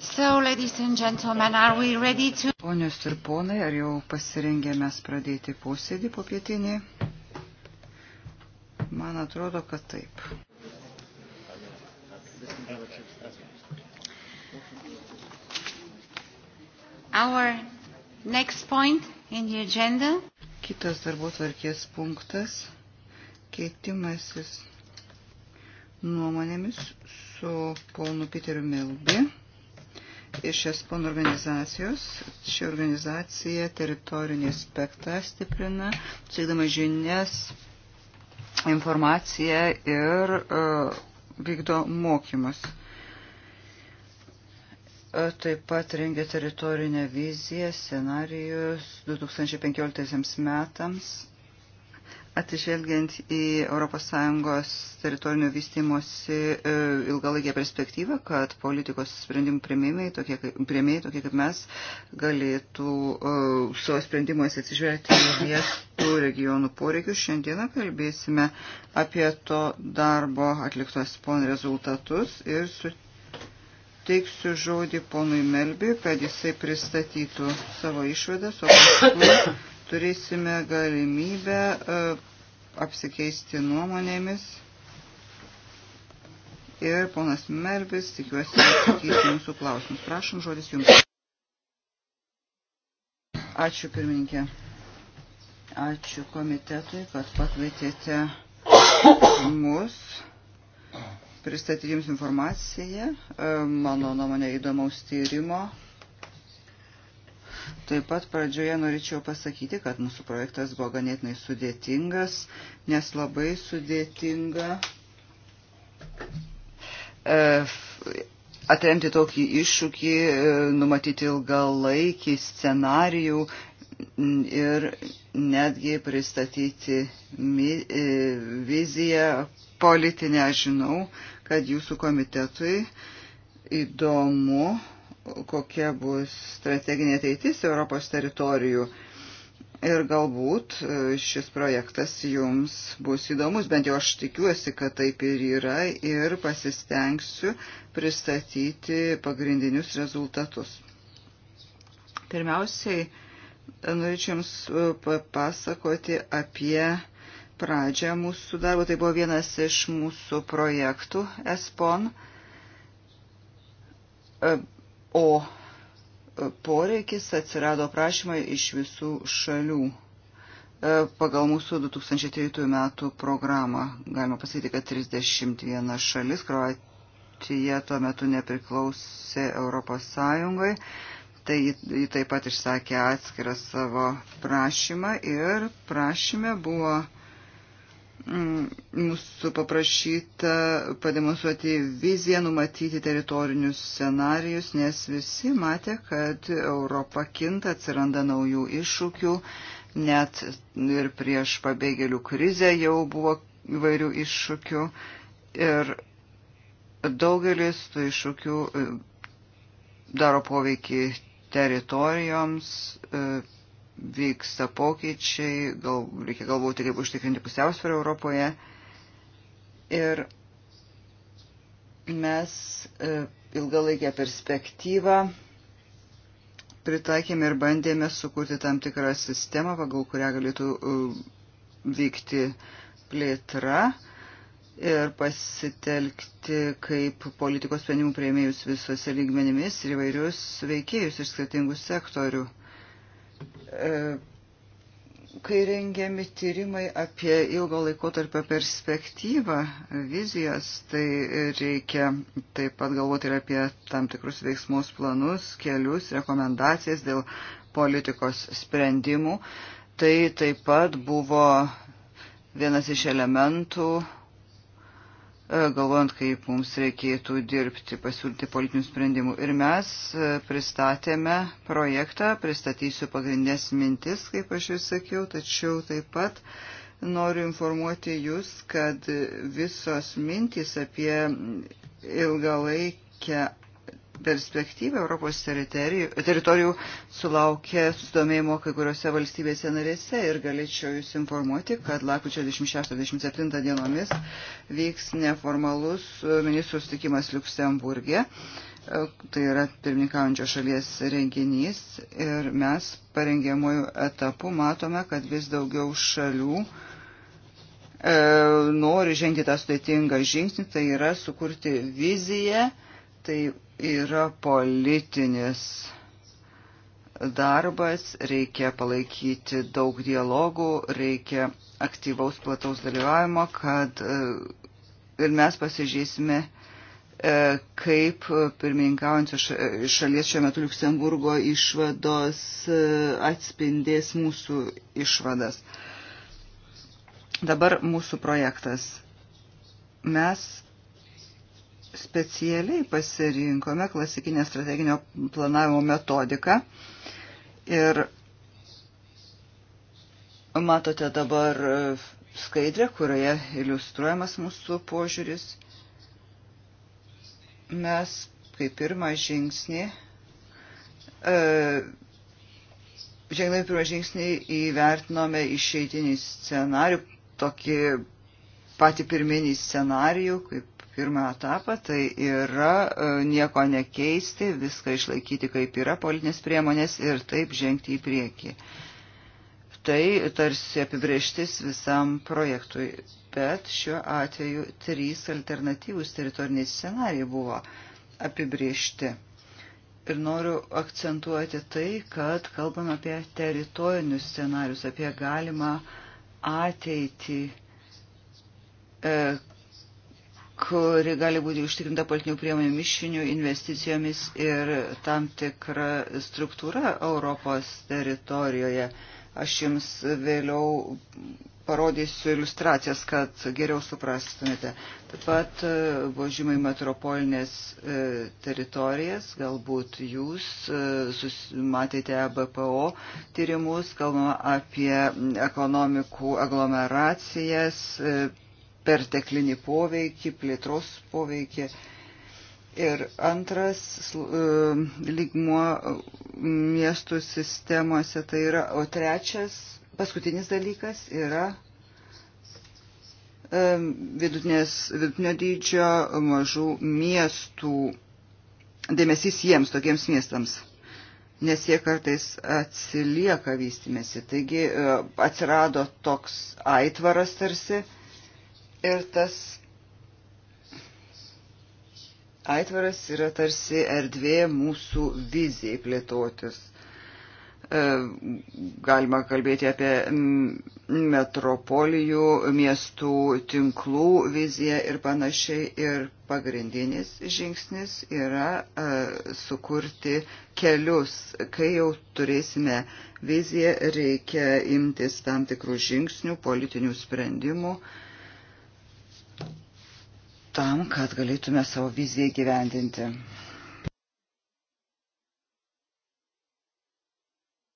So, ladies and gentlemen, are we ready to... Ponios ir ponai, ar jau pasirengėme pradėti posėdį po pietinį? Man atrodo, kad taip. Our next point in the agenda. Kitas darbo tvarkės punktas - keitimasis nuomonėmis su ponu Piteriu Milbi iš ESPON organizacijos. Ši organizacija teritorinį aspektą stiprina, siekdama žinias, informaciją ir uh, vykdo mokymus. E, taip pat rengia teritorinę viziją, scenarijus 2015 metams Atsižvelgiant į ES teritorinio vystimosi e, ilgalaikę perspektyvą, kad politikos sprendimų prieimėjai, tokie, prieimėjai, tokie kaip mes, galėtų uh, e, savo sprendimuose atsižvelgti į miestų regionų poreikius, šiandieną kalbėsime apie to darbo atliktos pon rezultatus ir su teiksiu žodį ponui Melbi, kad jisai pristatytų savo išvadas, o paskui turėsime galimybę e, apsikeisti nuomonėmis. Ir ponas Melvis, tikiuosi, atsakys jūsų klausimus. Prašom, žodis jums. Ačiū pirmininkė. Ačiū komitetui, kad pakvietėte mus pristatyti jums informaciją, e, mano nuomonė įdomaus tyrimo Taip pat pradžioje norėčiau pasakyti, kad mūsų projektas buvo ganėtinai sudėtingas, nes labai sudėtinga e, atremti tokį iššūkį, e, numatyti ilgalaikį scenarijų ir netgi pristatyti e, viziją politinę. Aš žinau, kad jūsų komitetui įdomu kokia bus strateginė ateitis Europos teritorijų. Ir galbūt e, šis projektas jums bus įdomus, bent jau aš tikiuosi, kad taip ir yra ir pasistengsiu pristatyti pagrindinius rezultatus. Pirmiausiai, norėčiau Jums e, papasakoti apie pradžią mūsų darbo. Tai buvo vienas iš mūsų projektų ESPON. E, o poreikis atsirado prašymai iš visų šalių. E, pagal mūsų 2003 metų programą galima pasakyti, kad 31 šalis, Kroatija tuo metu nepriklausė Europos Sąjungai, tai ji taip pat išsakė atskirą savo prašymą ir prašymė buvo Mm, mūsų paprašyta pademonstruoti viziją, numatyti teritorinius scenarius, nes visi matė, kad Europa kinta, atsiranda naujų iššūkių, net ir prieš pabėgėlių krizę jau buvo įvairių iššūkių ir daugelis tų iššūkių e, daro poveikį teritorijoms, e, vyksta pokyčiai, gal, reikia galvoti, kaip užtikrinti pusiausvyrą Europoje. Ir mes e, ilgalaikę perspektyvą pritaikėme ir bandėme sukurti tam tikrą sistemą, pagal kurią galėtų e, vykti plėtra ir pasitelkti kaip politikos sprendimų prieimėjus visose lygmenimis ir įvairius veikėjus iš skirtingų sektorių. E, kai rengiami tyrimai apie ilgo laikotarpio perspektyvą, vizijas, tai reikia taip pat galvoti ir apie tam tikrus veiksmus planus, kelius, rekomendacijas dėl politikos sprendimų. Tai taip pat buvo vienas iš elementų E, galvojant, kaip mums reikėtų dirbti, pasiūlyti politinių sprendimų. Ir mes e, pristatėme projektą, pristatysiu pagrindinės mintis, kaip aš jau sakiau, tačiau taip pat noriu informuoti Jūs, kad visos mintys apie ilgalaikę perspektyvą Europos teritorijų, teritorijų sulaukė sudomėjimo kai kuriuose valstybėse narėse ir galėčiau Jūs informuoti, kad lakučio 26-27 dienomis vyks neformalus ministrų sutikimas Luksemburgė. Tai yra pirmininkaujančio šalies renginys ir mes parengiamojų etapų matome, kad vis daugiau šalių e, nori žengti tą sudėtingą žingsnį, tai yra sukurti viziją, tai yra politinis darbas, reikia palaikyti daug dialogų, reikia aktyvaus plataus dalyvavimo, kad e, ir mes pasižiūrėsime, e, kaip pirmininkaujančios šalies šiuo metu Luksemburgo išvados e, atspindės mūsų išvadas. Dabar mūsų projektas. Mes specialiai pasirinkome klasikinę strateginio planavimo metodiką. Ir matote dabar skaidrę, kurioje iliustruojamas mūsų požiūris. Mes kaip pirmą žingsnį, e, žengdami pirmą žingsnį įvertinome išeitinį scenarių, tokį patį pirminį scenarijų, kaip pirmą etapą, tai yra e, nieko nekeisti, viską išlaikyti kaip yra politinės priemonės ir taip žengti į priekį. Tai tarsi apibrieštis visam projektui, bet šiuo atveju trys alternatyvūs teritoriniai scenarijai buvo apibriešti. Ir noriu akcentuoti tai, kad kalbam apie teritorinius scenarius, apie galimą ateitį, e, kuri gali būti užtikrinta politinių priemonių mišinių investicijomis ir tam tikra struktūra Europos teritorijoje. Aš jums vėliau parodysiu iliustracijas, kad geriau suprastumėte. Taip pat e, buvo žymai metropolinės e, teritorijas, galbūt jūs e, matėte BPO tyrimus, kalbama apie ekonomikų aglomeracijas, perteklinį poveikį, plėtros poveikį. Ir antras e, lygmuo e, miestų sistemose tai yra, o trečias, paskutinis dalykas yra e, vidutinės, vidutinio dydžio mažų miestų dėmesys jiems, tokiems miestams, nes jie kartais atsilieka vystimėsi. Taigi atsirado toks aitvaras tarsi Ir tas aitvaras yra tarsi erdvė mūsų vizijai plėtotis. E, galima kalbėti apie metropolijų, miestų tinklų viziją ir panašiai. Ir pagrindinis žingsnis yra e, sukurti kelius. Kai jau turėsime viziją, reikia imtis tam tikrų žingsnių, politinių sprendimų. Uh, tam, kad galėtume savo viziją gyvendinti.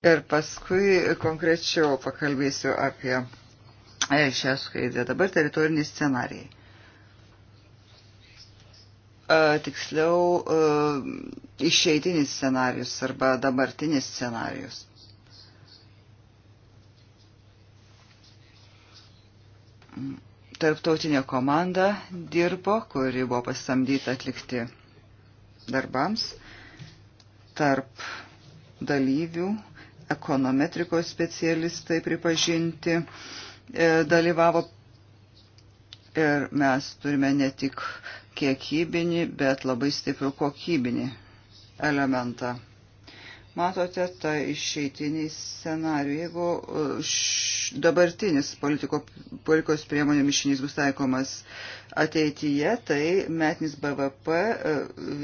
Ir paskui konkrečiau pakalbėsiu apie e, šią skaidę. Dabar teritoriniai scenarijai. E, tiksliau, e, išeitinis scenarius arba dabartinis scenarius tarptautinė komanda dirbo, kuri buvo pasamdyta atlikti darbams tarp dalyvių, ekonometrikos specialistai pripažinti, e, dalyvavo ir mes turime ne tik kiekybinį, bet labai stiprų kokybinį elementą matote tą išeitinį scenarių. Jeigu e, š, dabartinis politiko, politikos priemonių mišinys bus taikomas ateityje, tai metinis BVP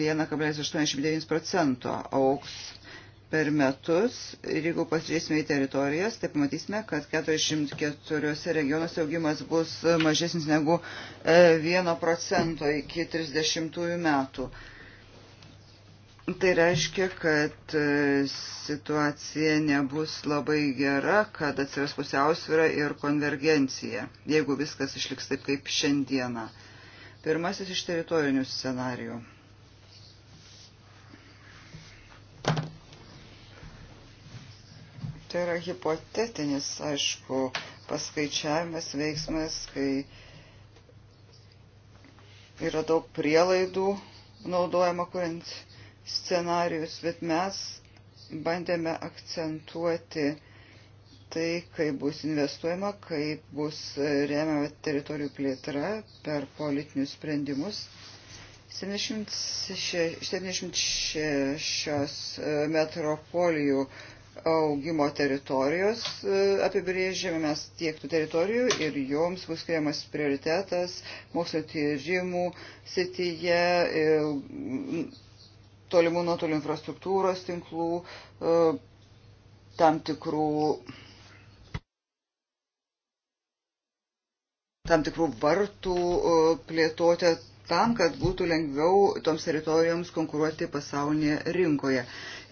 1,89 e, procento auks per metus. Ir jeigu pasižiūrėsime į teritorijas, tai pamatysime, kad 44 regionuose augimas bus mažesnis negu 1 e, procento iki 30 metų. Tai reiškia, kad e, situacija nebus labai gera, kad atsiras pusiausvyrą ir konvergencija, jeigu viskas išliks taip kaip šiandieną. Pirmasis iš teritorinių scenarijų. Tai yra hipotetinis, aišku, paskaičiavimas, veiksmas, kai yra daug prielaidų naudojama kuriant scenarius, bet mes bandėme akcentuoti tai, kaip bus investuojama, kaip bus remiama teritorijų plėtra per politinius sprendimus. 76, 76 e, metropolijų augimo teritorijos e, apibrėžėme mes tiek tų teritorijų ir joms bus skiriamas prioritetas mokslo tyrimų sityje, e, tolimų nuotolių infrastruktūros tinklų, e, tam tikrų, tam tikrų vartų e, plėtotę tam, kad būtų lengviau toms teritorijoms konkuruoti pasaulinėje rinkoje.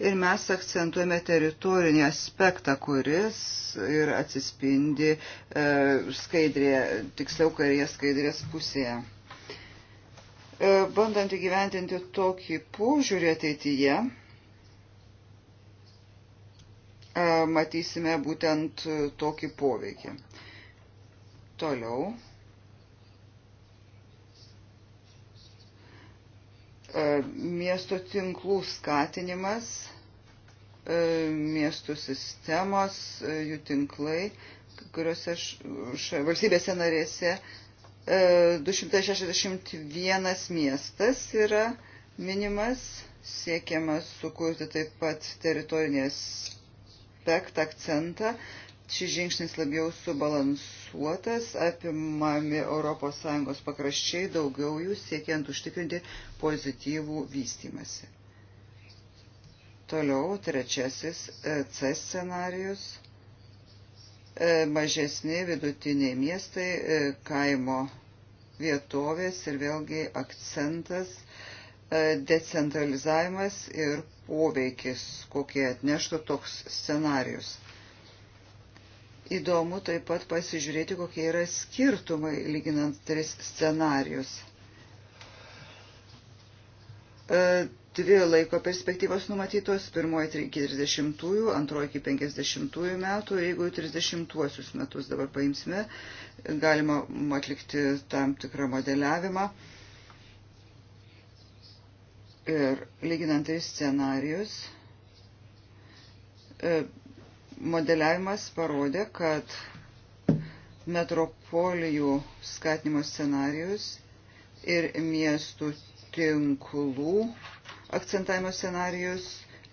Ir mes akcentuojame teritorinį aspektą, kuris ir atsispindi e, skaidrėje, tiksliau karės skaidrės pusėje. E, bandant įgyventinti tokį požiūrį ateityje, e, matysime būtent tokį poveikį. Toliau. E, miesto tinklų skatinimas, miestų sistemos, jų tinklai, kuriuose valstybėse narėse 261 e, miestas yra minimas, siekiama sukurti taip pat teritorinį aspektą, akcentą. Šis žingsnis labiau subalansuotas, apimami ES pakraščiai, daugiau jų siekiant užtikrinti pozityvų vystimąsi. Toliau trečiasis e, C scenarius – E, mažesni vidutiniai miestai, e, kaimo vietovės ir vėlgi akcentas e, decentralizavimas ir poveikis, kokie atneštų toks scenarius. Įdomu taip pat pasižiūrėti, kokie yra skirtumai lyginant tris scenarius dvi laiko perspektyvos numatytos, pirmoji iki 30-ųjų, antroji iki 50-ųjų metų, ir jeigu 30-uosius metus dabar paimsime, galima atlikti tam tikrą modeliavimą. Ir lyginant tai scenarius, e, modeliavimas parodė, kad metropolijų skatinimo scenarius ir miestų tinklų akcentavimo scenarius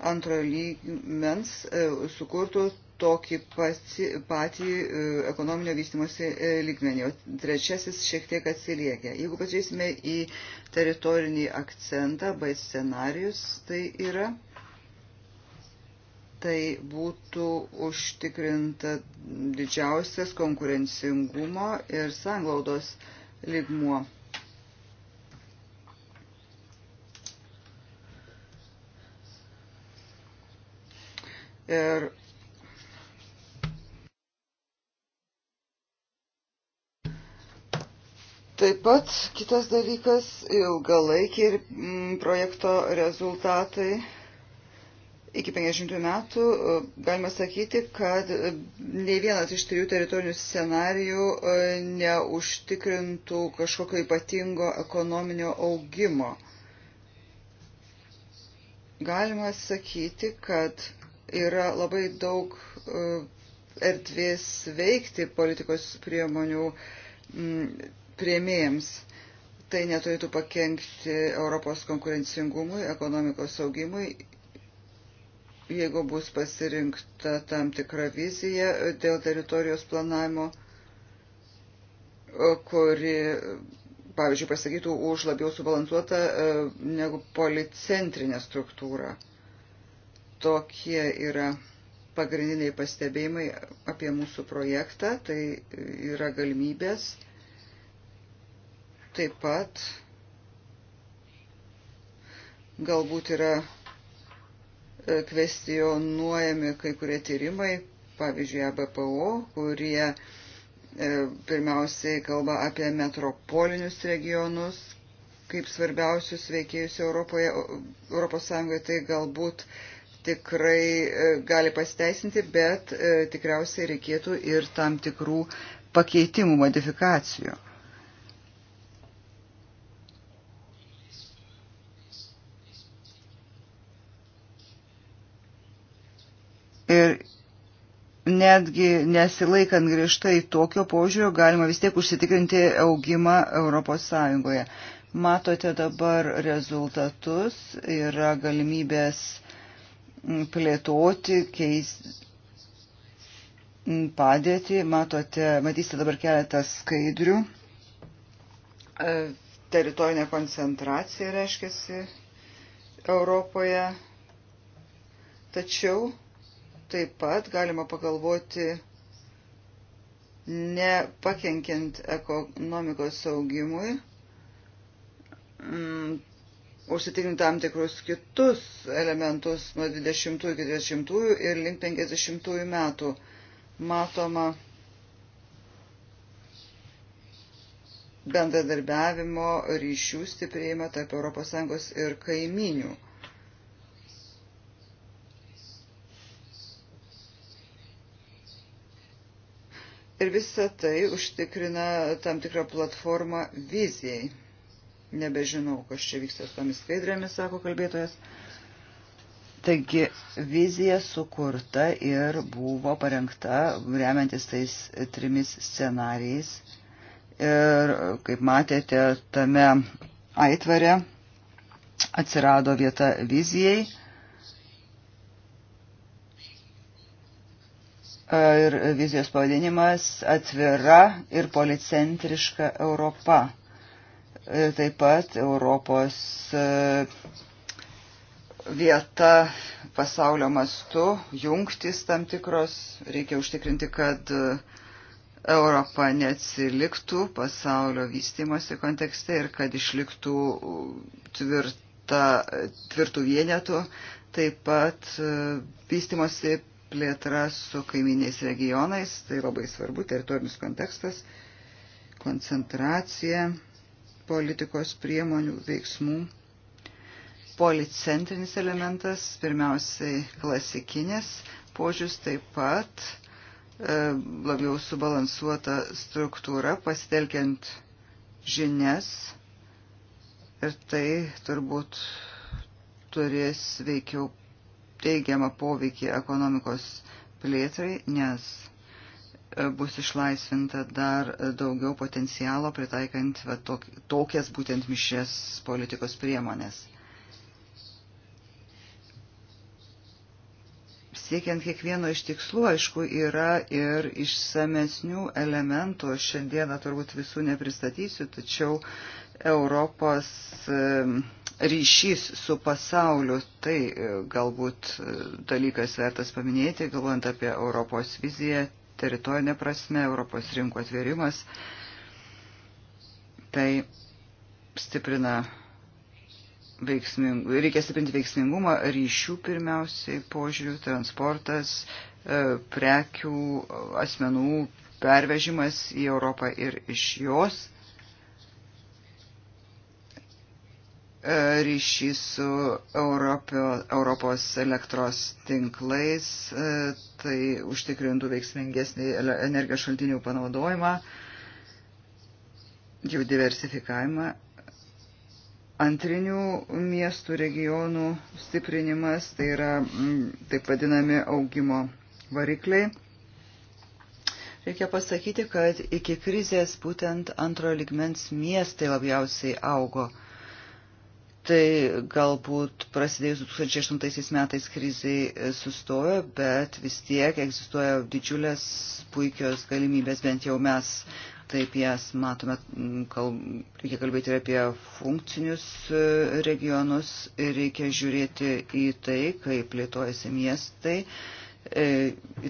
antrojo lygmens e, sukurtų tokį pati, patį e, ekonominio vystimosi e, lygmenį. O trečiasis šiek tiek atsiliekia. Jeigu pažiūrėsime į teritorinį akcentą, B scenarius tai yra, tai būtų užtikrinta didžiausias konkurencingumo ir sanglaudos lygmuo. Ir Taip pat kitas dalykas - ilgalaikiai ir mm, projekto rezultatai. Iki 50 metų e, galima sakyti, kad e, nei vienas iš trijų teritorinių scenarijų e, neužtikrintų kažkokio ypatingo ekonominio augimo. Galima sakyti, kad yra labai daug e, erdvės veikti politikos priemonių prieimėjams. Tai neturėtų pakengti Europos konkurencingumui, ekonomikos augimui, jeigu bus pasirinkta tam tikra vizija dėl teritorijos planavimo, kuri, pavyzdžiui, pasakytų už labiau subalansuotą e, negu policentrinę struktūrą tokie yra pagrindiniai pastebėjimai apie mūsų projektą, tai yra galimybės. Taip pat galbūt yra e, kvestionuojami kai kurie tyrimai, pavyzdžiui, ABPO, kurie e, pirmiausiai kalba apie metropolinius regionus, kaip svarbiausius veikėjus Europoje, Europos Sąjungoje, tai galbūt uh, tikrai e, gali pasteisinti, bet e, tikriausiai reikėtų ir tam tikrų pakeitimų, modifikacijų. Ir netgi nesilaikant griežtai tokio požiūrio galima vis tiek užsitikrinti augimą Europos Sąjungoje. Matote dabar rezultatus, yra galimybės plėtoti, keisti padėtį. Matote, matysite dabar keletą skaidrių. E, teritorinė koncentracija reiškiasi Europoje. Tačiau taip pat galima pagalvoti nepakenkiant ekonomikos augimui, užsitikrinti tam tikrus kitus elementus nuo 20 iki 30 ir link 50 metų. Matoma bendradarbiavimo ryšių stiprėjimą tarp ES ir kaiminių. Ir visa tai užtikrina tam tikrą platformą vizijai. Nebežinau, kas čia vyksta su tomis skaidrėmis, sako kalbėtojas. Taigi vizija sukurta ir buvo parengta remiantis tais trimis scenarijais. Ir kaip matėte, tame aitvare atsirado vieta vizijai. Ir vizijos pavadinimas atvira ir policentriška Europa. E, taip pat Europos e, vieta pasaulio mastu, jungtis tam tikros, reikia užtikrinti, kad e, Europa neatsiliktų pasaulio vystimosi kontekste ir kad išliktų tvirta, tvirtų vienetų, taip pat vystimosi plėtra su kaiminiais regionais, tai labai svarbu, teritorinis kontekstas, koncentracija politikos priemonių veiksmų. Policentrinis elementas, pirmiausiai klasikinis požiūris taip pat e, labiau subalansuota struktūra, pasitelkiant žinias ir tai turbūt turės veikiau teigiamą poveikį ekonomikos plėtrai, nes bus išlaisvinta dar daugiau potencialo pritaikant va, tokias būtent mišės politikos priemonės. Siekiant kiekvieno iš tikslų, aišku, yra ir išsamesnių elementų, šiandieną turbūt visų nepristatysiu, tačiau Europos ryšys su pasauliu, tai e, galbūt e, dalykas vertas paminėti, galvojant apie Europos viziją, teritorinė prasme, Europos rinkų atvėrimas. Tai stiprina veiksmingumą, reikia stiprinti veiksmingumą ryšių pirmiausiai požiūrių, transportas, e, prekių, asmenų pervežimas į Europą ir iš jos ryšį su Europio, Europos elektros tinklais, e, tai užtikrintų veiksmingesnį energijos šaltinių panaudojimą, jų diversifikavimą, antrinių miestų regionų stiprinimas, tai yra taip vadinami augimo varikliai. Reikia pasakyti, kad iki krizės būtent antrojo ligmens miestai labiausiai augo tai galbūt prasidėjus 2008 metais kriziai sustojo, bet vis tiek egzistuoja didžiulės puikios galimybės, bent jau mes taip jas matome, kal, reikia kalbėti ir apie funkcinius e, regionus, reikia žiūrėti į tai, kaip plėtojasi miestai, e,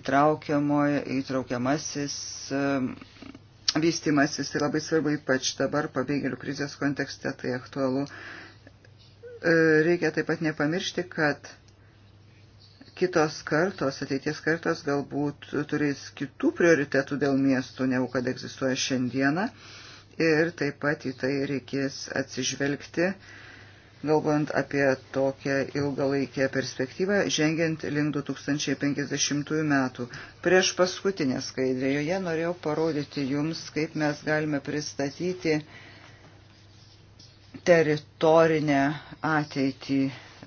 įtraukiamasis e, vystimasis, tai labai svarbu ypač dabar pabėgėlių krizės kontekste, tai aktualu. E, reikia taip pat nepamiršti, kad kitos kartos, ateities kartos galbūt turės kitų prioritetų dėl miestų, negu kad egzistuoja šiandieną. Ir taip pat į tai reikės atsižvelgti, galvojant apie tokią ilgalaikę perspektyvą, žengiant link 2050 metų. Prieš paskutinę skaidrėjoje norėjau parodyti jums, kaip mes galime pristatyti uh, teritorinę ateitį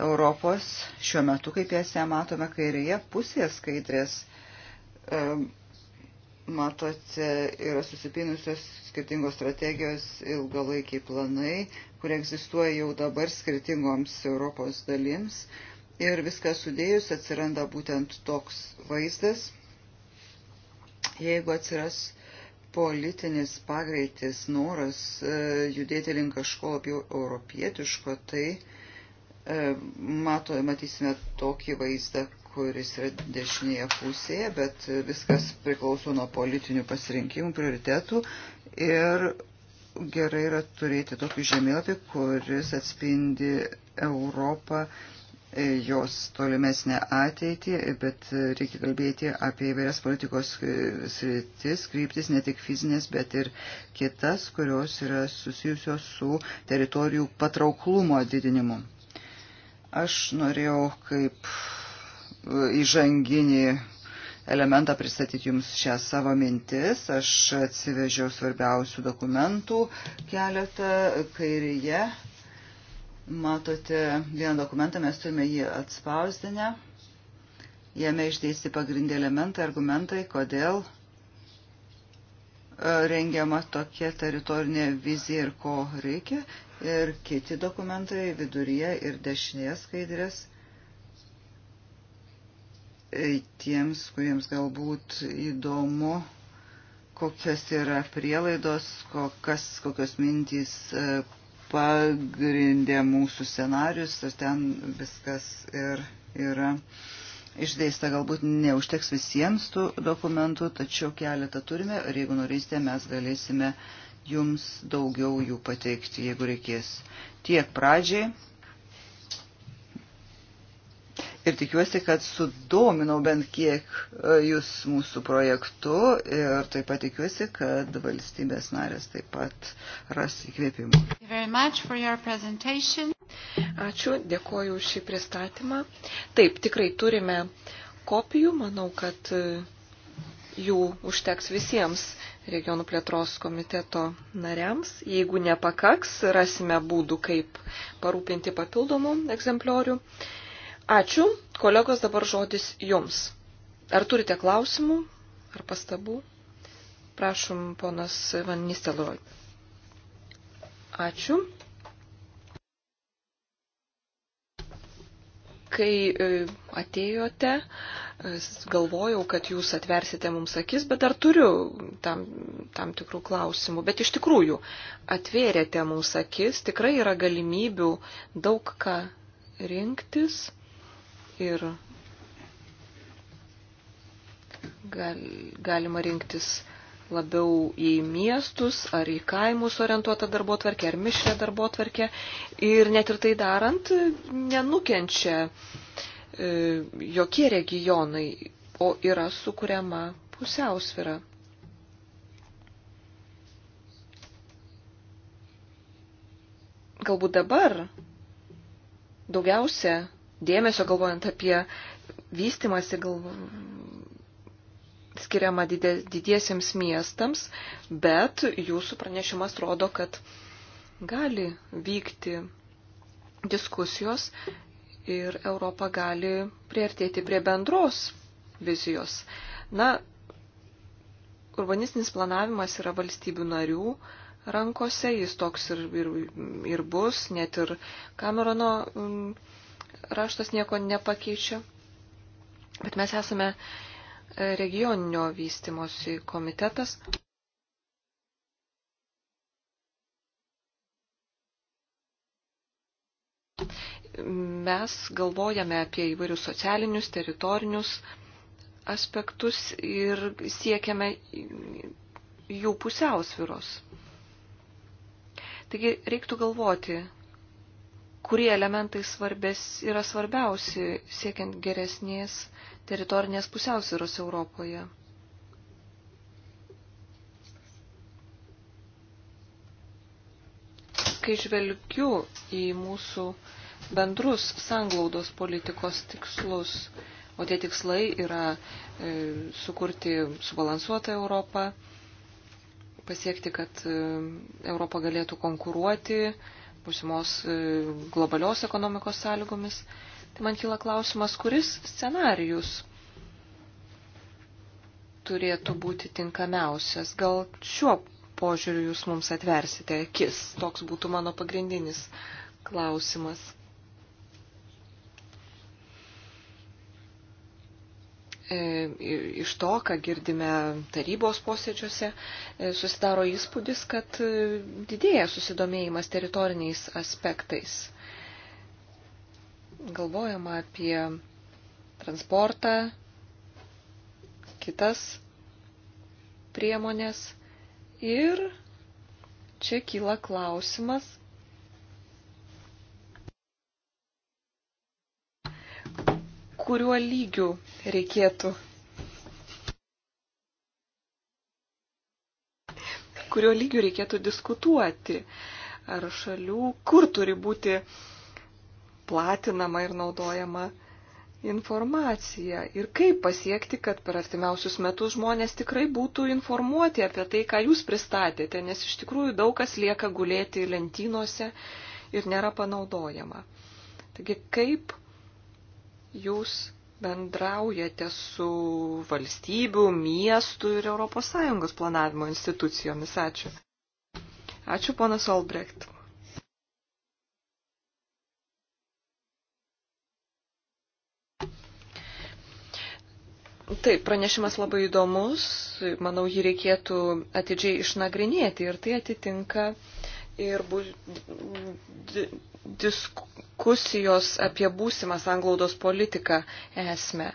Europos. Šiuo metu, kaip jas ją matome kairėje pusėje skaidrės, e, matote, yra susipinusios skirtingos strategijos ilgalaikiai planai, kurie egzistuoja jau dabar skirtingoms Europos dalims. Ir viskas sudėjus atsiranda būtent toks vaizdas. Jeigu atsiras politinis pagreitis, noras e, judėti link kažko labiau europietiško, tai e, mato, matysime tokį vaizdą, kuris yra dešinėje pusėje, bet viskas priklauso nuo politinių pasirinkimų, prioritetų ir gerai yra turėti tokį žemėlapį, kuris atspindi Europą jos tolimesnę ateitį, bet reikia kalbėti apie įvairias politikos e, sritis, kryptis, ne tik fizinės, bet ir kitas, kurios yra susijusios su teritorijų patrauklumo didinimu. Aš norėjau kaip e, įžanginį elementą pristatyti Jums šią savo mintis. Aš atsivežiau svarbiausių dokumentų keletą kairėje Matote vieną dokumentą, mes turime jį atspausdinę. Jame išdėsti pagrindė elementai, argumentai, kodėl e, rengiama tokia teritorinė vizija ir ko reikia. Ir kiti dokumentai viduryje ir dešinėje skaidrės. E, tiems, kuriems galbūt įdomu kokios yra prielaidos, kokios, kokios mintys e, pagrindė mūsų scenarius ir ten viskas ir yra išdėsta. Galbūt neužteks visiems tų dokumentų, tačiau keletą turime ir jeigu norėsite, mes galėsime jums daugiau jų pateikti, jeigu reikės. Tiek pradžiai ir tikiuosi, kad sudominau bent kiek e, jūs mūsų projektu ir taip pat tikiuosi, kad valstybės narės taip pat ras įkvėpimų. Ačiū, dėkoju už šį pristatymą. Taip, tikrai turime kopijų, manau, kad e, jų užteks visiems regionų plėtros komiteto nariams. Jeigu nepakaks, rasime būdų, kaip parūpinti papildomų egzempliorių. Ačiū. Kolegos, dabar žodis jums. Ar turite klausimų ar pastabų? Prašom, ponas Van Nistelrooy. Ačiū. Kai e, atėjote, e, galvojau, kad jūs atversite mums akis, bet dar turiu tam, tam tikrų klausimų. Bet iš tikrųjų, atvėrėte mums akis, tikrai yra galimybių daug ką rinktis ir gal, galima rinktis labiau į miestus ar į kaimus orientuotą darbo tvarkę ar mišrę darbo tvarkę. Ir net ir tai darant nenukenčia e, jokie regionai, o yra sukuriama pusiausvira. Galbūt dabar daugiausia dėmesio, galvojant apie vystimąsi, galvo, skiriama didiesiems miestams, bet jūsų pranešimas rodo, kad gali vykti diskusijos ir Europa gali priartėti prie bendros vizijos. Na, urbanistinis planavimas yra valstybių narių rankose, jis toks ir, ir, ir bus, net ir Kamerono. Um, mm, raštas nieko nepakeičia, bet mes esame e, regioninio vystimosi komitetas. Mes galvojame apie įvairius socialinius, teritorinius aspektus ir siekiame jų pusiausviros. Taigi reiktų galvoti, kurie elementai svarbės, yra svarbiausi siekiant geresnės teritorinės pusiausvyros Europoje. Kai žvelgiu į mūsų bendrus sanglaudos politikos tikslus, o tie tikslai yra e, sukurti subalansuotą Europą, pasiekti, kad e, Europa galėtų konkuruoti, e, būsimos e, globalios ekonomikos sąlygomis. Tai man kyla klausimas, kuris scenarius turėtų būti tinkamiausias. Gal šiuo požiūriu jūs mums atversite akis? Toks būtų mano pagrindinis klausimas. E, iš to, ką girdime tarybos posėdžiuose, e, susidaro įspūdis, kad e, didėja susidomėjimas teritoriniais aspektais. Galvojama apie transportą, kitas priemonės ir čia kyla klausimas, kuriuo lygiu reikėtų. kuriuo lygiu reikėtų diskutuoti, ar šalių, kur turi būti platinama ir naudojama informacija ir kaip pasiekti, kad per artimiausius metus žmonės tikrai būtų informuoti apie tai, ką jūs pristatėte, nes iš tikrųjų daug kas lieka gulėti lentynose ir nėra panaudojama. Taigi kaip jūs bendraujate su valstybių, miestų ir ES planavimo institucijomis. Ačiū. Ačiū, ponas Olbrecht. Taip, pranešimas labai įdomus, manau, jį reikėtų atidžiai išnagrinėti ir tai atitinka uh, ir bu, di, diskusijos apie būsimą sanglaudos politiką esmę.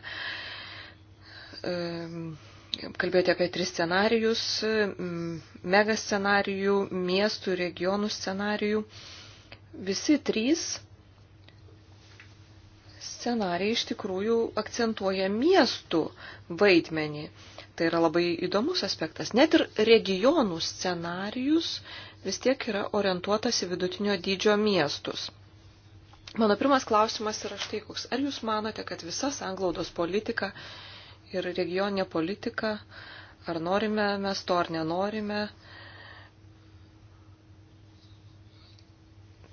Kalbėjote apie tris scenarijus - mega scenarijų, miestų, regionų scenarijų. Visi trys scenarijai iš tikrųjų akcentuoja miestų vaidmenį. Tai yra labai įdomus aspektas. Net ir regionų scenarijus vis tiek yra orientuotas į vidutinio dydžio miestus. Mano pirmas klausimas yra štai koks. Ar jūs manote, kad visa sanglaudos politika ir regioninė politika, ar norime mes to ar nenorime,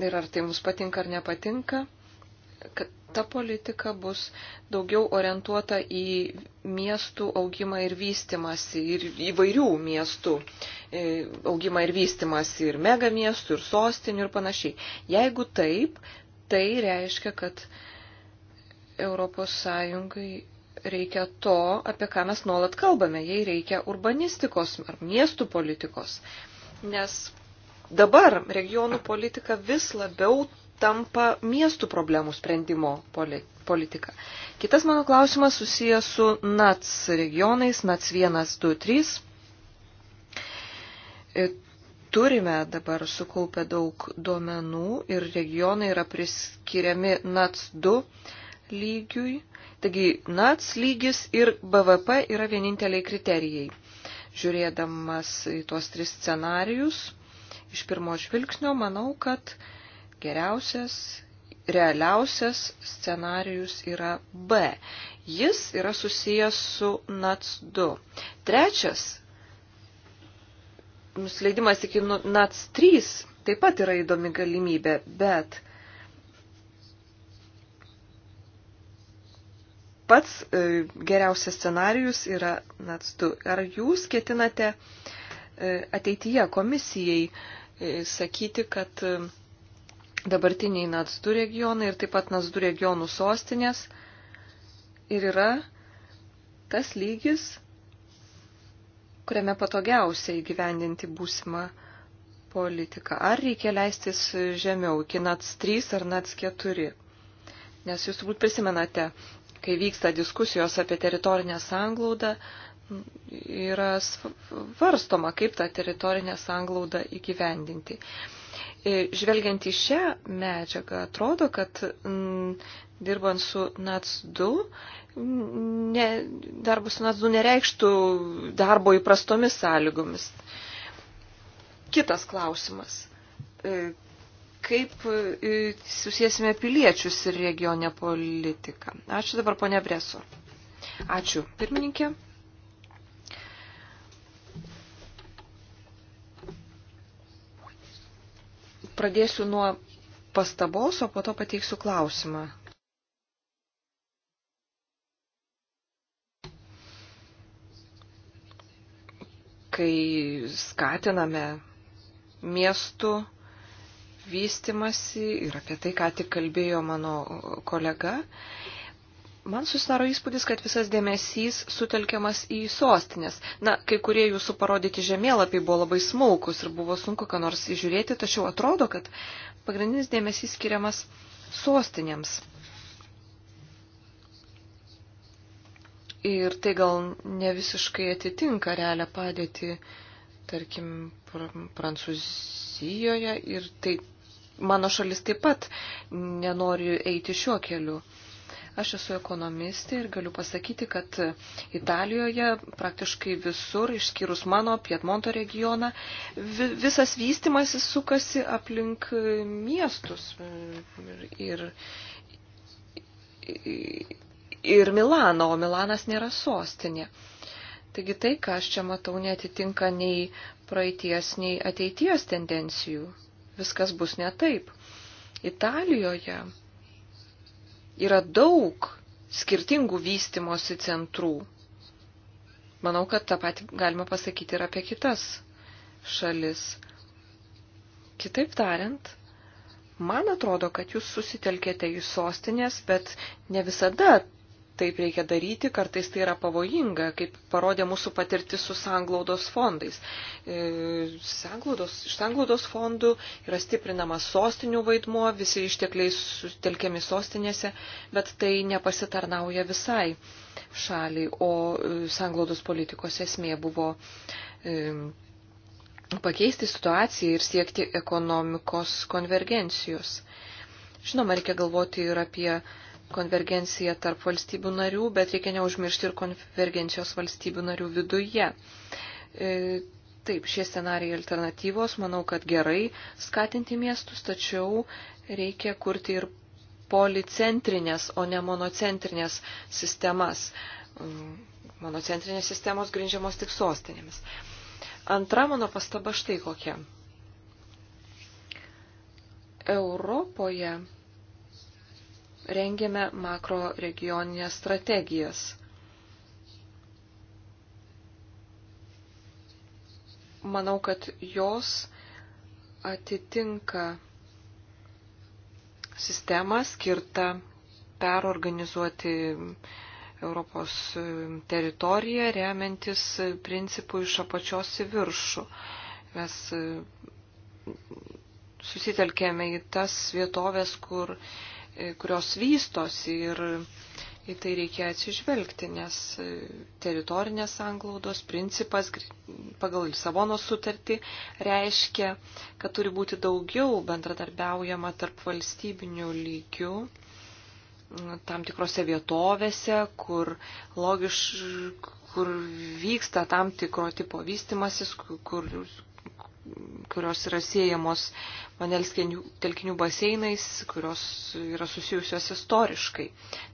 ir ar tai mums patinka ar nepatinka, kad ta politika bus daugiau orientuota į miestų augimą ir vystimasi, ir įvairių miestų e, augimą ir vystimasi, ir mega miestų, ir sostinių, ir panašiai. Jeigu taip, tai reiškia, kad ES reikia to, apie ką mes nuolat kalbame, jai reikia urbanistikos ar miestų politikos. Nes dabar regionų politika vis labiau tampa miestų problemų sprendimo politika. Kitas mano klausimas susijęs su NATS regionais, NATS 1, 2, 3. Turime dabar sukaupę daug duomenų ir regionai yra priskiriami NATS 2 lygiui. Taigi NATS lygis ir BVP yra vieninteliai kriterijai. Žiūrėdamas į tuos tris scenarius, iš pirmo žvilgsnio manau, kad Geriausias, realiausias scenarius yra B. Jis yra susijęs su NATS 2. Trečias, nusileidimas iki nu- NATS 3 taip pat yra įdomi galimybė, bet pats e, geriausias scenarius yra NATS 2. Ar jūs ketinate e, ateityje komisijai e, sakyti, kad dabartiniai NATS 2 regionai ir taip pat NATS 2 regionų sostinės. Ir yra tas lygis, kuriame patogiausia įgyvendinti būsimą politiką. Ar reikia leistis žemiau iki NATS 3 ar NATS 4? Nes jūs turbūt prisimenate, kai vyksta diskusijos apie teritorinę sanglaudą, yra svarstoma, kaip tą teritorinę sanglaudą įgyvendinti. E, žvelgiant į šią medžiagą, atrodo, kad m, mm, dirbant su NATS 2, mm, ne, darbas su NATS 2 nereikštų darbo įprastomis sąlygomis. Kitas klausimas. E, kaip e, susijęsime piliečius ir regionę politiką? Ačiū dabar, ponia Breso. Ačiū, pirmininkė. pradėsiu nuo pastabos, o po to pateiksiu klausimą. Kai skatiname miestų vystimasi ir apie tai, ką tik kalbėjo mano kolega, Man susidaro įspūdis, kad visas dėmesys sutelkiamas į sostinės. Na, kai kurie jūsų parodyti žemėlapiai buvo labai smulkus ir buvo sunku ką nors įžiūrėti, tačiau atrodo, kad pagrindinis dėmesys skiriamas sostinėms. Ir tai gal ne visiškai atitinka realią padėtį, tarkim, pr Prancūzijoje ir tai mano šalis taip pat nenori eiti šiuo keliu. Aš esu ekonomistė ir galiu pasakyti, kad Italijoje praktiškai visur, išskyrus mano Piedmonto regioną, visas vystimasis sukasi aplink e, miestus. Mm, ir, ir, ir Milano, o Milanas nėra sostinė. Taigi tai, ką aš čia matau, netitinka nei praeities, nei ateities tendencijų. Viskas bus ne taip. Italijoje yra daug skirtingų vystimosi centrų. Manau, kad tą patį galima pasakyti ir apie kitas šalis. Kitaip tariant, man atrodo, kad jūs susitelkėte į sostinės, bet ne visada taip reikia daryti, kartais tai yra pavojinga, kaip parodė mūsų patirtis su sanglaudos fondais. E, sanglaudos, iš sanglaudos fondų yra stiprinamas sostinių vaidmuo, visi ištekliai sutelkiami sostinėse, bet tai nepasitarnauja visai šaliai, o e, sanglaudos politikos esmė buvo e, pakeisti situaciją ir siekti ekonomikos konvergencijos. Žinoma, reikia galvoti ir apie konvergenciją tarp valstybių narių, bet reikia neužmiršti ir konvergencijos valstybių narių viduje. E, taip, šie scenarijai alternatyvos, manau, kad gerai skatinti miestus, tačiau reikia kurti ir policentrinės, o ne monocentrinės sistemas. Mm, monocentrinės sistemos grindžiamos tik sostinėmis. Antra mano pastaba štai kokia. Europoje rengėme makro regioninės strategijas. Manau, kad jos atitinka sistemą skirtą perorganizuoti Europos teritoriją, remiantis principų iš apačios į viršų. Mes e, susitelkėme į tas vietovės, kur E, kurios vystosi ir į tai reikia atsižvelgti, nes e, teritorinės anglaudos principas pagal Lisabono sutartį reiškia, kad turi būti daugiau bendradarbiaujama tarp valstybinių lygių tam tikrose vietovėse, kur, logiš, kur vyksta tam tikro tipo vystimasis, kur, kurios yra siejamos vandens telkinių baseinais, kurios yra susijusios istoriškai.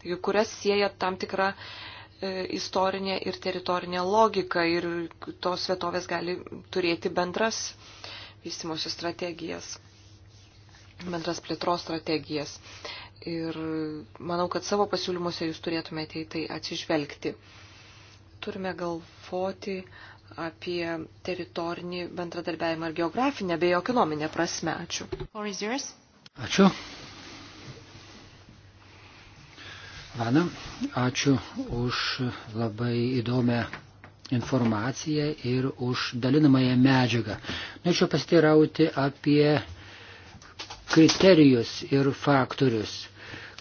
Taigi, kurias sieja tam tikra e, istorinė ir teritorinė logika ir tos vietovės gali turėti bendras vystimosi strategijas, bendras plėtros strategijas. Ir manau, kad savo pasiūlymuose jūs turėtumėte į tai atsižvelgti. Turime galvoti apie teritorinį bendradarbiavimą ir geografinę bei ekonominę prasme. Ačiū. Ačiū. Vana, ačiū už labai įdomią informaciją ir už dalinamąją medžiagą. Norėčiau pastirauti apie kriterijus ir faktorius.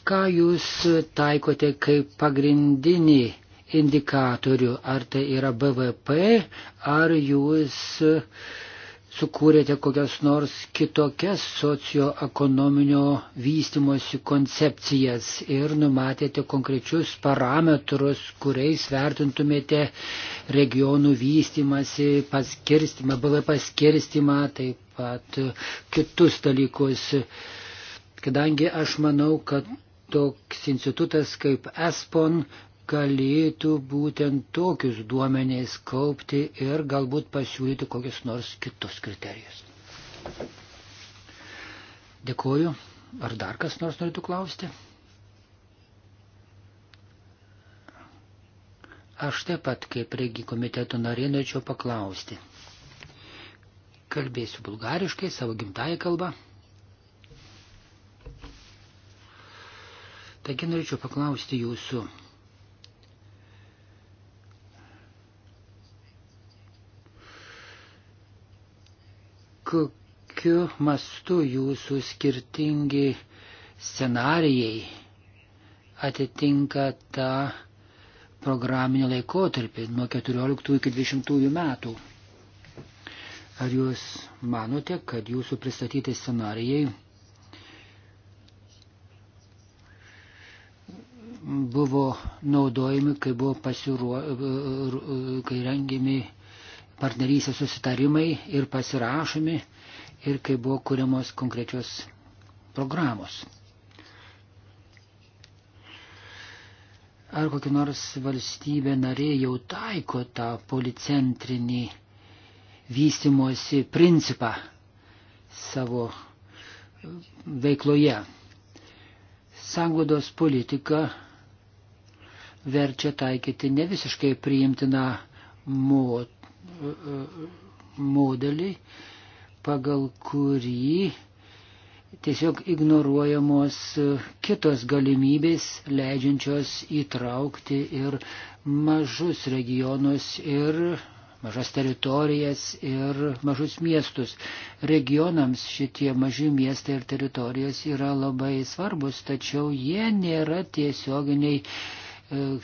Ką jūs taikote kaip pagrindinį indikatorių, ar tai yra BVP, ar jūs sukūrėte kokias nors kitokias socioekonominio vystimosi koncepcijas ir numatėte konkrečius parametrus, kuriais vertintumėte regionų vystimasi, paskirstimą, BVP paskirstimą, taip pat kitus dalykus. Kadangi aš manau, kad toks institutas kaip ESPON galėtų būtent tokius duomenys kaupti ir galbūt pasiūlyti kokius nors kitus kriterijus. Dėkuoju. Ar dar kas nors norėtų klausti? Aš taip pat, kaip regi komiteto narė, norėčiau paklausti. Kalbėsiu bulgariškai, savo gimtąją kalbą. Taigi norėčiau paklausti jūsų. kokiu mastu jūsų skirtingi scenarijai atitinka tą programinį laikotarpį nuo 14 iki 20 metų. Ar jūs manote, kad jūsų pristatyti scenarijai buvo naudojami, kai buvo pasiruo... kai rengėmi partnerysės susitarimai ir pasirašomi ir kai buvo kuriamos konkrečios programos. Ar kokia nors valstybė narė jau taiko tą policentrinį vystimosi principą savo veikloje? Sanglodos politika verčia taikyti ne visiškai priimtiną mot modelį, pagal kurį tiesiog ignoruojamos kitos galimybės, leidžiančios įtraukti ir mažus regionus, ir mažas teritorijas, ir mažus miestus. Regionams šitie maži miestai ir teritorijos yra labai svarbus, tačiau jie nėra tiesioginiai e,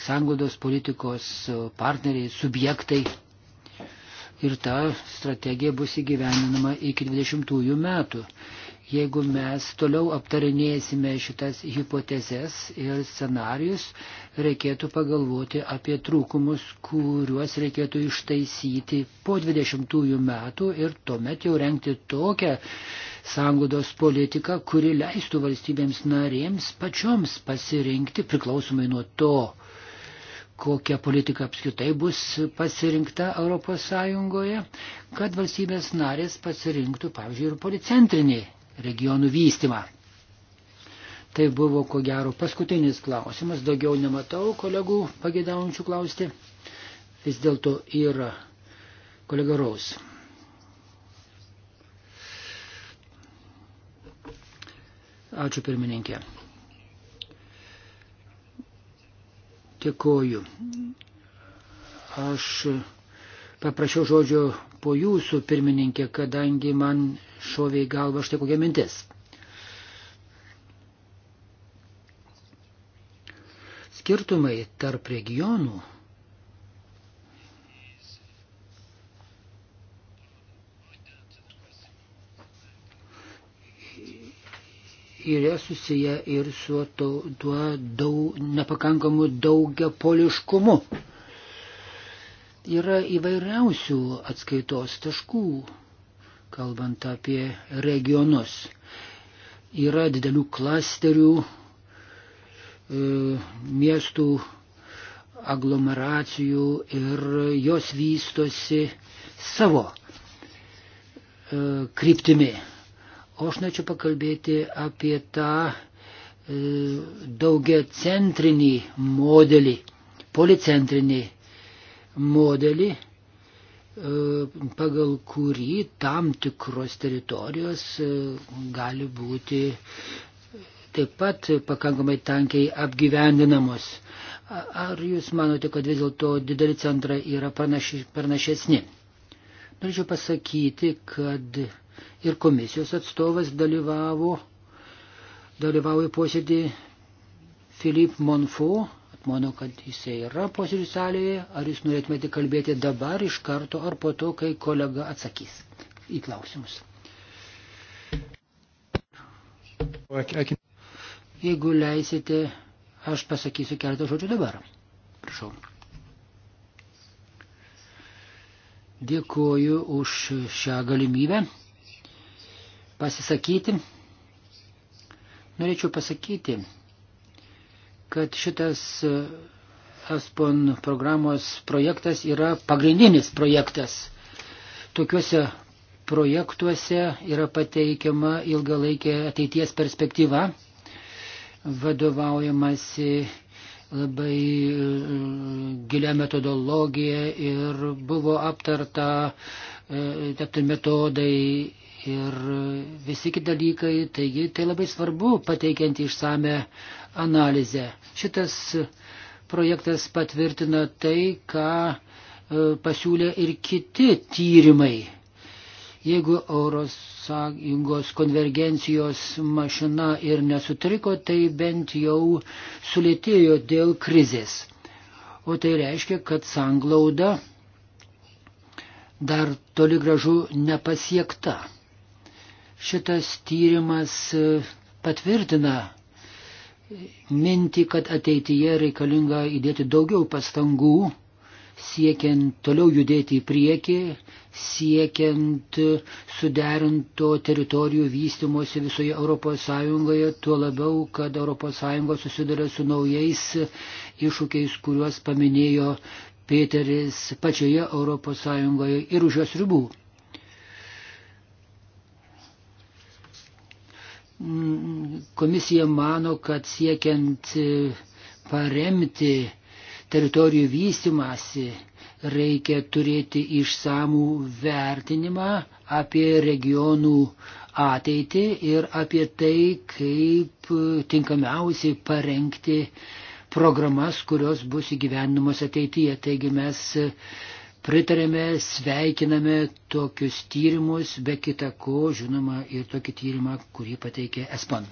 sanglaudos politikos e, partneriai, subjektai ir ta strategija bus įgyveninama iki 20 metų. Jeigu mes toliau aptarinėsime šitas hipotezes ir scenarius, reikėtų pagalvoti apie trūkumus, kuriuos reikėtų ištaisyti po 20 metų ir tuomet jau renkti tokią sąngudos politiką, kuri leistų valstybėms narėms pačioms pasirinkti priklausomai nuo to, kokia politika apskritai bus pasirinkta ES, kad valstybės narės pasirinktų, pavyzdžiui, ir policentrinį regionų vystymą. Tai buvo, ko gero, paskutinis klausimas. Daugiau nematau kolegų pagėdaujančių klausti. Vis dėlto yra kolega Raus. Ačiū pirmininkė. Dėkoju. Aš paprašiau žodžio po jūsų pirmininkė, kadangi man šovė į galvą štai kokia mintis. Skirtumai tarp regionų yra susiję ir su to, tuo daug, nepakankamu daugiapoliškumu. Yra įvairiausių atskaitos taškų, kalbant apie regionus. Yra didelių klasterių, e, miestų aglomeracijų ir jos vystosi savo e, kryptimi O aš norėčiau pakalbėti apie tą e, daugia centrinį modelį, policentrinį modelį, e, pagal kurį tam tikros teritorijos e, gali būti taip pat pakankamai tankiai apgyvendinamos. Ar jūs manote, kad vis dėlto dideli centrai yra pranaši, pranašesni? Norėčiau pasakyti, kad ir komisijos atstovas dalyvavo, dalyvauja posėdį Filip Monfo. Manau, kad jisai yra posėdžių salėje. Ar jūs norėtumėte kalbėti dabar iš karto ar po to, kai kolega atsakys į klausimus? Jeigu leisite, aš pasakysiu keletą žodžių dabar. Prašau. Dėkuoju už šią galimybę pasisakyti. Norėčiau pasakyti, kad šitas ESPON programos projektas yra pagrindinis projektas. Tokiuose projektuose yra pateikiama ilgalaikė ateities perspektyva, vadovaujamasi labai e, gilia metodologija ir buvo aptarta, e, tapti metodai ir visi kiti dalykai. Taigi tai labai svarbu pateikiant išsame analizę. Šitas projektas patvirtina tai, ką e, pasiūlė ir kiti tyrimai Jeigu ES konvergencijos mašina ir nesutriko, tai bent jau sulėtėjo dėl krizės. O tai reiškia, kad sanglauda dar toli gražu nepasiekta. Šitas tyrimas patvirtina mintį, kad ateityje reikalinga įdėti daugiau pastangų siekiant toliau judėti į priekį, siekiant suderinto teritorijų vystimosi visoje ES, tuo labiau, kad ES susiduria su naujais iššūkiais, kuriuos paminėjo Peteris pačioje ES ir už jos ribų. Komisija mano, kad siekiant paremti teritorijų vystimasi, reikia turėti išsamų vertinimą apie regionų ateitį ir apie tai, kaip tinkamiausiai parengti programas, kurios bus įgyvendinamos ateityje. Taigi mes pritarėme, sveikiname tokius tyrimus, be kita ko, žinoma, ir tokį tyrimą, kurį pateikė ESPAN.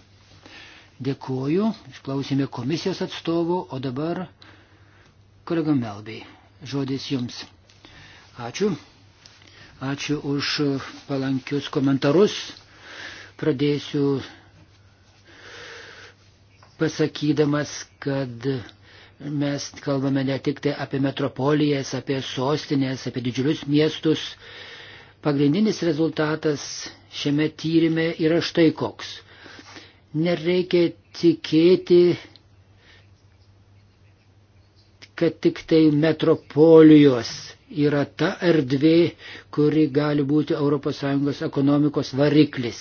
Dėkuoju, išklausėme komisijos atstovų, o dabar Kolega Melbiai, žodis jums. Ačiū. Ačiū už palankius komentarus. Pradėsiu pasakydamas, kad mes kalbame ne tik tai apie metropolijas, apie sostinės, apie didžiulius miestus. Pagrindinis rezultatas šiame tyrimė yra štai koks. Nereikia tikėti kad tik tai metropolijos yra ta erdvė, kuri gali būti ES ekonomikos variklis.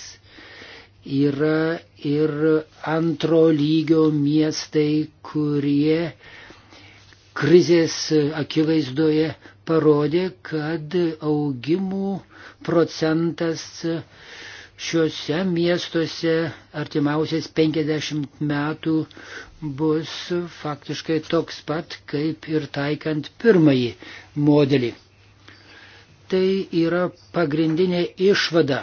Yra ir antro lygio miestai, kurie krizės akivaizdoje parodė, kad augimų procentas šiuose miestuose artimiausiais 50 metų bus faktiškai toks pat, kaip ir taikant pirmąjį modelį. Tai yra pagrindinė išvada,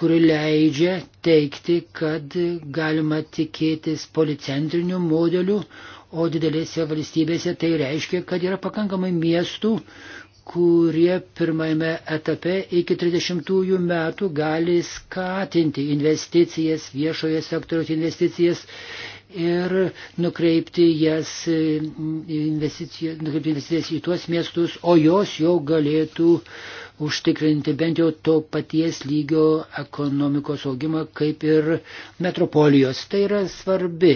kuri leidžia teikti, kad galima tikėtis policentrinių modelių, o didelėse valstybėse tai reiškia, kad yra pakankamai miestų, kurie pirmame etape iki 30 metų gali skatinti investicijas, viešojo sektoriaus investicijas ir nukreipti jas e, investicijas, nukreipti investicijas į tuos miestus, o jos jau galėtų užtikrinti bent jau to paties lygio ekonomikos augimą kaip ir metropolijos. Tai yra svarbi,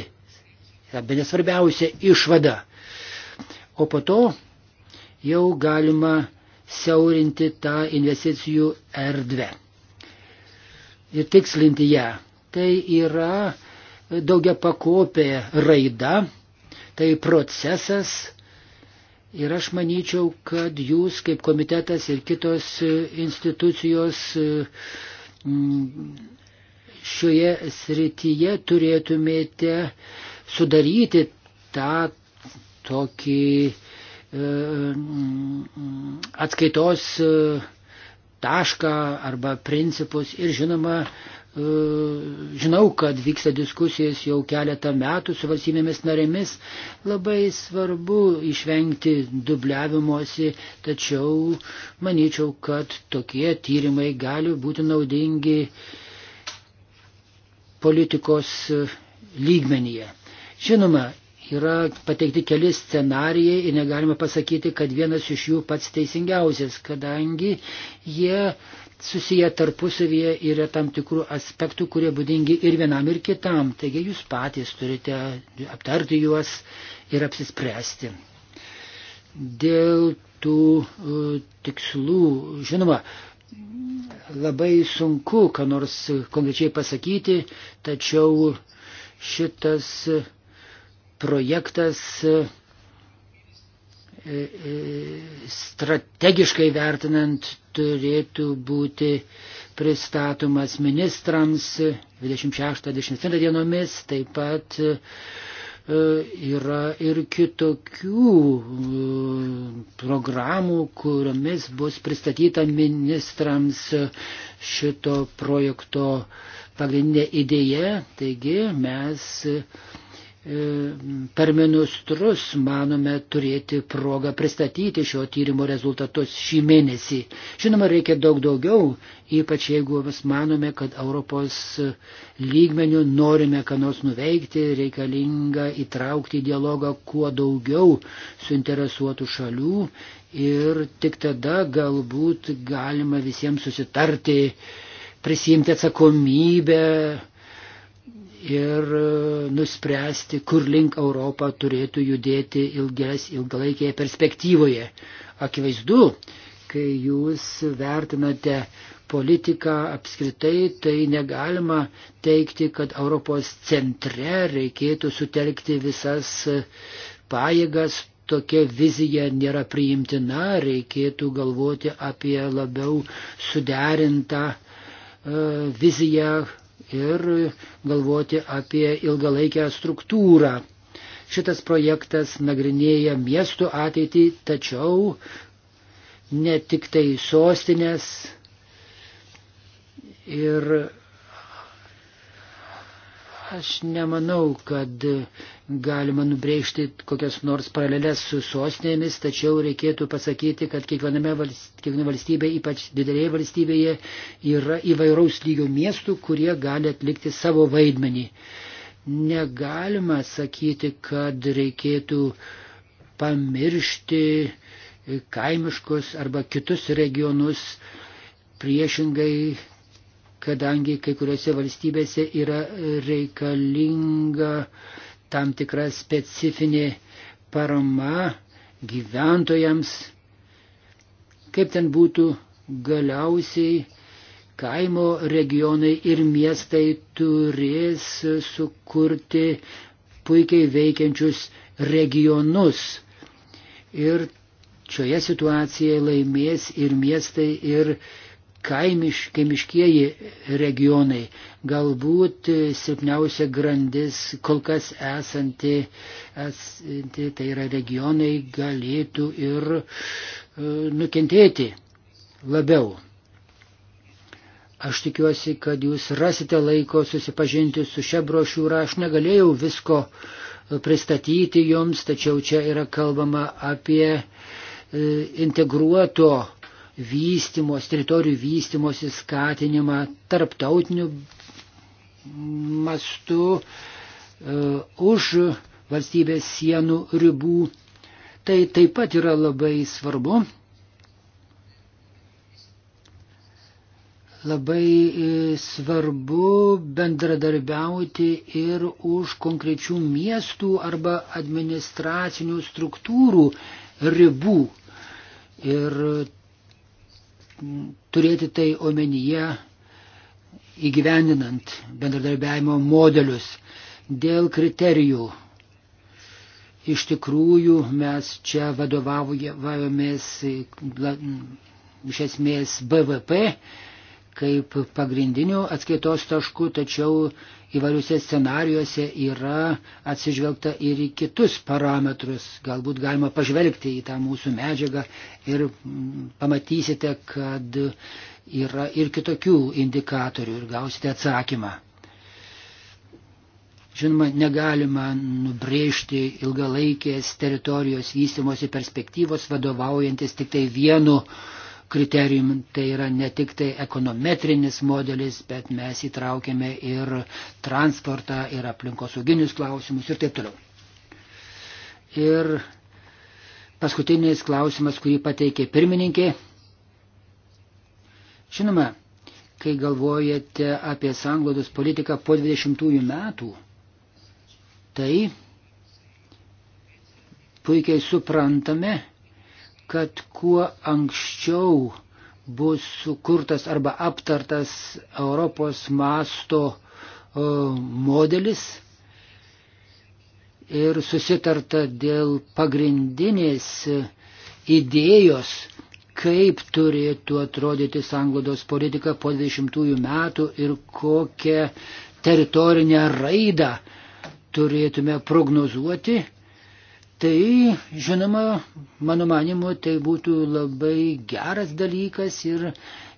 yra bene svarbiausia išvada. O po to jau galima siaurinti tą investicijų erdvę ir tikslinti ją. Tai yra daugia pakopė raida, tai procesas ir aš manyčiau, kad jūs kaip komitetas ir kitos institucijos mm, šioje srityje turėtumėte sudaryti tą tokį uh, E, atskaitos e, tašką arba principus ir žinoma, e, žinau, kad vyksta diskusijas jau keletą metų su valstybėmis narėmis, labai svarbu išvengti dubliavimuose, tačiau manyčiau, kad tokie tyrimai gali būti naudingi politikos lygmenyje. Žinoma, yra pateikti keli scenarijai ir negalime pasakyti, kad vienas iš jų pats teisingiausias, kadangi jie susiję tarpusavyje yra tam tikrų aspektų, kurie būdingi ir vienam, ir kitam. Taigi jūs patys turite aptarti juos ir apsispręsti. Dėl tų e, tikslų, žinoma, labai sunku, ką nors konkrečiai pasakyti, tačiau šitas projektas e, e, strategiškai vertinant turėtų būti pristatomas ministrams 26-27 dienomis, taip pat e, yra ir kitokių programų, kuriomis bus pristatyta ministrams šito projekto pagrindinė idėja. Taigi mes per ministrus manome turėti progą pristatyti šio tyrimo rezultatus šį mėnesį. Žinoma, reikia daug daugiau, ypač jeigu mes manome, kad Europos lygmenių norime ką nors nuveikti, reikalinga įtraukti į dialogą kuo daugiau suinteresuotų šalių ir tik tada galbūt galima visiems susitarti, prisimti atsakomybę ir e, nuspręsti, kur link Europą turėtų judėti ilgės, ilgalaikėje perspektyvoje. Akivaizdu, kai jūs vertinate politiką apskritai, tai negalima teikti, kad Europos centre reikėtų sutelkti visas e, pajėgas. Tokia vizija nėra priimtina, reikėtų galvoti apie labiau suderintą e, viziją, ir galvoti apie ilgalaikę struktūrą. Šitas projektas nagrinėja miestų ateitį, tačiau ne tik tai sostinės ir Aš nemanau, kad galima nubrėžti kokias nors paralelės su sostinėmis, tačiau reikėtų pasakyti, kad kiekviename valstybė, kiekviena valstybė, ypač didelėje valstybėje, yra įvairaus lygio miestų, kurie gali atlikti savo vaidmenį. Negalima sakyti, kad reikėtų pamiršti kaimiškus arba kitus regionus. Priešingai kadangi kai kuriuose valstybėse yra reikalinga tam tikra specifinė parama gyventojams, kaip ten būtų galiausiai kaimo regionai ir miestai turės sukurti puikiai veikiančius regionus. Ir šioje situacijoje laimės ir miestai, ir kaimiš, kaimiškieji regionai, galbūt e, silpniausia grandis, kol kas esanti, esanti tai yra regionai, galėtų ir e, nukentėti labiau. Aš tikiuosi, kad jūs rasite laiko susipažinti su šia brošiūra. Aš negalėjau visko e, pristatyti jums, tačiau čia yra kalbama apie integruoto vystimos, teritorijų vystimosi skatinimą tarptautiniu mastu e, už valstybės sienų ribų. Tai taip pat yra labai svarbu. Labai e, svarbu bendradarbiauti ir už konkrečių miestų arba administracinių struktūrų ribų. Ir turėti tai omenyje įgyvendinant bendradarbiavimo modelius dėl kriterijų. Iš tikrųjų mes čia vadovaujamės iš esmės BVP kaip pagrindiniu atskaitos tašku, tačiau įvairiuose scenarijuose yra atsižvelgta ir į kitus parametrus. Galbūt galima pažvelgti į tą mūsų medžiagą ir mm, pamatysite, kad yra ir kitokių indikatorių ir gausite atsakymą. Žinoma, negalima nubrėžti ilgalaikės teritorijos vystimosi perspektyvos vadovaujantis tik tai vienu uh, kriterijum tai yra ne tik tai ekonometrinis modelis, bet mes įtraukėme ir transportą, ir aplinkosauginius klausimus ir taip toliau. Ir paskutinis klausimas, kurį pateikė pirmininkė. Žinoma, kai galvojate apie sanglaudos politiką po 20 metų, tai puikiai suprantame, kad kuo anksčiau bus sukurtas arba aptartas Europos masto e, modelis ir susitarta dėl pagrindinės idėjos, kaip turėtų atrodyti sanglodos politika po 20 metų ir kokią teritorinę raidą turėtume prognozuoti Tai, žinoma, mano manimu, tai būtų labai geras dalykas ir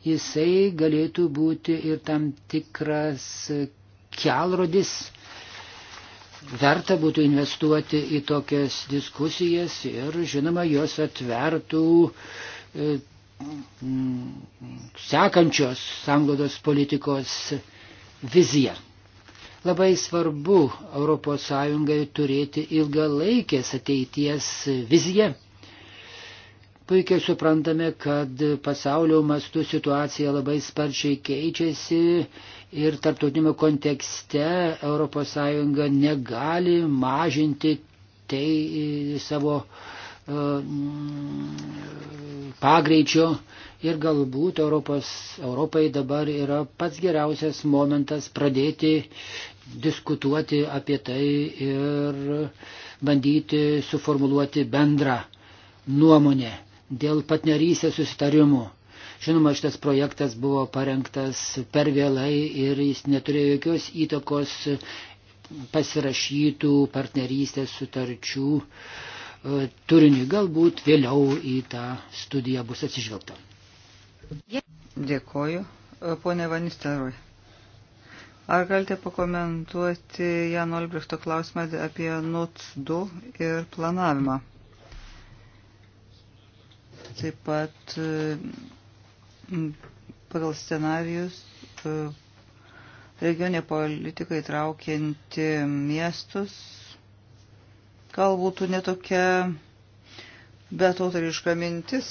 jisai galėtų būti ir tam tikras kelrodis. Verta būtų investuoti į tokias diskusijas ir, žinoma, jos atvertų e, sekančios sanglodos politikos viziją. Labai svarbu ES turėti ilgalaikės ateities viziją. Puikiai suprantame, kad pasaulio mastu situacija labai sparčiai keičiasi ir tarptautinėme kontekste ES negali mažinti tai savo uh, E, pagreičio ir galbūt Europos, Europai dabar yra pats geriausias momentas pradėti diskutuoti apie tai ir bandyti suformuluoti bendrą nuomonę dėl partnerysės susitarimų. Žinoma, šitas projektas buvo parengtas per vėlai ir jis neturėjo jokios įtakos pasirašytų partnerystės sutarčių uh, E, turinį. Galbūt vėliau į tą studiją bus atsižvelgta. Dėkoju. E, Pone Vanisterui. Ar galite pakomentuoti Jano Albrechto klausimą apie NOTS 2 ir planavimą? Taip pat e, pagal scenarius regionė politika įtraukianti miestus gal būtų netokia betotariška mintis.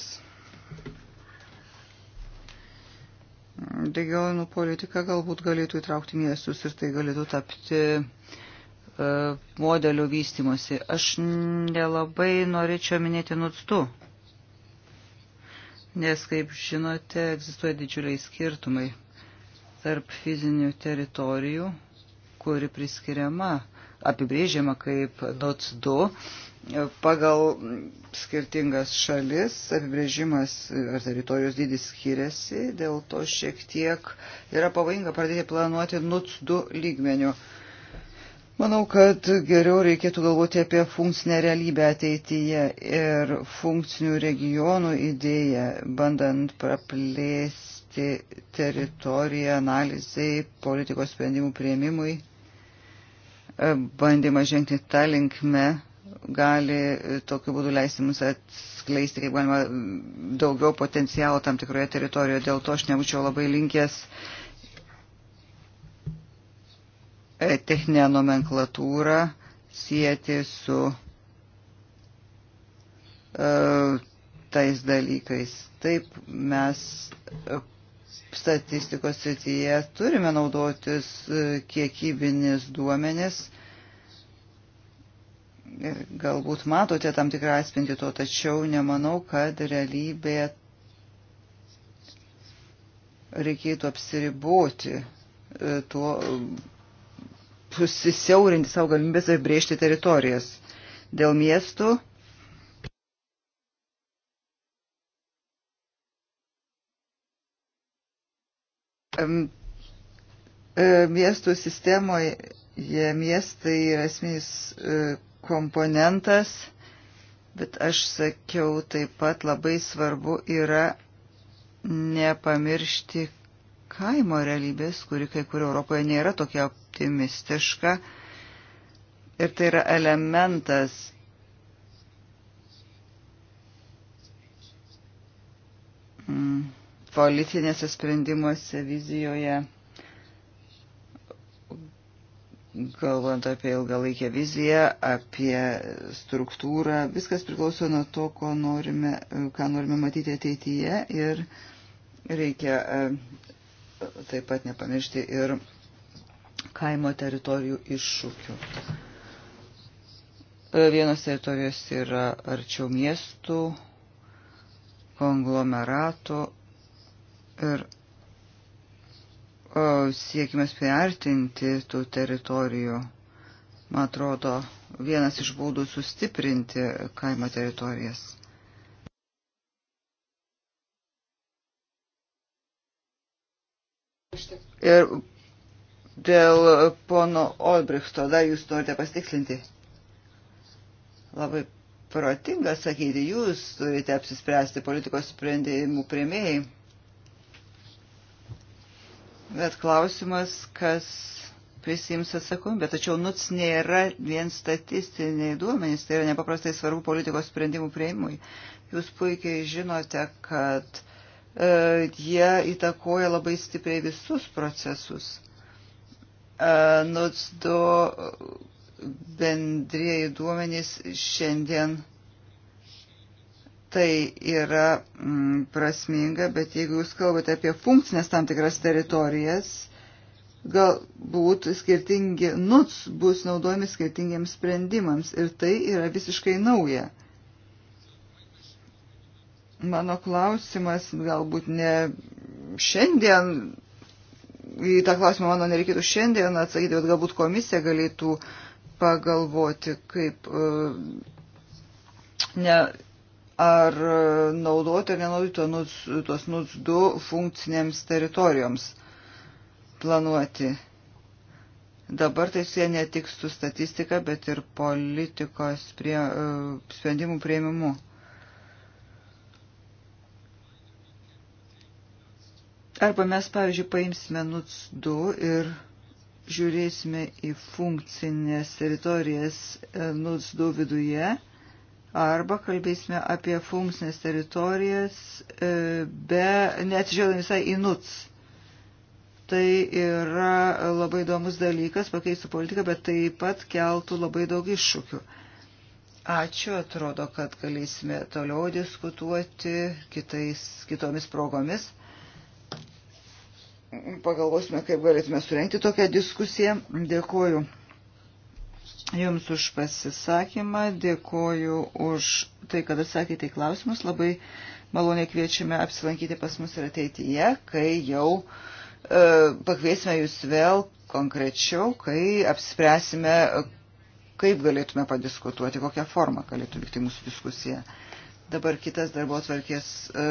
Regionų politika galbūt galėtų įtraukti miestus ir tai galėtų tapti e, modelio vystimosi. Aš nelabai norėčiau minėti NUTS 2, nes, kaip žinote, egzistuoja didžiuliai skirtumai tarp fizinių teritorijų, kuri priskiriama apibrėžiama kaip DOTS 2 e, pagal skirtingas šalis apibrėžimas e, ar teritorijos dydis skiriasi, dėl to šiek tiek yra pavojinga pradėti planuoti NUTS 2 lygmenių. Manau, kad geriau reikėtų galvoti apie funkcinę realybę ateityje ir funkcinių regionų idėją, bandant praplėsti teritoriją analizai, politikos sprendimų prieimimui E, bandymas žengti tą linkme gali e, tokiu būdu leisti mums atskleisti, kaip galima, daugiau potencialo tam tikroje teritorijoje. Dėl to aš nebūčiau labai linkęs e, techninę nomenklatūrą sieti su uh, tais dalykais. Taip mes statistikos srityje turime naudotis e, kiekybinis duomenis. Galbūt matote tam tikrą atspindį to, tačiau nemanau, kad realybė reikėtų apsiriboti e, tuo, susisiaurinti e, savo galimybės ir brėžti teritorijas. Dėl miestų E, miestų sistemoje miestai yra esminis e, komponentas, bet aš sakiau taip pat labai svarbu yra nepamiršti kaimo realybės, kuri kai kur Europoje nėra tokia optimistiška. Ir tai yra elementas mm politinėse sprendimuose, vizijoje, galvojant apie ilgalaikę viziją, apie struktūrą, viskas priklauso nuo to, ko norime, ką norime matyti ateityje ir reikia e, taip pat nepamiršti ir kaimo teritorijų iššūkių. E, vienos teritorijos yra arčiau miestų, konglomeratų, Ir siekime priartinti tų teritorijų. Man atrodo, vienas iš būdų sustiprinti kaimo teritorijas. Ir dėl pono Olbrichto, dar jūs norite pastikslinti? Labai protinga sakyti, jūs turite apsispręsti politikos sprendimų prieimėjai. Bet klausimas, kas prisims atsakomybę. Tačiau NUTS nėra vien statistiniai duomenys, tai yra nepaprastai svarbu politikos sprendimų prieimui. Jūs puikiai žinote, kad e, jie įtakoja labai stipriai visus procesus. E, NUTS 2 bendrieji duomenys šiandien tai yra mm, prasminga, bet jeigu jūs kalbate apie funkcinės tam tikras teritorijas, galbūt skirtingi nuts bus naudojami skirtingiems sprendimams ir tai yra visiškai nauja. Mano klausimas galbūt ne šiandien, į tą klausimą mano nereikėtų šiandien atsakyti, bet galbūt komisija galėtų pagalvoti, kaip e, ne ar naudoti ar nenaudoti tos NUTS 2 funkcinėms teritorijoms planuoti. Dabar tai sieja ne tik su statistika, bet ir politikos prie, e, sprendimų prieimimu. Arba mes, pavyzdžiui, paimsime NUTS 2 ir žiūrėsime į funkcinės teritorijas e, NUTS 2 viduje arba kalbėsime apie funkcinės teritorijas, e, be, neatsižiūrėdami visai į NUTS. Tai yra labai įdomus dalykas, pakeistų politiką, bet taip pat keltų labai daug iššūkių. Ačiū, atrodo, kad galėsime toliau diskutuoti kitais, kitomis progomis. Pagalvosime, kaip galėtume surenkti tokią diskusiją. Dėkuoju. Jums už pasisakymą, dėkoju už tai, kad atsakėte į klausimus. Labai maloniai kviečiame apsilankyti pas mus ir ateityje, kai jau e, pakviesime Jūs vėl konkrečiau, kai apspręsime, kaip galėtume padiskutuoti, kokią formą galėtų vykti mūsų diskusija. Dabar kitas darbo atvarkės e,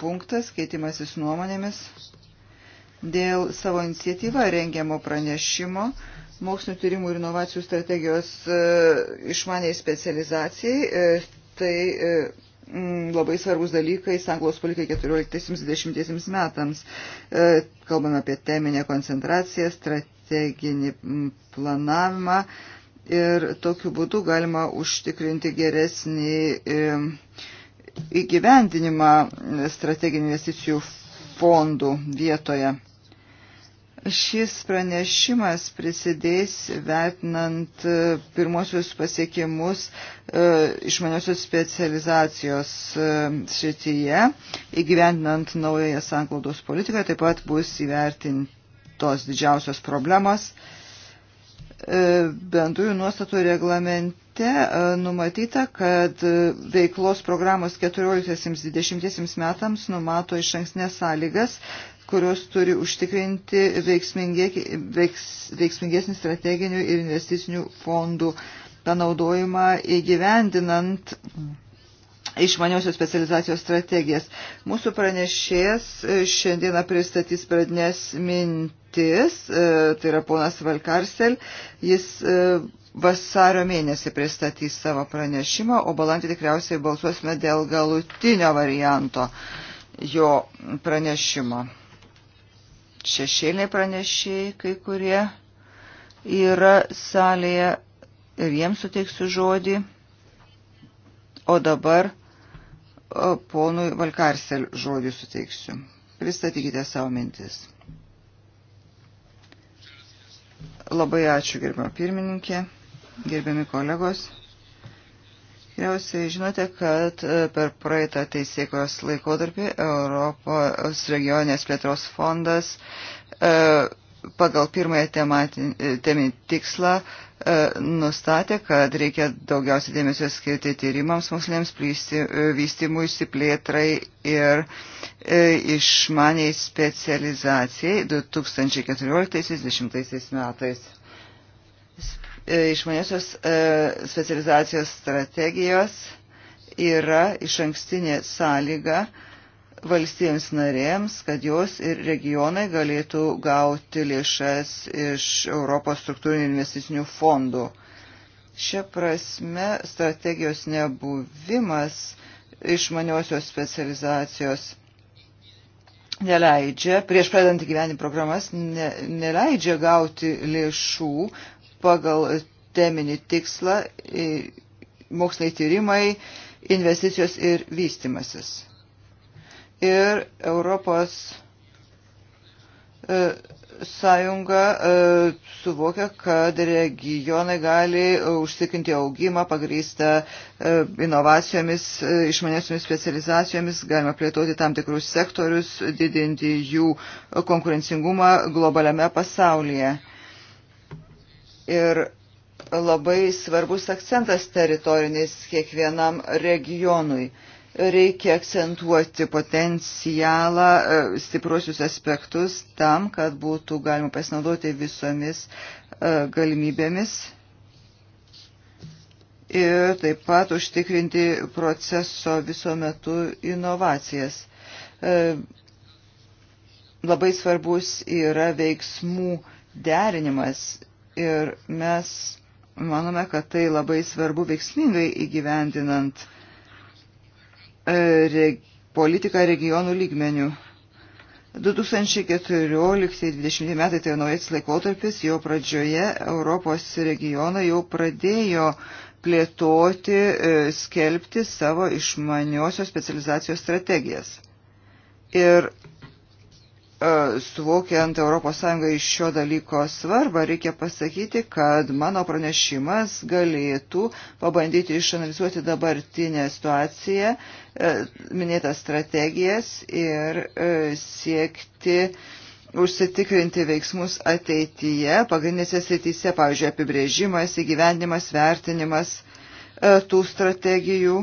punktas, keitimasis nuomonėmis dėl savo iniciatyvą rengiamo pranešimo mokslinio tyrimų ir inovacijų strategijos e, išmaniai specializacijai. E, tai e, labai svarbus dalykai sanglaus politikai 14-20 metams. Kalbame apie teminę koncentraciją, strateginį planavimą ir tokiu būdu galima užtikrinti geresnį įgyvendinimą strateginių investicijų fondų vietoje. Šis pranešimas prisidės vertinant e, pirmosius pasiekimus e, išmaniosios specializacijos e, srityje, įgyvendinant naująją sanklaudos politiką, taip pat bus įvertintos didžiausios problemos bendrųjų nuostatų reglamente numatyta, kad veiklos programos 14-20 metams numato iš anksnės sąlygas kurios turi užtikrinti veiksmingesnį strateginių ir investicinių fondų panaudojimą įgyvendinant išmaniosios specializacijos strategijas. Mūsų pranešėjas šiandieną pristatys pradinės mintis, e, tai yra ponas Valkarsel, jis e, vasario mėnesį pristatys savo pranešimą, o balandį tikriausiai balsuosime dėl galutinio varianto jo pranešimo šešėliai pranešėjai, kai kurie yra salėje ir jiems suteiksiu žodį. O dabar ponui Valkarsel žodį suteiksiu. Pristatykite savo mintis. Labai ačiū, gerbimo pirmininkė, gerbiami kolegos. Tikriausiai žinote, kad e, per praeitą teisėkos laikotarpį Europos regionės plėtros fondas e, pagal pirmąją e, teminį tikslą nustatė, kad reikia daugiausiai dėmesio skirti tyrimams, moksliniams vystimui, įsiplėtrai ir išmaniai specializacijai 2014-2020 metais. E, išmaniosios e, specializacijos strategijos yra iš ankstinė sąlyga valstybėms narėms, kad jos ir regionai galėtų gauti lėšas iš Europos struktūrinių investicinių fondų. Šia prasme strategijos nebuvimas išmaniosios specializacijos neleidžia, prieš pradant įgyveninti programas, ne, neleidžia gauti lėšų pagal teminį tikslą moksliniai tyrimai, investicijos ir vystimasis. Ir Europos e, sąjunga e, suvokia, kad regionai gali užtikrinti augimą pagrįstą e, inovacijomis, e, išmanesiomis specializacijomis, galima plėtoti tam tikrus sektorius, didinti jų konkurencingumą globaliame pasaulyje. E, ir labai svarbus akcentas teritorinis kiekvienam regionui. Reikia akcentuoti potencialą, e, stipriuosius aspektus tam, kad būtų galima pasinaudoti visomis e, galimybėmis ir taip pat užtikrinti proceso viso metu inovacijas. E, labai svarbus yra veiksmų derinimas Ir mes manome, kad tai labai svarbu veiksmingai įgyvendinant e, reg politiką regionų lygmenių. 2014-2020 metai tai naujas laikotarpis, jo pradžioje Europos regionai jau pradėjo plėtoti, e, skelbti savo išmaniosios specializacijos strategijas. Ir E, suvokiant ES iš šio dalyko svarbą, reikia pasakyti, kad mano pranešimas galėtų pabandyti išanalizuoti dabartinę situaciją, e, minėtas strategijas ir e, siekti užsitikrinti veiksmus ateityje, pagrindinėse srityse, pavyzdžiui, apibrėžimas, įgyvendimas, vertinimas tų strategijų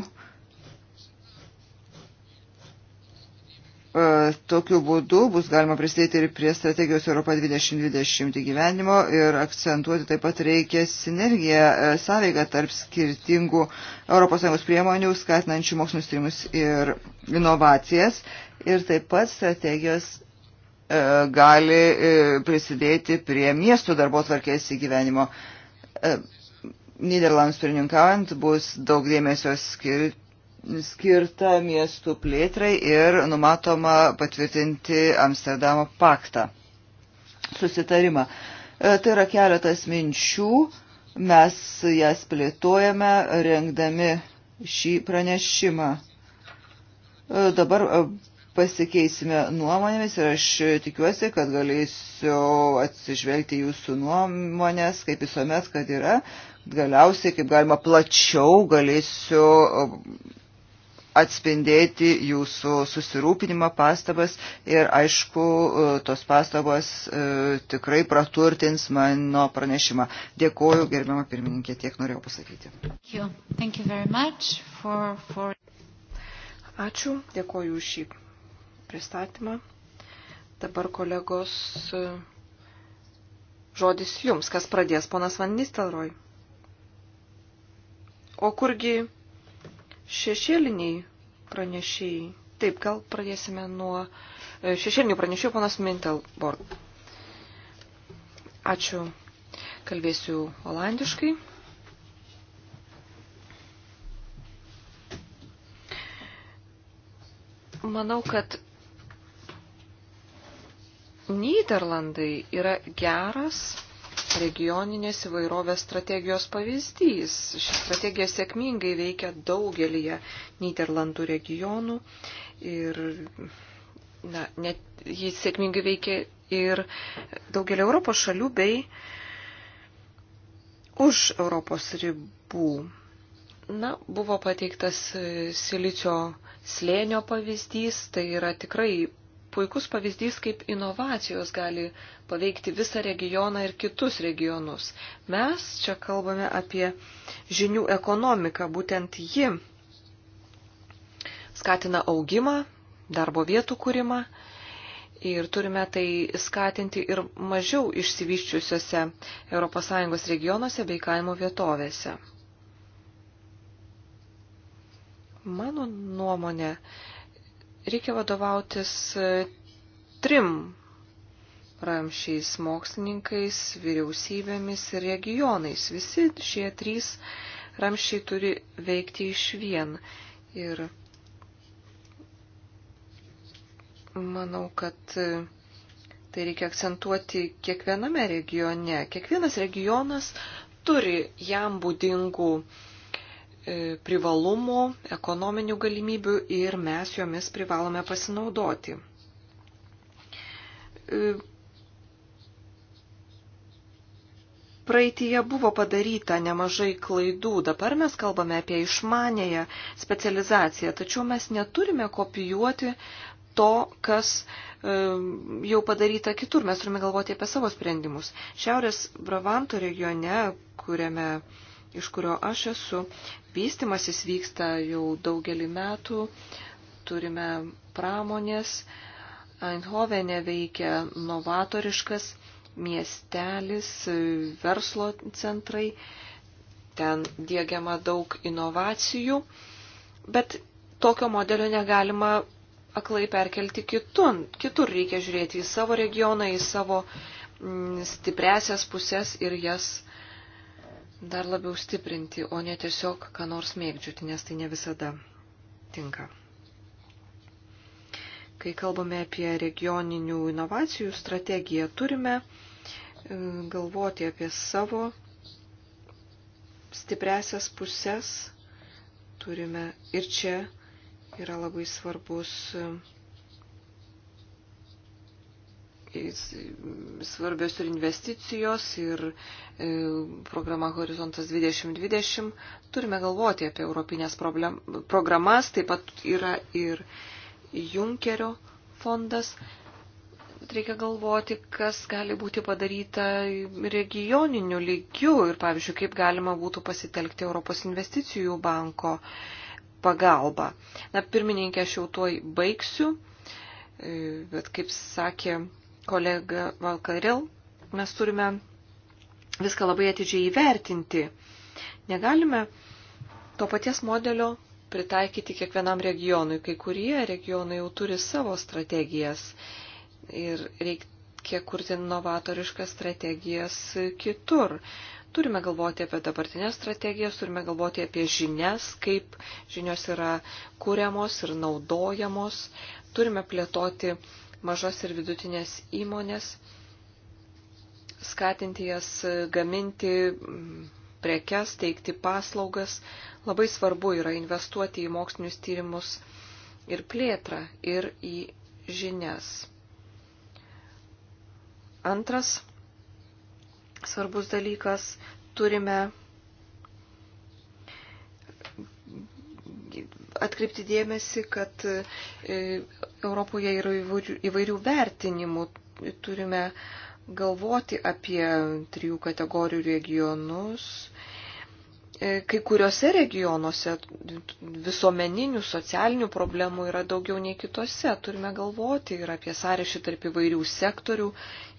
E, tokiu būdu bus galima prisidėti ir prie strategijos Europa 2020 gyvenimo ir akcentuoti taip pat reikia sinergiją, e, sąveigą tarp skirtingų ES priemonių, skatinančių mokslinius tyrimus ir inovacijas. Ir taip pat strategijos e, gali prisidėti prie miestų darbo tvarkės įgyvenimo. Niderlandams pirmininkaujant bus daug dėmesio skirti skirta miestų plėtrai ir numatoma patvirtinti Amsterdamo paktą susitarimą. E, tai yra keletas minčių, mes jas plėtojame rengdami šį pranešimą. E, dabar e, pasikeisime nuomonėmis ir aš tikiuosi, kad galėsiu atsižvelgti jūsų nuomonės, kaip visuomet, kad yra. Galiausiai, kaip galima plačiau, galėsiu atspindėti jūsų susirūpinimą pastabas ir aišku, e, tos pastabas e, tikrai praturtins mano pranešimą. Dėkuoju, gerbiamą pirmininkę, tiek norėjau pasakyti. Thank you. Thank you for, for... Ačiū, dėkuoju už šį pristatymą. Dabar kolegos e, žodis jums, kas pradės, ponas Van Nistelroj. O kurgi Šešėliniai pranešėjai. Taip, gal pradėsime nuo e, šešėlinių pranešėjų, ponas Mintelborg. Ačiū. Kalbėsiu olandiškai. Manau, kad Niderlandai yra geras regioninės įvairovės strategijos pavyzdys. Ši strategija sėkmingai veikia daugelįje Niderlandų regionų ir na, net, jis sėkmingai veikia ir daugelį Europos šalių bei už Europos ribų. Na, buvo pateiktas silicio slėnio pavyzdys, tai yra tikrai puikus pavyzdys, kaip inovacijos gali paveikti visą regioną ir kitus regionus. Mes čia kalbame apie žinių ekonomiką, būtent ji skatina augimą, darbo vietų kūrimą ir turime tai skatinti ir mažiau išsivyščiusiuose ES regionuose bei kaimo vietovėse. Mano nuomonė, Reikia vadovautis e, trim ramšiais mokslininkais, vyriausybėmis ir regionais. Visi šie trys ramšiai turi veikti iš vien. Ir manau, kad e, tai reikia akcentuoti kiekviename regione. Kiekvienas regionas turi jam būdingų uh, E, privalumų, ekonominių galimybių ir mes jomis privalome pasinaudoti. E, praeitie buvo padaryta nemažai klaidų, dabar mes kalbame apie išmanėją specializaciją, tačiau mes neturime kopijuoti to, kas e, jau padaryta kitur, mes turime galvoti apie savo sprendimus. Šiaurės Bravanto regione, kuriame e, iš kurio aš esu. Vystimasis vyksta jau daugelį metų, turime pramonės, Eindhovene veikia novatoriškas miestelis, verslo centrai, ten dėgiama daug inovacijų, bet tokio modelio negalima aklai perkelti kitun. Kitur reikia žiūrėti į savo regioną, į savo mm, stipresias pusės ir jas dar labiau stiprinti, o ne tiesiog ką nors mėgdžiuti, nes tai ne visada tinka. Kai kalbame apie regioninių inovacijų strategiją, turime e, galvoti apie savo stipresias pusės, turime ir čia yra labai svarbus e, svarbios ir investicijos, ir e, programa Horizontas 2020. Turime galvoti apie europinės problem, programas, taip pat yra ir Junkerio fondas. Reikia galvoti, kas gali būti padaryta regioniniu lygiu ir, pavyzdžiui, kaip galima būtų pasitelkti Europos investicijų banko pagalbą. Na, pirmininkė, aš jau tuoj baigsiu, e, bet kaip sakė kolega Valkaril, mes turime viską labai atidžiai įvertinti. Negalime to paties modelio pritaikyti kiekvienam regionui. Kai kurie regionai jau turi savo strategijas ir reikia kurti novatoriškas strategijas kitur. Turime galvoti apie dabartinės strategijas, turime galvoti apie žinias, kaip žinios yra kūriamos ir naudojamos. Turime plėtoti uh, mažas ir vidutinės įmonės, skatinti jas gaminti prekes, teikti paslaugas. Labai svarbu yra investuoti į mokslinius tyrimus ir plėtrą ir į žinias. Antras svarbus dalykas - turime atkreipti dėmesį, kad e, Europoje yra įvairių, įvairių vertinimų. Turime galvoti apie trijų kategorijų regionus E, kai kuriuose regionuose visuomeninių, socialinių problemų yra daugiau nei kitose. Turime galvoti ir apie sąryšį tarp įvairių sektorių,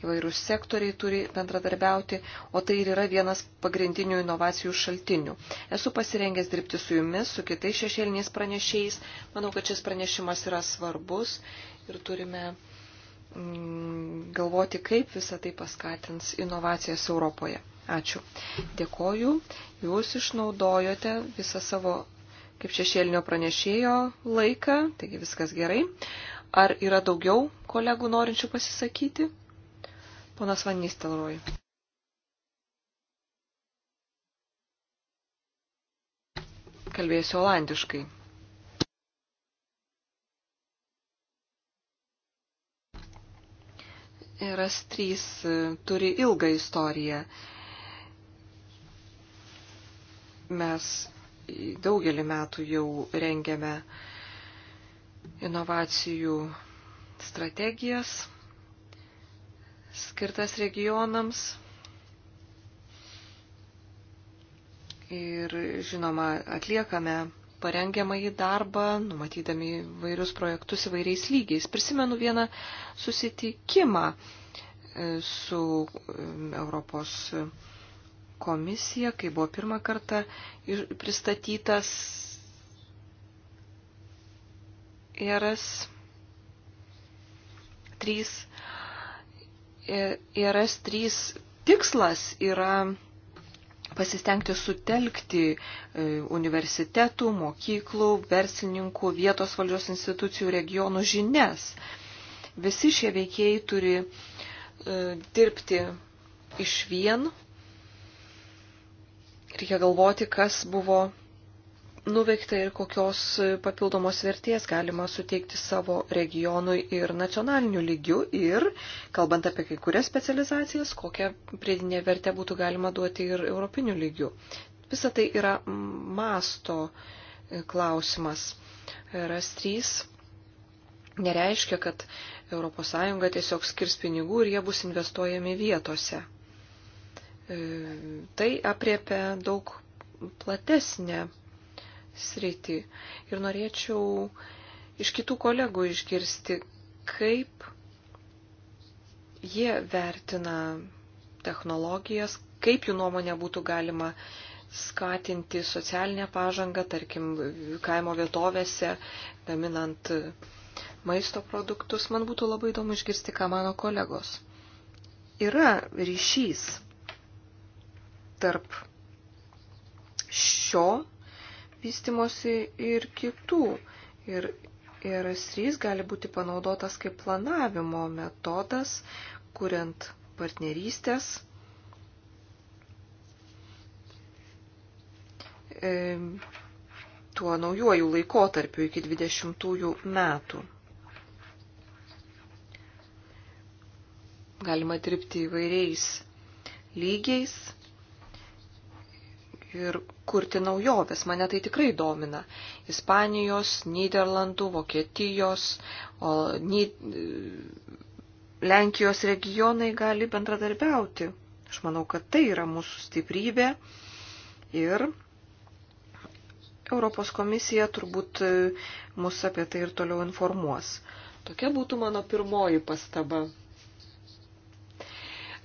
įvairių sektoriai turi bendradarbiauti, o tai ir yra vienas pagrindinių inovacijų šaltinių. Esu pasirengęs dirbti su jumis, su kitais šešėliniais pranešėjais. Manau, kad šis pranešimas yra svarbus ir turime mm, galvoti, kaip visą tai paskatins inovacijas Europoje. Ačiū. Dėkoju. Jūs išnaudojote visą savo kaip šešėlinio pranešėjo laiką, taigi viskas gerai. Ar yra daugiau kolegų norinčių pasisakyti? Ponas Vannys Telroj. Kalbėsiu olandiškai. Eras 3 e, turi ilgą istoriją. Mes daugelį metų jau rengiame inovacijų strategijas skirtas regionams. Ir žinoma, atliekame parengiamąjį darbą, numatydami vairius projektus įvairiais lygiais. Prisimenu vieną susitikimą e, su e, Europos komisija, kai buvo pirmą kartą pristatytas ERS 3. ERS 3 tikslas yra pasistengti sutelkti e, universitetų, mokyklų, verslininkų, vietos valdžios institucijų, regionų žinias. Visi šie veikėjai turi e, dirbti iš vien Reikia galvoti, kas buvo nuveikta ir kokios papildomos vertės galima suteikti savo regionui ir nacionaliniu lygiu ir, kalbant apie kai kurias specializacijas, kokią pridinę vertę būtų galima duoti ir europiniu lygiu. Visa tai yra masto klausimas. RAS3 nereiškia, kad ES tiesiog skirs pinigų ir jie bus investuojami vietose. E, tai apriepia daug platesnę sritį. Ir norėčiau iš kitų kolegų išgirsti, kaip jie vertina technologijas, kaip jų nuomonė būtų galima skatinti socialinę pažangą, tarkim, kaimo vietovėse, gaminant maisto produktus. Man būtų labai įdomu išgirsti, ką mano kolegos. Yra ryšys tarp šio vystimosi ir kitų. Ir, ir e SRIS gali būti panaudotas kaip planavimo metodas, kuriant partnerystės e, tuo naujuoju laikotarpiu iki 20 metų. Galima dirbti įvairiais lygiais, ir kurti naujoves. Mane tai tikrai domina. Ispanijos, Niderlandų, Vokietijos, o, Ny... Lenkijos regionai gali bendradarbiauti. Aš manau, kad tai yra mūsų stiprybė ir Europos komisija turbūt e, mus apie tai ir toliau informuos. Tokia būtų mano pirmoji pastaba.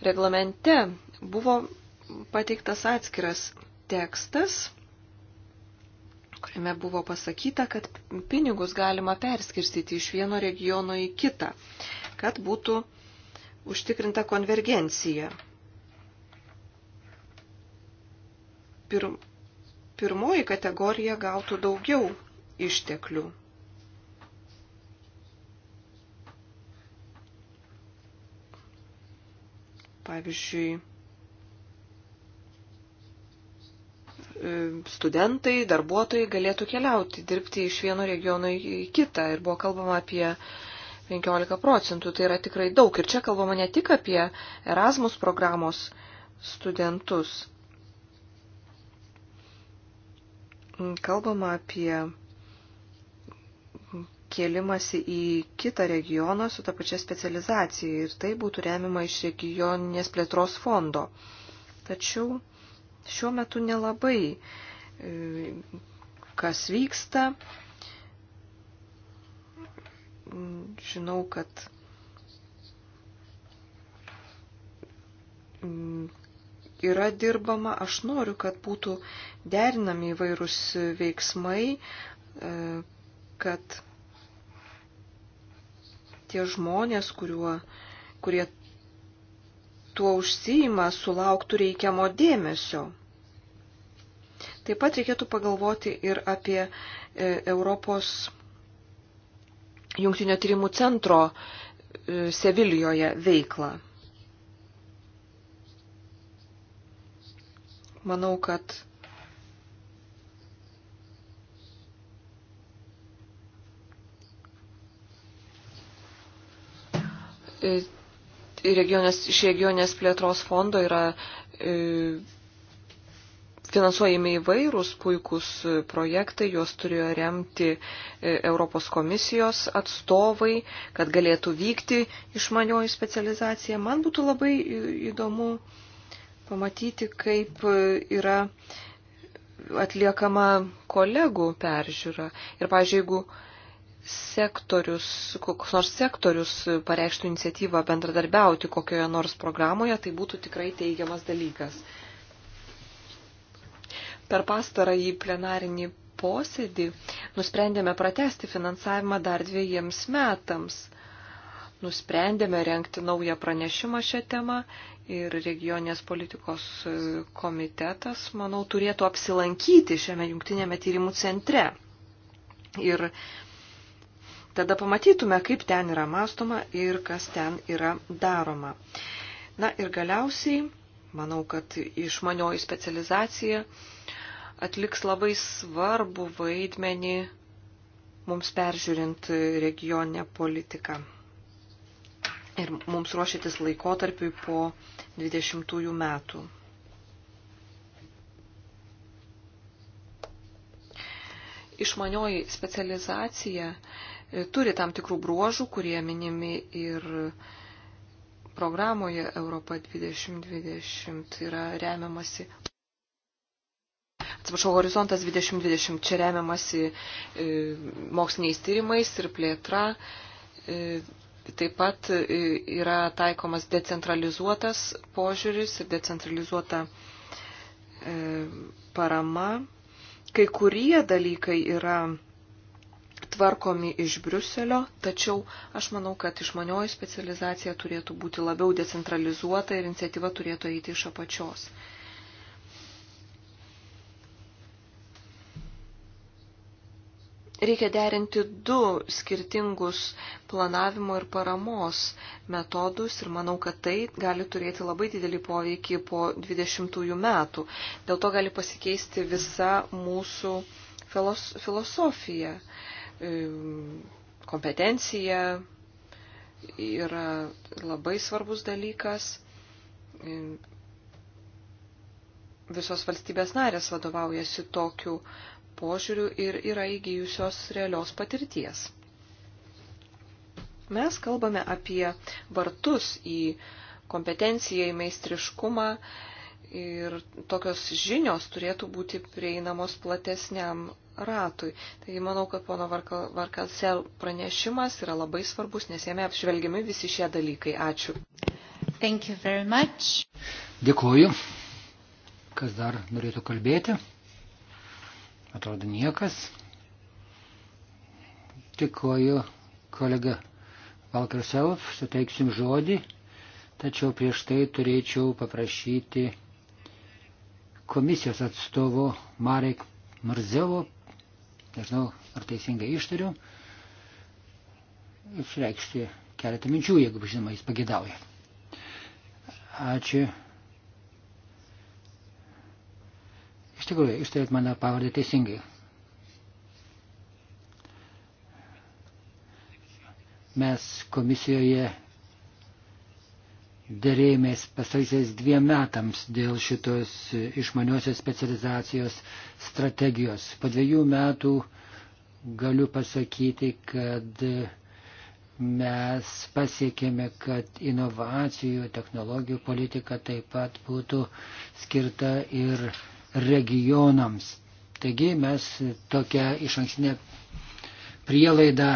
Reglamente buvo pateiktas atskiras tekstas, kuriame buvo pasakyta, kad pinigus galima perskirstyti iš vieno regiono į kitą, kad būtų užtikrinta konvergencija. Pir, pirmoji kategorija gautų daugiau išteklių. Pavyzdžiui, E, studentai, darbuotojai galėtų keliauti, dirbti iš vieno regiono į kitą. Ir buvo kalbama apie 15 procentų, tai yra tikrai daug. Ir čia kalbama ne tik apie Erasmus programos studentus. Kalbama apie kėlimasi į kitą regioną su ta pačia specializacija ir tai būtų remima iš regioninės plėtros fondo. Tačiau šiuo metu nelabai e, kas vyksta. Žinau, kad mm, yra dirbama, aš noriu, kad būtų derinami įvairūs veiksmai, e, kad tie žmonės, kuriuo, kurie tuo užsijima, sulauktų reikiamo dėmesio. Taip pat reikėtų pagalvoti ir apie e, Europos jungtinio tyrimų centro e, Sevilijoje veiklą. Manau, kad e, regionės, iš regionės plėtros fondo yra finansuojami įvairūs puikūs projektai, juos turėjo remti e, Europos komisijos atstovai, kad galėtų vykti išmanioji specializacija. Man būtų labai įdomu pamatyti, kaip e, yra atliekama kolegų peržiūra. Ir, pažiūrėjau, jeigu sektorius, koks nors sektorius pareikštų iniciatyvą bendradarbiauti kokioje nors programoje, tai būtų tikrai teigiamas dalykas per pastarąjį plenarinį posėdį nusprendėme pratesti finansavimą dar dviejiems metams. Nusprendėme renkti naują pranešimą šią temą ir regionės politikos komitetas, manau, turėtų apsilankyti šiame jungtinėme tyrimų centre. Ir tada pamatytume, kaip ten yra mastoma ir kas ten yra daroma. Na ir galiausiai, manau, kad išmanioji specializacija uh, atliks labai svarbu vaidmenį mums peržiūrint regioninę politiką ir mums ruošytis laikotarpiui po 20 metų. Išmanioji specializacija e, turi tam tikrų bruožų, kurie minimi ir programoje Europa 2020 yra remiamasi atsiprašau, horizontas 2020, čia remiamasi e, moksliniais tyrimais ir plėtra. E, taip pat e, yra taikomas decentralizuotas požiūris ir decentralizuota parama. Kai kurie dalykai yra tvarkomi iš Briuselio, tačiau aš manau, kad išmanioji specializacija turėtų būti labiau decentralizuota ir iniciatyva turėtų eiti iš apačios. reikia derinti du skirtingus planavimo ir paramos metodus ir manau, kad tai gali turėti labai didelį poveikį po 20 metų. Dėl to gali pasikeisti visa mūsų filos, filosofija, ehm, kompetencija yra labai svarbus dalykas. Ehm, visos valstybės narės vadovaujasi tokiu požiūrių ir yra įgyjusios realios patirties. Mes kalbame apie vartus į kompetenciją, į meistriškumą ir tokios žinios turėtų būti prieinamos platesniam ratui. Taigi manau, kad pono Varkalsel pranešimas yra labai svarbus, nes jame apžvelgiami visi šie dalykai. Ačiū. Dėkuoju. Kas dar norėtų kalbėti? Atrodo niekas. Tikoju kolega Valker Self, suteiksim žodį, tačiau prieš tai turėčiau paprašyti komisijos atstovo Marek Marzevo, nežinau ar teisingai ištariu, išreikšti keletą minčių, jeigu žinoma jis pagėdauja. Ačiū tikrųjų, ištarėt mano pavardę teisingai. Mes komisijoje dėrėjimės pasaisiais dviem metams dėl šitos išmaniosios specializacijos strategijos. Po dviejų metų galiu pasakyti, kad mes pasiekėme, kad inovacijų, technologijų politika taip pat būtų skirta ir regionams. Taigi mes tokią iš ankstinę prielaidą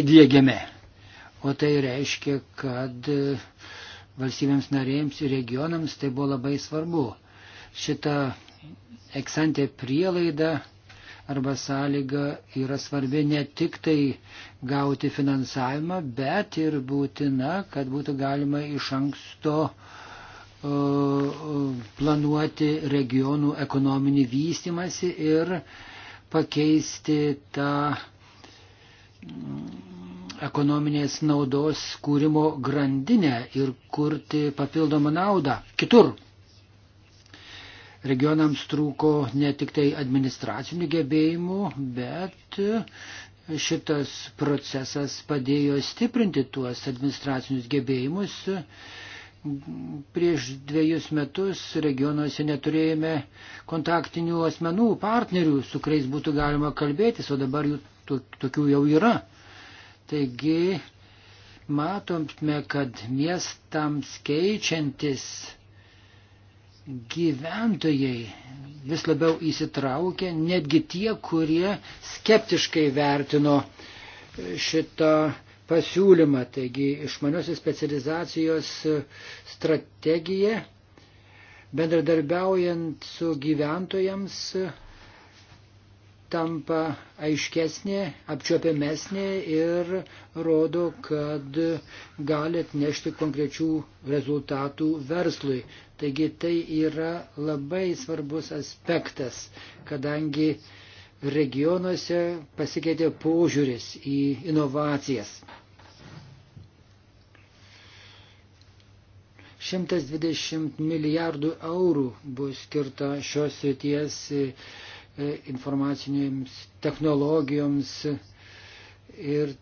įdėgiame. O tai reiškia, kad valstybėms narėms ir regionams tai buvo labai svarbu. Šita eksantė prielaida arba sąlyga yra svarbi ne tik tai gauti finansavimą, bet ir būtina, kad būtų galima iš anksto uh, planuoti regionų ekonominį vystimąsi ir pakeisti tą mm, ekonominės naudos kūrimo grandinę ir kurti papildomą naudą kitur. Regionams trūko ne tik tai administracinių gebėjimų, bet šitas procesas padėjo stiprinti tuos administracinius gebėjimus Prieš dviejus metus regionuose neturėjome kontaktinių asmenų, partnerių, su kuriais būtų galima kalbėtis, o dabar jų tokių jau yra. Taigi matome, kad miestams keičiantis gyventojai vis labiau įsitraukia, netgi tie, kurie skeptiškai vertino šitą pasiūlymą. Taigi išmaniosios specializacijos strategija bendradarbiaujant su gyventojams tampa aiškesnė, apčiopiamesnė ir rodo, kad gali atnešti konkrečių rezultatų verslui. Taigi tai yra labai svarbus aspektas, kadangi regionuose pasikeitė požiūris į inovacijas. 120 milijardų eurų bus skirta šios srities e, e, informacinėms technologijoms ir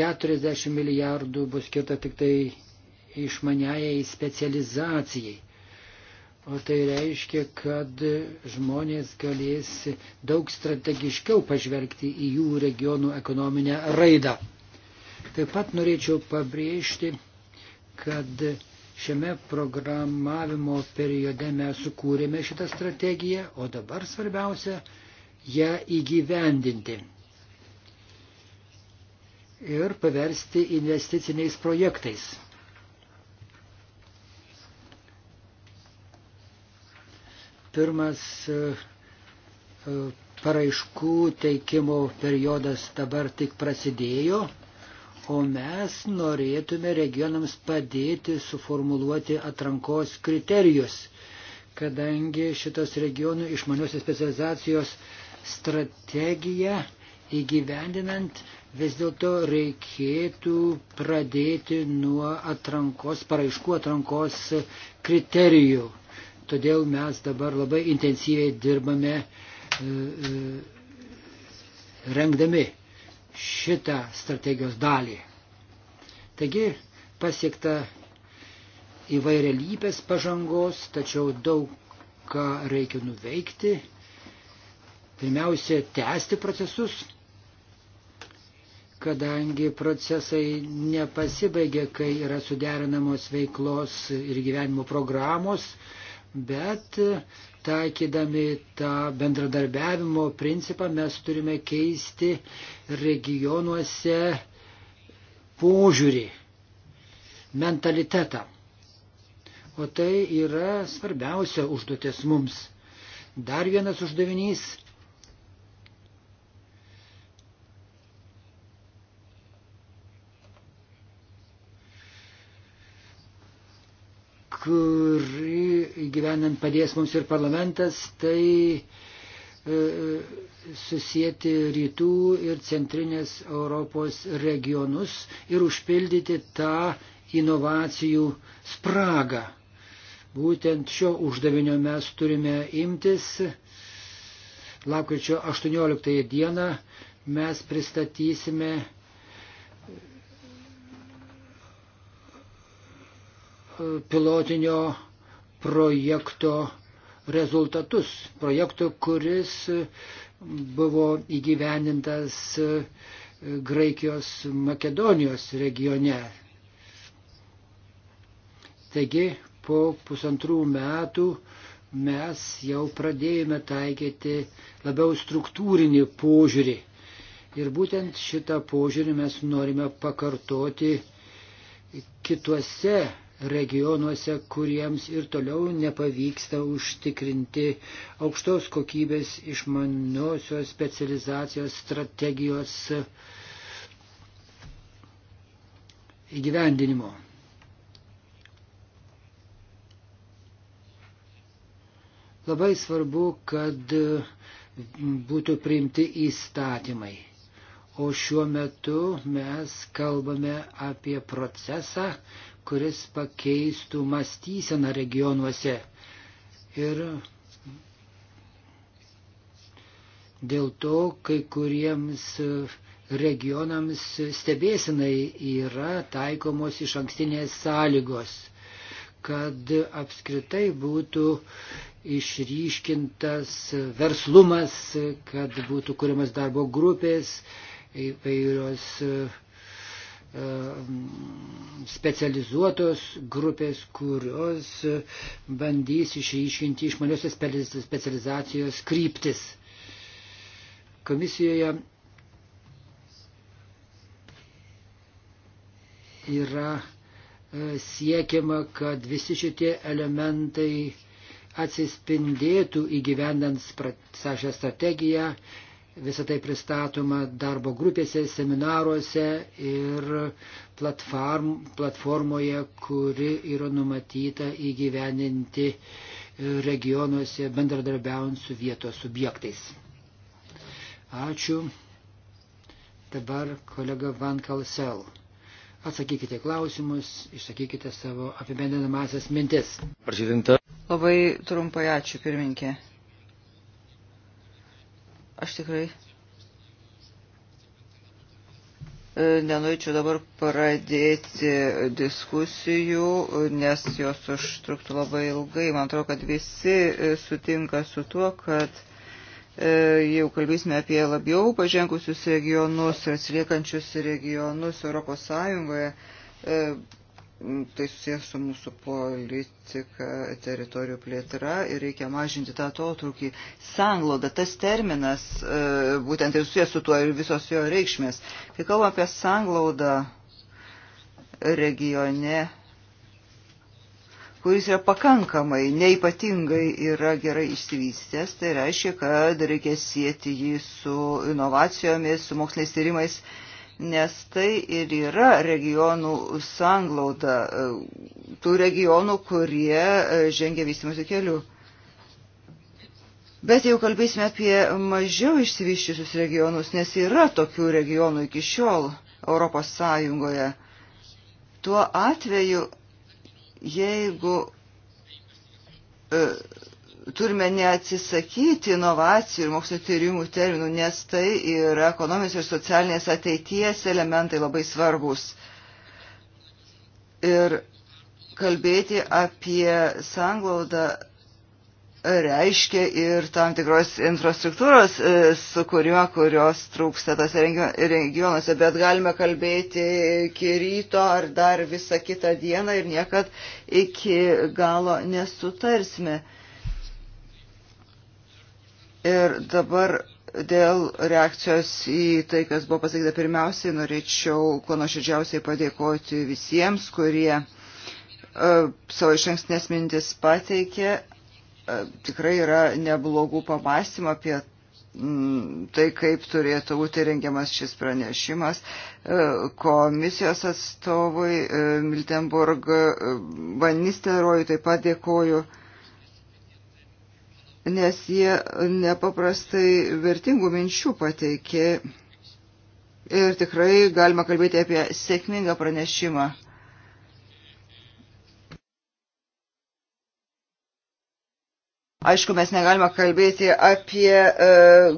40 milijardų bus skirta tik tai išmaniajai specializacijai. O tai reiškia, kad žmonės galės daug strategiškiau pažvelgti į jų regionų ekonominę raidą. Taip pat norėčiau pabrėžti, kad šiame programavimo periode mes sukūrėme šitą strategiją, o dabar svarbiausia ją įgyvendinti ir paversti investiciniais projektais. Pirmas e, e, paraiškų teikimo periodas dabar tik prasidėjo, o mes norėtume regionams padėti suformuluoti atrankos kriterijus, kadangi šitos regionų išmaniosios specializacijos strategija įgyvendinant vis dėlto reikėtų pradėti nuo atrankos, paraiškų atrankos kriterijų Todėl mes dabar labai intensyviai dirbame e, e, rengdami šitą strategijos dalį. Taigi pasiekta įvairialypės pažangos, tačiau daug ką reikia nuveikti. Pirmiausia, tęsti procesus, kadangi procesai nepasibaigia, kai yra suderinamos veiklos ir gyvenimo programos bet e, taikydami tą bendradarbiavimo principą mes turime keisti regionuose požiūrį, mentalitetą. O tai yra svarbiausia užduotis mums. Dar vienas uždavinys. kurį gyvenant padės mums ir parlamentas, tai e, e, susijęti rytų ir centrinės Europos regionus ir užpildyti tą inovacijų spragą. Būtent šio uždavinio mes turime imtis. Lapkričio 18 dieną mes pristatysime pilotinio projekto rezultatus, projekto, kuris buvo įgyvenintas Graikijos Makedonijos regione. Taigi po pusantrų metų mes jau pradėjome taikyti labiau struktūrinį požiūrį. Ir būtent šitą požiūrį mes norime pakartoti kituose regionuose, kuriems ir toliau nepavyksta užtikrinti aukštos kokybės išmaniosios specializacijos strategijos įgyvendinimo. Labai svarbu, kad būtų priimti įstatymai. O šiuo metu mes kalbame apie procesą, kuris pakeistų mąstyseną regionuose. Ir dėl to kai kuriems regionams stebėsinai yra taikomos iš ankstinės sąlygos, kad apskritai būtų išryškintas verslumas, kad būtų kuriamas darbo grupės, įvairios e, Um, specializuotos grupės, kurios bandys išryškinti išmaniosios specializacijos kryptis. Komisijoje yra e, siekiama, kad visi šitie elementai atsispindėtų įgyvendant šią strategiją visą tai pristatoma darbo grupėse, seminaruose ir platform, platformoje, kuri yra numatyta įgyveninti regionuose bendradarbiaujant su vietos subjektais. Ačiū. Dabar kolega Van Kalsel. Atsakykite klausimus, išsakykite savo apibendrinamasias mintis. Presidenta. Labai trumpai ačiū, pirminkė. Aš tikrai e, nenorėčiau dabar pradėti diskusijų, nes jos užtruktų labai ilgai. Man atrodo, kad visi e, sutinka su tuo, kad e, jau kalbėsime apie labiau pažengusius regionus ir atsiliekančius regionus Europos Sąjungoje tai susijęs su mūsų politika, teritorijų plėtra ir reikia mažinti tą atotrukį. Sangloda, tas terminas e, būtent ir susijęs su tuo ir visos jo reikšmės. Kai kalbam apie sanglaudą regione, kuris yra pakankamai, neipatingai yra gerai išsivystęs, tai reiškia, kad reikia sieti jį su inovacijomis, su moksliniais tyrimais nes tai ir yra regionų sanglauda, e, tų regionų, kurie e, žengia vystimusi keliu. Bet jau kalbėsime apie mažiau išsivyščiusius regionus, nes yra tokių regionų iki šiol Europos Sąjungoje. Tuo atveju, jeigu e, turime neatsisakyti inovacijų ir mokslinio tyrimų terminų, nes tai yra ekonominės ir socialinės ateities elementai labai svarbus. Ir kalbėti apie sanglaudą reiškia ir tam tikros infrastruktūros e, sukūrimą, kurios trūksta tose regionuose, bet galime kalbėti iki ryto ar dar visą kitą dieną ir niekad iki galo nesutarsime. Ir dabar dėl reakcijos į tai, kas buvo pasakyta pirmiausiai, norėčiau kuo nuoširdžiausiai padėkoti visiems, kurie uh, savo išankstinės mintis pateikė. Uh, tikrai yra neblogų pamastymų apie mm, tai, kaip turėtų būti rengiamas šis pranešimas. E, komisijos atstovui Miltenburg Vanisterojui taip pat dėkoju nes jie nepaprastai vertingų minčių pateikė ir tikrai galima kalbėti apie sėkmingą pranešimą. Aišku, mes negalime kalbėti apie e,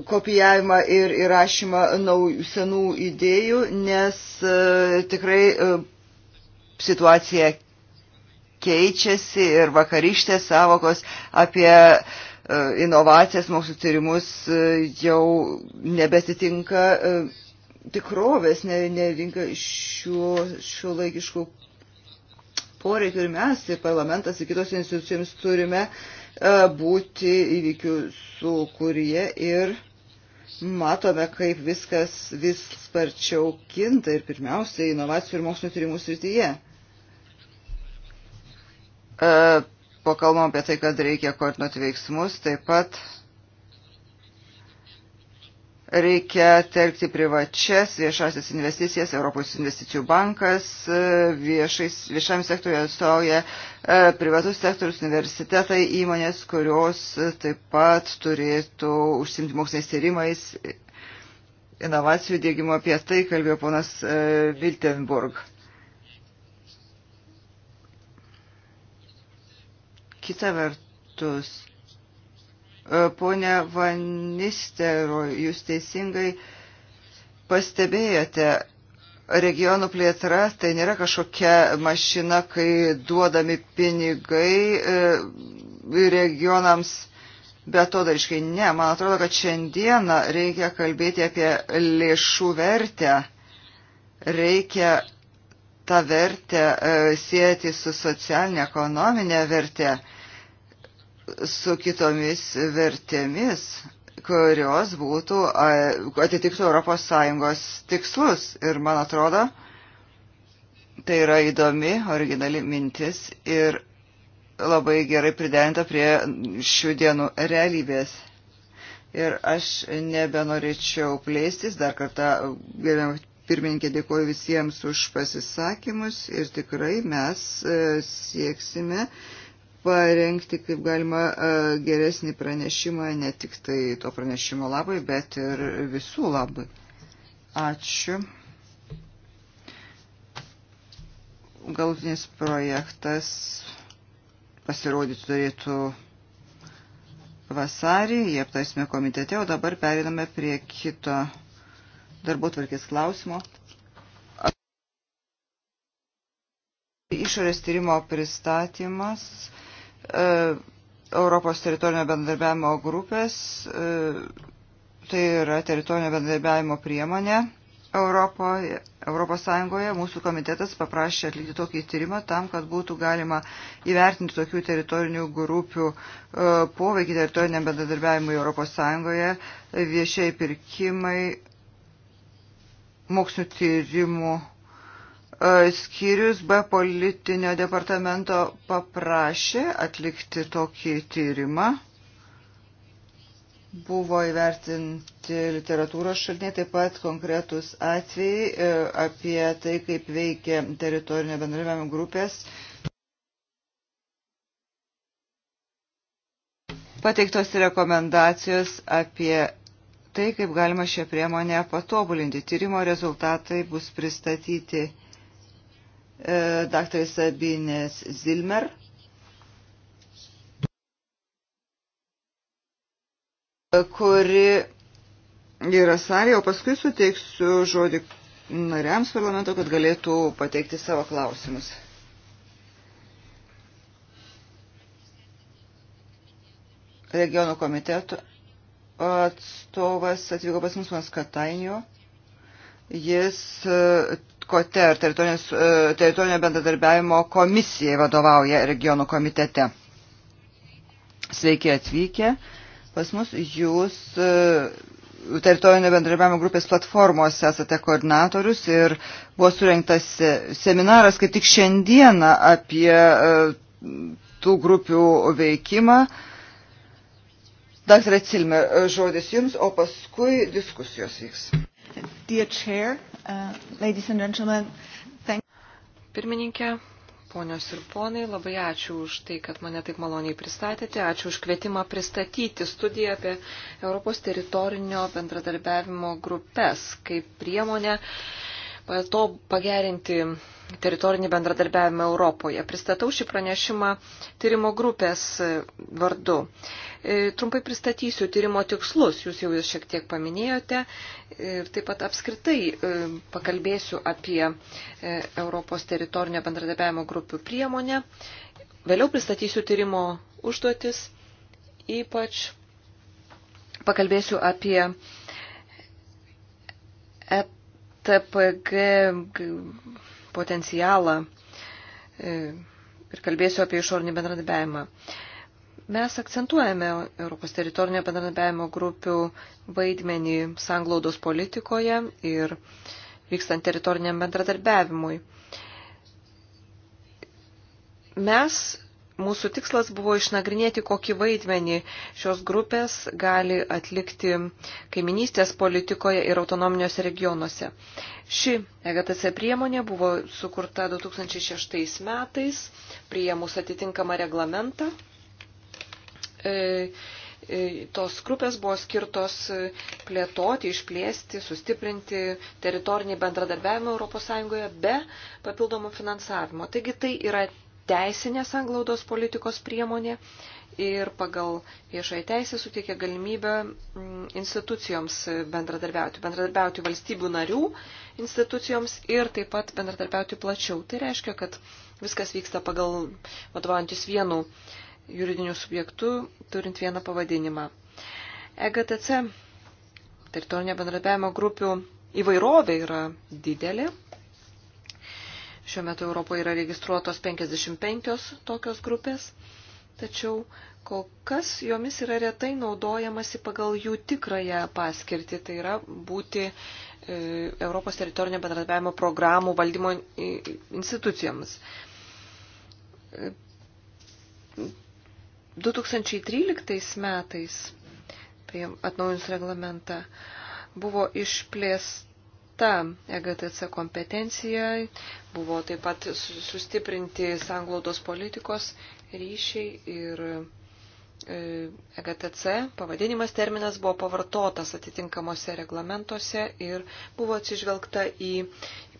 kopijavimą ir įrašymą naujų senų idėjų, nes e, tikrai e, situacija keičiasi ir vakarykštės savokos apie e, E, inovacijas, mokslo tyrimus e, jau nebetitinka e, tikrovės, nevinka šiuo, šiuo laikišku poreikiu ir mes, ir parlamentas, ir kitos institucijoms turime būti įvykių sukūrėje ir matome, kaip viskas vis sparčiau kinta ir pirmiausia inovacijų ir mokslo tyrimų srityje pakalbam apie tai, kad reikia koordinuoti veiksmus, taip pat reikia telkti privačias viešasias investicijas, Europos investicijų bankas, e, viešais, viešam sektoriu atstovauja e, privatus sektorius, universitetai, įmonės, kurios taip pat turėtų užsimti moksliniais tyrimais, inovacijų dėgymo apie tai kalbėjo ponas Viltenburg. E, Kita vertus, e, ponia Vanistero, jūs teisingai pastebėjote, regionų plėtra tai nėra kažkokia mašina, kai duodami pinigai e, regionams betodariškai. Ne, man atrodo, kad šiandieną reikia kalbėti apie lėšų vertę. Reikia tą vertę e, sieti su socialinė ekonominė vertė, su kitomis vertėmis, kurios būtų atitiktų ES tikslus. Ir man atrodo, tai yra įdomi, originali mintis ir labai gerai pridenta prie šių dienų realybės. Ir aš nebenorėčiau plėstis, dar kartą gerbiam Pirmininkė dėkoju visiems už pasisakymus ir tikrai mes e, sieksime parengti kaip galima e, geresnį pranešimą, ne tik tai to pranešimo labai, bet ir visų labai. Ačiū. Galutinis projektas pasirodyti turėtų vasarį, jie aptarsime komitete, o dabar periname prie kito darbo tvarkės klausimo. Išorės tyrimo pristatymas e, Europos teritorinio bendarbiavimo grupės, e, tai yra teritorinio bendarbiavimo priemonė Europoje, Europos Sąjungoje. Mūsų komitetas paprašė atlikti tokį tyrimą tam, kad būtų galima įvertinti tokių teritorinių grupių e, poveikį teritoriniam bendradarbiavimui Europos Sąjungoje, viešiai pirkimai, mokslinio tyrimų e, skyrius B politinio departamento paprašė atlikti tokį tyrimą. Buvo įvertinti literatūros šaltiniai, taip pat konkretus atvejai e, apie tai, kaip veikia teritorinio bendravimo grupės. Pateiktos rekomendacijos apie tai, kaip galima šią priemonę patobulinti. Tyrimo rezultatai bus pristatyti e, dr. Sabinės Zilmer. kuri yra salėje, o paskui suteiksiu žodį nariams parlamento, kad galėtų pateikti savo klausimus. Regionų komiteto atstovas atvyko pas mus Mas Katainio. Jis e, KOTER, e, teritorinio bendradarbiavimo komisijai vadovauja regionų komitete. Sveiki atvykę. Pas mus jūs e, teritorinio bendradarbiavimo grupės platformos esate koordinatorius ir buvo surinktas seminaras kaip tik šiandieną apie tų grupių veikimą. Uh, Daktarė Cilme, žodis jums, o paskui diskusijos vyks. Dear Chair, uh, ladies and gentlemen, thank... Pirmininkė, ponios ir ponai, labai ačiū už tai, kad mane taip maloniai pristatėte, ačiū už kvietimą pristatyti studiją apie Europos teritorinio bendradarbiavimo grupės kaip priemonę uh, to pagerinti teritorinį bendradarbiavimą Europoje. Pristatau šį pranešimą tyrimo grupės vardu. E, trumpai pristatysiu tyrimo tikslus, jūs jau jūs šiek tiek paminėjote ir taip pat apskritai e, pakalbėsiu apie e, Europos teritorinio bendradarbiavimo grupių priemonę. Vėliau pristatysiu tyrimo užduotis, ypač pakalbėsiu apie EP TPG potencialą e, ir kalbėsiu apie išorinį bendradarbiavimą. Mes akcentuojame Europos teritorinio bendradarbiavimo grupių vaidmenį sanglaudos politikoje ir vykstant teritoriniam bendradarbiavimui. Mes Mūsų tikslas buvo išnagrinėti, kokį vaidmenį šios grupės gali atlikti kaiminystės politikoje ir autonominiuose regionuose. Ši EGTC priemonė buvo sukurta 2006 metais, priėmus atitinkamą reglamentą. E, e, tos grupės buvo skirtos plėtoti, išplėsti, sustiprinti teritorinį bendradarbiavimą ES be papildomų finansavimo. Taigi tai yra teisinės anglaudos politikos priemonė ir pagal viešoje teisė suteikia galimybę mm, institucijoms bendradarbiauti, bendradarbiauti valstybių narių institucijoms ir taip pat bendradarbiauti plačiau. Tai reiškia, kad viskas vyksta pagal vadovantis vienu juridiniu subjektu, turint vieną pavadinimą. EGTC teritorinio bendradarbiavimo grupių įvairovė yra didelė, Šiuo metu Europoje yra registruotos 55 tokios grupės, tačiau kol kas jomis yra retai naudojamasi pagal jų tikrąją paskirtį, tai yra būti e, Europos teritorinio bendradarbiavimo programų valdymo institucijoms. 2013 e, metais, tai atnaujus reglamentą, buvo išplėsta kita EGTC kompetencija, buvo taip pat sustiprinti sanglaudos politikos ryšiai ir EGTC e pavadinimas terminas buvo pavartotas atitinkamuose reglamentuose ir buvo atsižvelgta į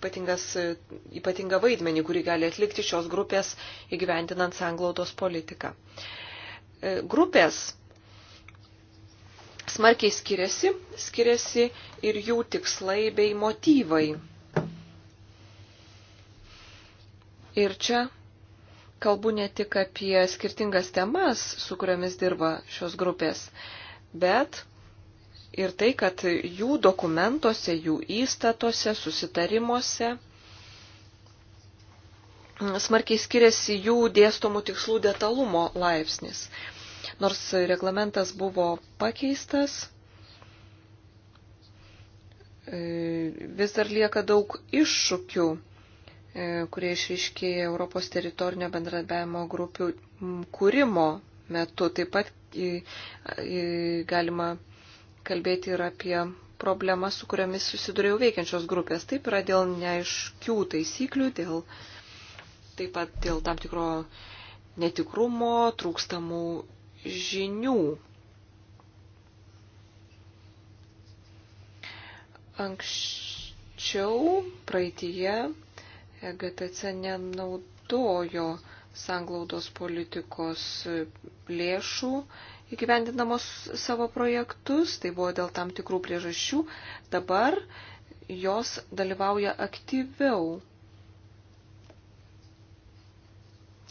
ypatingą vaidmenį, kurį gali atlikti šios grupės įgyvendinant sanglaudos politiką. E, grupės smarkiai skiriasi, skiriasi ir jų tikslai bei motyvai. Ir čia kalbu ne tik apie skirtingas temas, su kuriomis dirba šios grupės, bet ir tai, kad jų dokumentuose, jų įstatuose, susitarimuose smarkiai skiriasi jų dėstomų tikslų detalumo laipsnis. Nors reglamentas buvo pakeistas, e, vis dar lieka daug iššūkių, e, kurie išriškėja Europos teritorinio bendradarbiavimo grupių kūrimo metu. Taip pat galima kalbėti ir apie problemas, su kuriamis susidurėjau veikiančios grupės. Taip yra dėl neaiškių taisyklių, dėl, taip pat dėl tam tikro netikrumo, trūkstamų žinių. Anksčiau praeitie GTC nenaudojo sanglaudos politikos lėšų įgyvendinamos savo projektus, tai buvo dėl tam tikrų priežasčių, dabar jos dalyvauja aktyviau,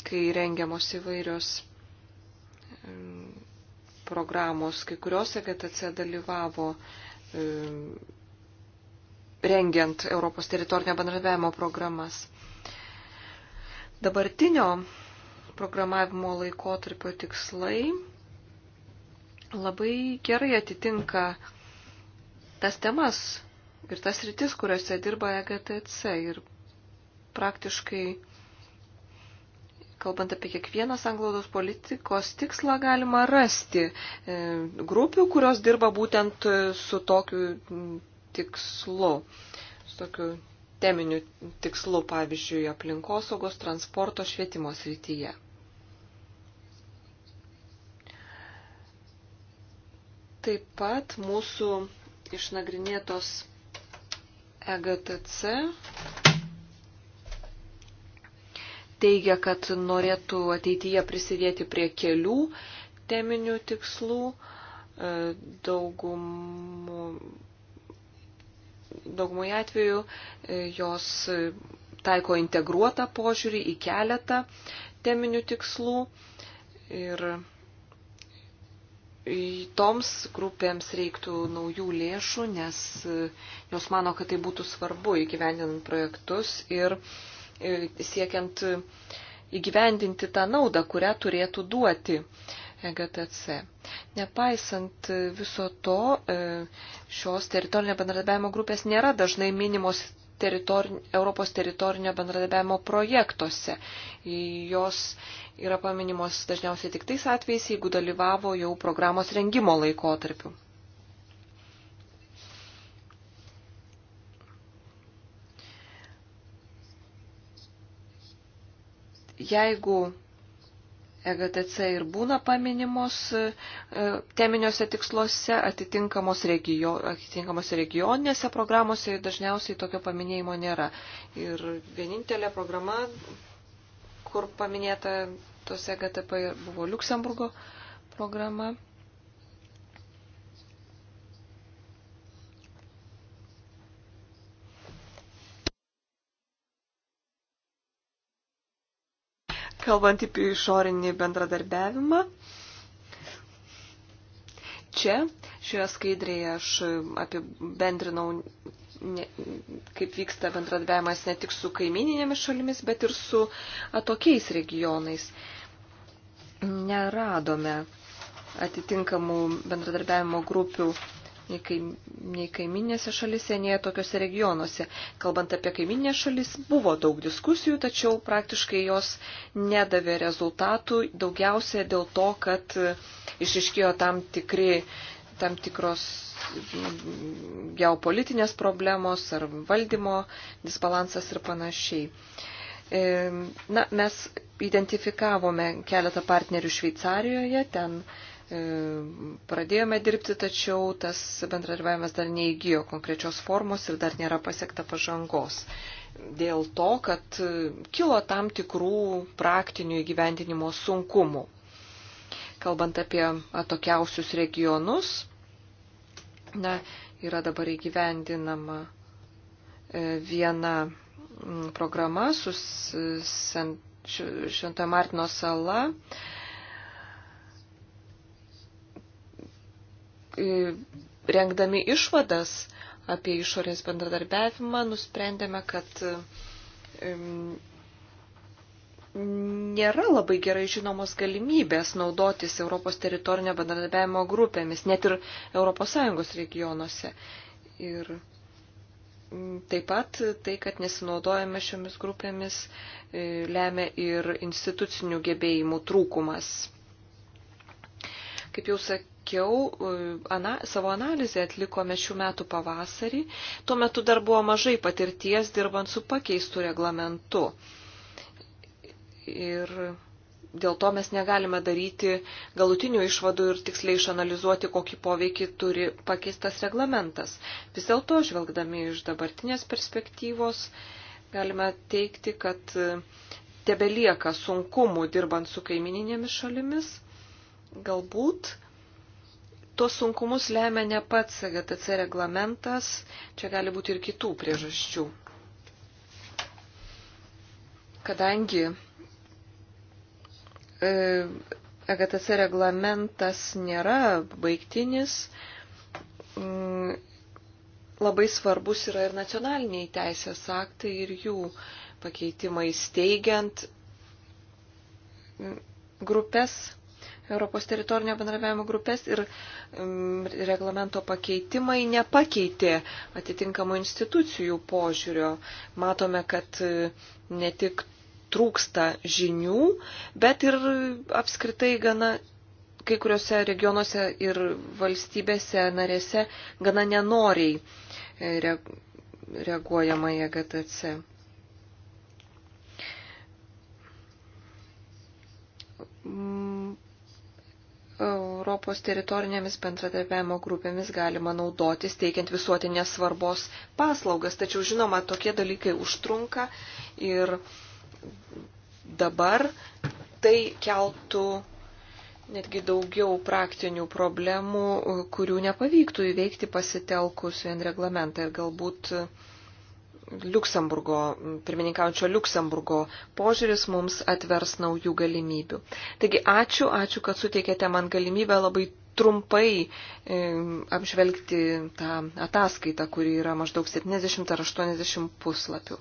kai rengiamos įvairios E, programos. Kai kurios EGTC dalyvavo e, rengiant Europos teritorinio bendradarbiavimo programas. Dabartinio programavimo laikotarpio tikslai labai gerai atitinka tas temas ir tas rytis, kuriuose dirba EGTC. Ir praktiškai kalbant apie kiekvieną sanglaudos politikos tikslą, galima rasti e, grupių, kurios dirba būtent e, su tokiu tikslu, su tokiu teminiu tikslu, pavyzdžiui, aplinkosaugos, transporto, švietimo srityje. Taip pat mūsų išnagrinėtos EGTC teigia, kad norėtų ateityje prisidėti prie kelių teminių tikslų. Daugumų, e, daugumai atveju e, jos taiko integruotą požiūrį į keletą teminių tikslų ir toms grupėms reiktų naujų lėšų, nes e, jos mano, kad tai būtų svarbu įgyvendinant projektus ir uh, E, siekiant įgyvendinti tą naudą, kurią turėtų duoti EGTC. Nepaisant viso to, e, šios teritorinio bendradarbiavimo grupės nėra dažnai minimos teritorin, Europos teritorinio bendradarbiavimo projektuose. Jos yra paminimos dažniausiai tik tais atvejais, jeigu dalyvavo jau programos rengimo laikotarpiu. Jeigu EGTC ir būna paminimos e, teminiuose tiksluose atitinkamos, regio, atitinkamos regioninėse programuose ir dažniausiai tokio paminėjimo nėra. Ir vienintelė programa, kur paminėta tose GTP buvo Luksemburgo programa. kalbant apie išorinį bendradarbiavimą. Čia, šioje skaidrėje aš apibendrinau, ne, kaip vyksta bendradarbiavimas ne tik su kaimininėmis šalimis, bet ir su atokiais regionais. Neradome atitinkamų bendradarbiavimo grupių nei, kaim, nei kaiminėse šalise, nei tokiuose regionuose. Kalbant apie kaiminės šalis, buvo daug diskusijų, tačiau praktiškai jos nedavė rezultatų, daugiausia dėl to, kad išiškėjo tam, tikri, tam tikros geopolitinės problemos ar valdymo disbalansas ir panašiai. Na, mes identifikavome keletą partnerių Šveicarijoje, ten uh, E, pradėjome dirbti, tačiau tas bendradarbiavimas dar neįgyjo konkrečios formos ir dar nėra pasiekta pažangos. Dėl to, kad e, kilo tam tikrų praktinių įgyvendinimo sunkumų. Kalbant apie atokiausius regionus, na, yra dabar įgyvendinama e, viena programa su Šventojo Martino sala rengdami išvadas apie išorės bendradarbiavimą, nusprendėme, kad nėra labai gerai žinomos galimybės naudotis Europos teritorinio bendradarbiavimo grupėmis, net ir ES regionuose. Ir taip pat tai, kad nesinaudojame šiomis grupėmis, e, lemia ir institucinių gebėjimų trūkumas Kaip jau sakiau, e, ana, savo analizę atlikome šių metų pavasarį. Tuo metu dar buvo mažai patirties dirbant su pakeistų reglamentu. Ir dėl to mes negalime daryti galutinių išvadų ir tiksliai išanalizuoti, kokį poveikį turi pakeistas reglamentas. Vis dėlto, žvelgdami iš dabartinės perspektyvos, galime teikti, kad tebelieka sunkumų dirbant su kaimininėmis šalimis galbūt tuos sunkumus lemia ne pats GTC reglamentas, čia gali būti ir kitų priežasčių. Kadangi EGTC reglamentas nėra baigtinis, labai svarbus yra ir nacionaliniai teisės aktai ir jų pakeitimai steigiant grupės Europos teritorinio bendradarbiavimo grupės ir um, reglamento pakeitimai nepakeitė atitinkamų institucijų požiūrio. Matome, kad e, ne tik trūksta žinių, bet ir apskritai gana kai kuriuose regionuose ir valstybėse narėse gana nenoriai e, reaguojama į e GTC. Europos teritorinėmis bendradarbiavimo grupėmis galima naudotis, teikiant visuotinės svarbos paslaugas. Tačiau, žinoma, tokie dalykai užtrunka ir dabar tai keltų netgi daugiau praktinių problemų, kurių nepavyktų įveikti pasitelkus vien reglamentą ir galbūt uh, Luksemburgo, pirmininkaujančio Luksemburgo požiūris mums atvers naujų galimybių. Taigi ačiū, ačiū, kad suteikėte man galimybę labai trumpai e, apžvelgti tą ataskaitą, kuri yra maždaug 70 ar 80 puslapių.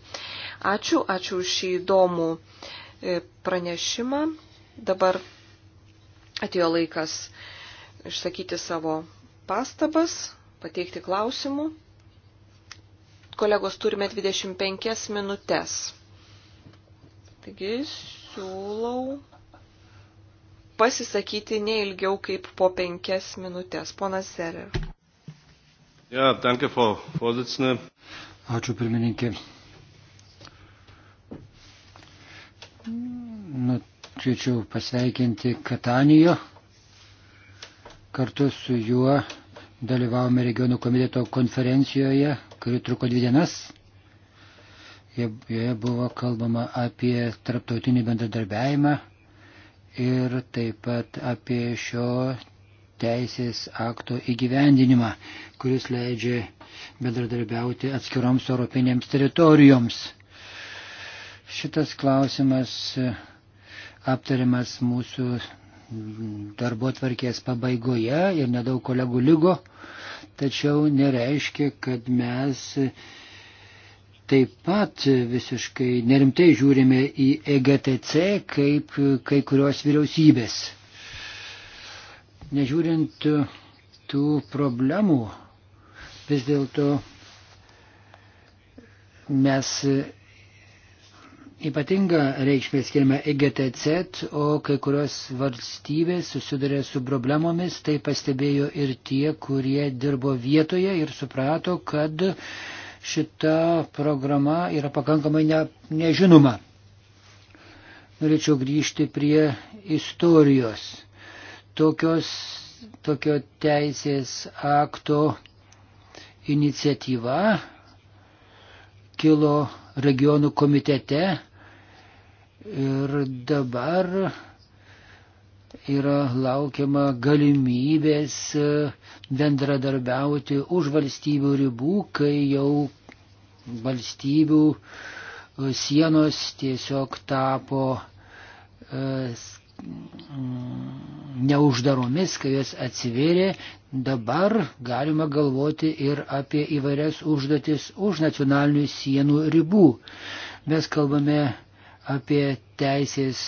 Ačiū, ačiū už šį įdomų e, pranešimą. Dabar atėjo laikas išsakyti savo pastabas, pateikti klausimų. Kolegos, turime 25 minutės. Taigi siūlau pasisakyti neilgiau kaip po penkias minutės. Ponas Zerer. Ja, danke, Frau Vorsitzende. Ačiū, pirmininkė. Norėčiau pasveikinti Katanijo. Kartu su juo dalyvavome regionų komiteto konferencijoje, kuri truko dvi dienas. Joje buvo kalbama apie tarptautinį bendradarbiavimą ir taip pat apie šio teisės akto įgyvendinimą, kuris leidžia bendradarbiauti atskiroms europinėms teritorijoms. Šitas klausimas aptariamas mūsų darbo tvarkės pabaigoje ir nedaug kolegų lygo tačiau nereiškia, kad mes taip pat visiškai nerimtai žiūrime į EGTC kaip kai kurios vyriausybės. Nežiūrint tų problemų, vis dėlto mes Ypatinga reikšmė skiriame EGTC, o kai kurios valstybės susiduria su problemomis, tai pastebėjo ir tie, kurie dirbo vietoje ir suprato, kad šita programa yra pakankamai ne, nežinoma. Norėčiau grįžti prie istorijos. Tokios, tokio teisės akto iniciatyva kilo regionų komitete Ir dabar yra laukiama galimybės e, bendradarbiauti už valstybių ribų, kai jau valstybių e, sienos tiesiog tapo e, mm, neuždaromis, kai jas atsivėrė, dabar galima galvoti ir apie įvairias užduotis už nacionalinių sienų ribų. Mes kalbame apie teisės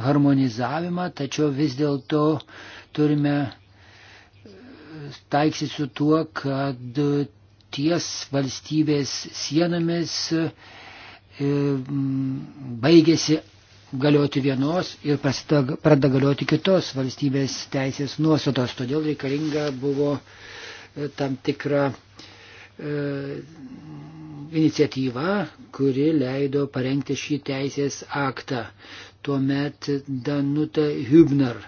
harmonizavimą, tačiau vis dėlto turime e, taiksyti su tuo, kad ties valstybės sienomis e, baigėsi galioti vienos ir pradeda galioti kitos valstybės teisės nuostatos. Todėl reikalinga buvo e, tam tikra iniciatyva, kuri leido parengti šį teisės aktą. Tuomet Danuta Hübner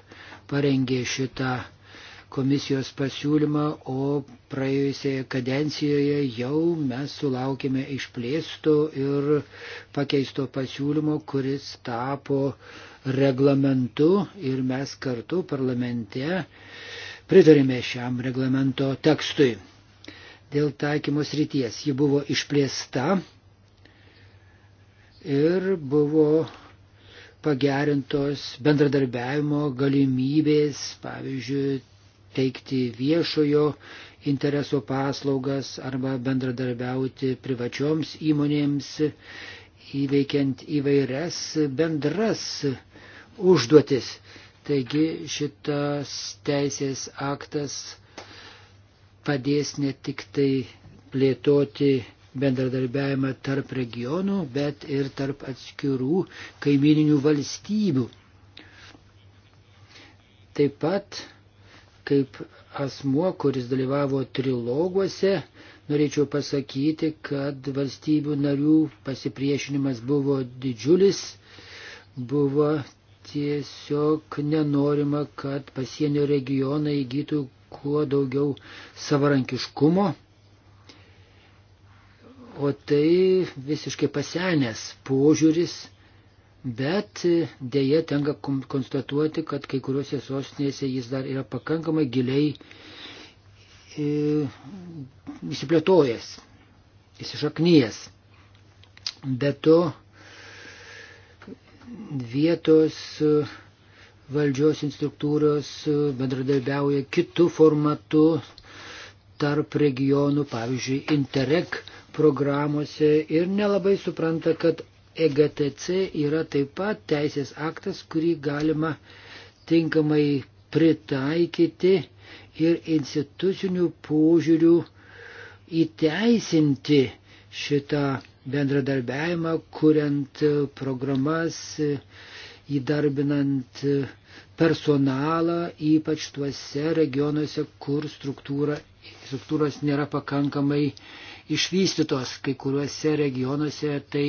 parengė šitą komisijos pasiūlymą, o praėjusioje kadencijoje jau mes sulaukėme išplėsto ir pakeisto pasiūlymo, kuris tapo reglamentu ir mes kartu parlamente pritarėme šiam reglamento tekstui dėl taikymos ryties. Ji buvo išplėsta ir buvo pagerintos bendradarbiavimo galimybės, pavyzdžiui, teikti viešojo intereso paslaugas arba bendradarbiauti privačioms įmonėms, įveikiant įvairias bendras užduotis. Taigi šitas teisės aktas padės ne tik tai plėtoti bendradarbiavimą tarp regionų, bet ir tarp atskirų kaimininių valstybių. Taip pat, kaip asmuo, kuris dalyvavo triloguose, norėčiau pasakyti, kad valstybių narių pasipriešinimas buvo didžiulis, buvo tiesiog nenorima, kad pasienio regionai įgytų kuo daugiau savarankiškumo, o tai visiškai pasenęs požiūris, bet dėje tenka konstatuoti, kad kai kuriuose sostinėse jis dar yra pakankamai giliai įsiplėtojęs, e, įsišaknyjęs. Be to, vietos uh, valdžios struktūros e, bendradarbiauja kitų formatų tarp regionų, pavyzdžiui, Interreg programuose ir nelabai supranta, kad EGTC yra taip pat teisės aktas, kurį galima tinkamai pritaikyti ir institucinių požiūrių įteisinti šitą bendradarbiavimą, kuriant e, programas, e, įdarbinant uh, personalą, ypač tuose regionuose, kur struktūra, struktūros nėra pakankamai išvystytos. Kai kuriuose regionuose tai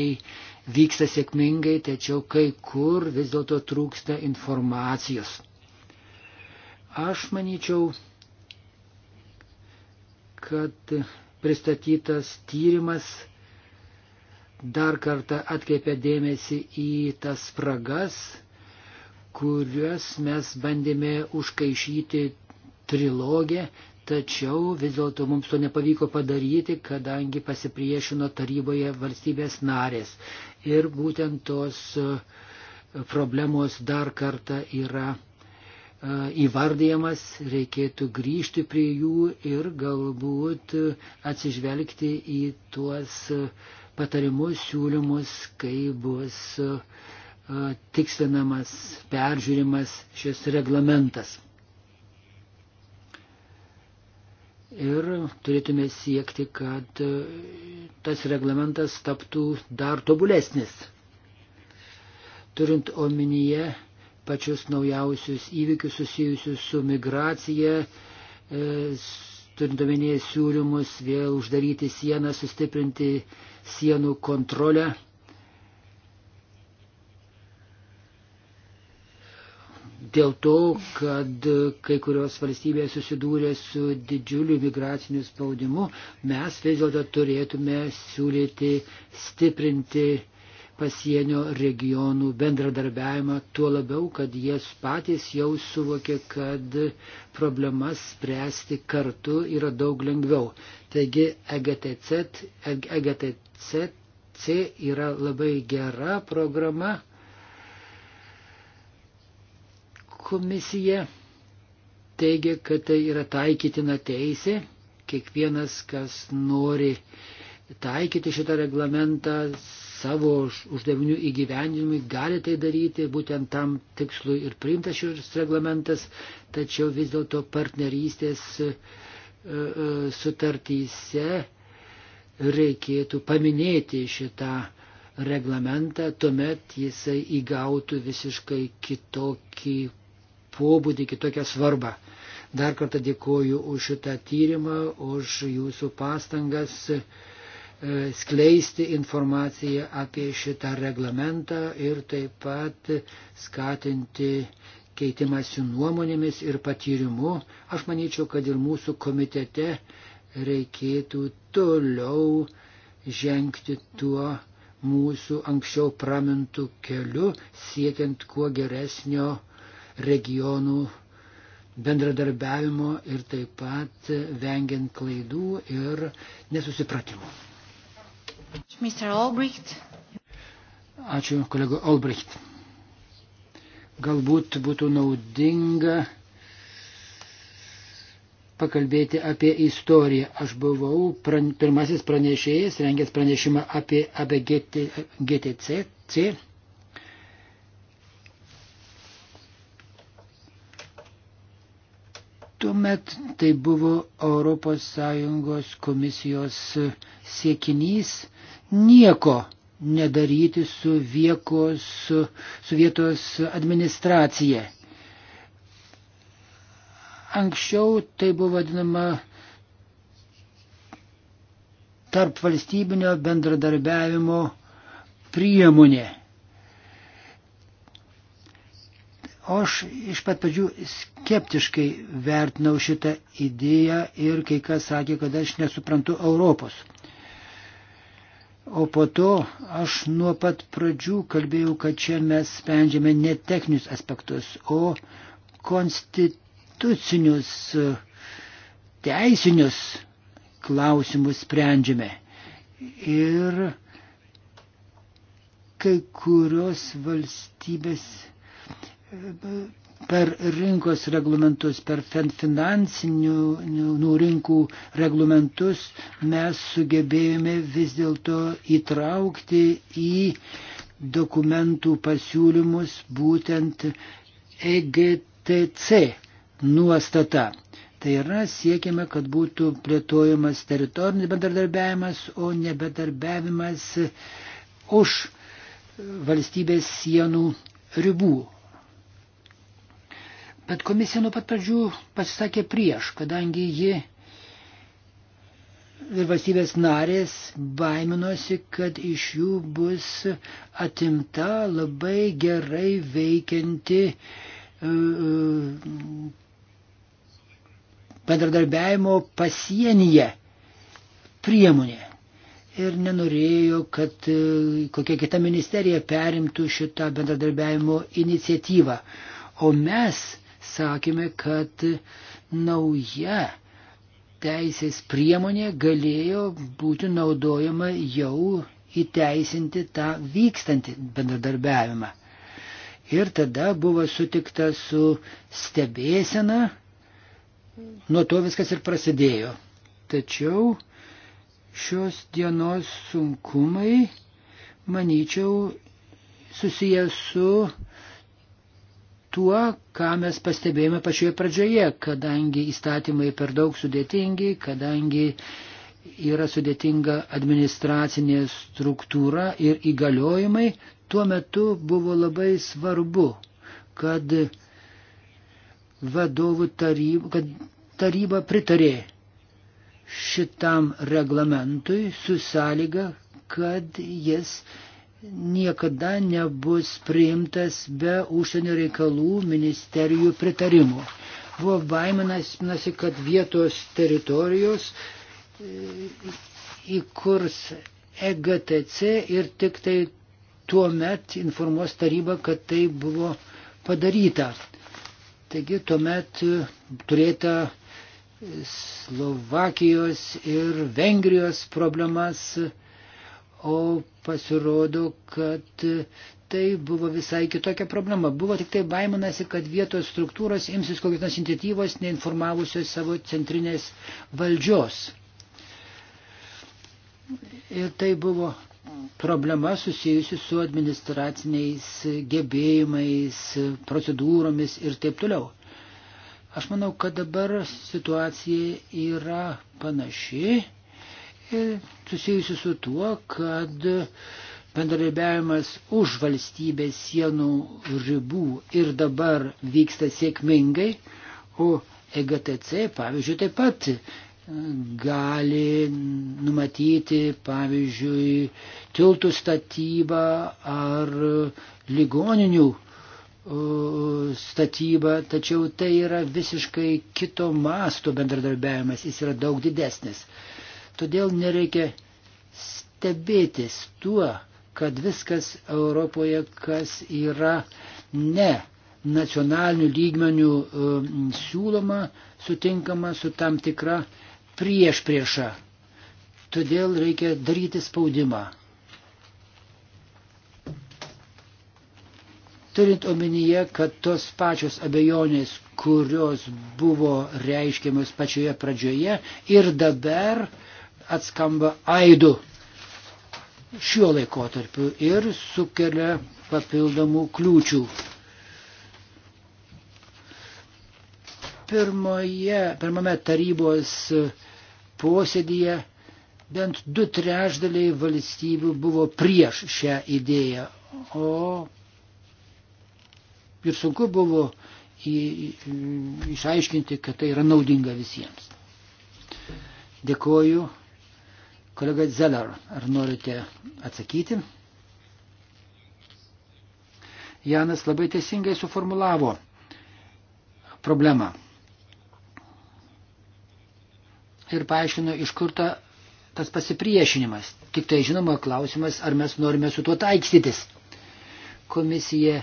vyksta sėkmingai, tačiau kai kur vis dėlto trūksta informacijos. Aš manyčiau, kad pristatytas tyrimas dar kartą atkreipia dėmesį į tas spragas, kuriuos mes bandėme užkaišyti trilogę, tačiau vis dėlto mums to nepavyko padaryti, kadangi pasipriešino taryboje valstybės narės. Ir būtent tos e, problemos dar kartą yra e, įvardyjamas, reikėtų grįžti prie jų ir galbūt e, atsižvelgti į tuos patarimus, siūlymus, kai bus uh, tikslinamas, peržiūrimas šis reglamentas. Ir turėtume siekti, kad tas reglamentas taptų dar tobulesnis. Turint omenyje pačius naujausius įvykius susijusius su migracija, e, turint omenyje siūlymus vėl uždaryti sieną, sustiprinti sienų kontrolę dėl to, kad kai kurios valstybės susidūrė su didžiuliu migraciniu spaudimu, mes vis dėlto turėtume siūlyti stiprinti pasienio regionų bendradarbiavimą, tuo labiau, kad jie patys jau suvokė, kad problemas spręsti kartu yra daug lengviau. Taigi EGTC, e EGTC yra labai gera programa Komisija teigia, kad tai yra taikytina teisė. Kiekvienas, kas nori taikyti šitą reglamentą savo uždavinių įgyvendinimui, gali tai daryti, būtent tam tikslui ir priimtas šis reglamentas, tačiau vis dėlto partnerystės e, e, sutartyse reikėtų paminėti šitą reglamentą, tuomet jisai įgautų visiškai kitokį pobūdį, kitokią svarbą. Dar kartą dėkoju už šitą tyrimą, už jūsų pastangas e, skleisti informaciją apie šitą reglamentą ir taip pat skatinti keitimąsi nuomonėmis ir patyrimu. Aš manyčiau, kad ir mūsų komitete reikėtų toliau žengti tuo mūsų anksčiau pramintų keliu, siekiant kuo geresnio regionų bendradarbiavimo ir taip pat vengiant klaidų ir nesusipratimų. Ačiū, kolego Albrecht. Galbūt būtų naudinga pakalbėti apie istoriją. Aš buvau pran, pirmasis pranešėjas, rengęs pranešimą apie, apie GT, GTC. Tuomet tai buvo ES komisijos siekinys nieko nedaryti su, viekos, su, su vietos administracija. Anksčiau tai buvo vadinama tarp valstybinio bendradarbiavimo priemonė. Aš iš pat pradžių skeptiškai vertinau šitą idėją ir kai kas sakė, kad aš nesuprantu Europos. O po to aš nuo pat pradžių kalbėjau, kad čia mes sprendžiame ne techninius aspektus, o konstitucinius teisinius klausimus sprendžiame. Ir kai kurios valstybės per rinkos reglamentus, per finansinių nu, rinkų reglamentus mes sugebėjome vis dėlto įtraukti į dokumentų pasiūlymus būtent EGTC nuostata. Tai yra siekiame, kad būtų plėtojamas teritorinis bendradarbiavimas, o ne bendradarbiavimas už valstybės sienų ribų. Bet komisija nuo pat pradžių pasisakė prieš, kadangi ji ir valstybės narės baiminosi, kad iš jų bus atimta labai gerai veikianti e, e, bendradarbiavimo pasienyje priemonė. Ir nenorėjo, kad e, kokia kita ministerija perimtų šitą bendradarbiavimo iniciatyvą. O mes sakėme, kad nauja teisės priemonė galėjo būti naudojama jau įteisinti tą vykstantį bendradarbiavimą. Ir tada buvo sutikta su stebėsena, nuo to viskas ir prasidėjo. Tačiau šios dienos sunkumai, manyčiau, susijęs su tuo, ką mes pastebėjome pačioje pradžioje, kadangi įstatymai per daug sudėtingi, kadangi yra sudėtinga administracinė struktūra ir įgaliojimai, tuo metu buvo labai svarbu, kad vadovų taryba, kad taryba pritarė šitam reglamentui su sąlyga, kad jis niekada nebus priimtas be užsienio reikalų ministerijų pritarimo. Buvo baiminasi, kad vietos teritorijos e, įkurs EGTC ir tik tai tuo met informuos taryba, kad tai buvo padaryta. Taigi tuomet e, turėta e, Slovakijos ir Vengrijos problemas, o pasirodo, kad tai buvo visai kitokia problema. Buvo tik tai baiminasi, kad vietos struktūros imsis kokios nors iniciatyvos, neinformavusios savo centrinės valdžios. Ir tai buvo problema susijusi su administraciniais gebėjimais, procedūromis ir taip toliau. Aš manau, kad dabar situacija yra panaši susijusi su tuo, kad bendradarbiavimas už valstybės sienų ribų ir dabar vyksta sėkmingai, o EGTC, pavyzdžiui, taip pat e, gali numatyti, pavyzdžiui, tiltų statybą ar ligoninių statybą, tačiau tai yra visiškai kito masto bendradarbiavimas, jis yra daug didesnis. Todėl nereikia stebėtis tuo, kad viskas Europoje, kas yra ne nacionalinių lygmenių um, siūloma, sutinkama su tam tikra prieš priešą. Todėl reikia daryti spaudimą. Turint omenyje, kad tos pačios abejonės, kurios buvo reiškiamas pačioje pradžioje ir dabar, uh, atskamba aidu šiuo laikotarpiu ir sukelia papildomų kliūčių. Pirmoje, pirmame tarybos posėdyje bent du trešdaliai valstybių buvo prieš šią idėją, o ir sunku buvo į, išaiškinti, kad tai yra naudinga visiems. Dėkoju Kolega Zeller, ar norite atsakyti? Janas labai teisingai suformulavo problemą. Ir paaiškino, iš kur ta, tas pasipriešinimas. Tik tai žinoma klausimas, ar mes norime su tuo taikstytis. Komisija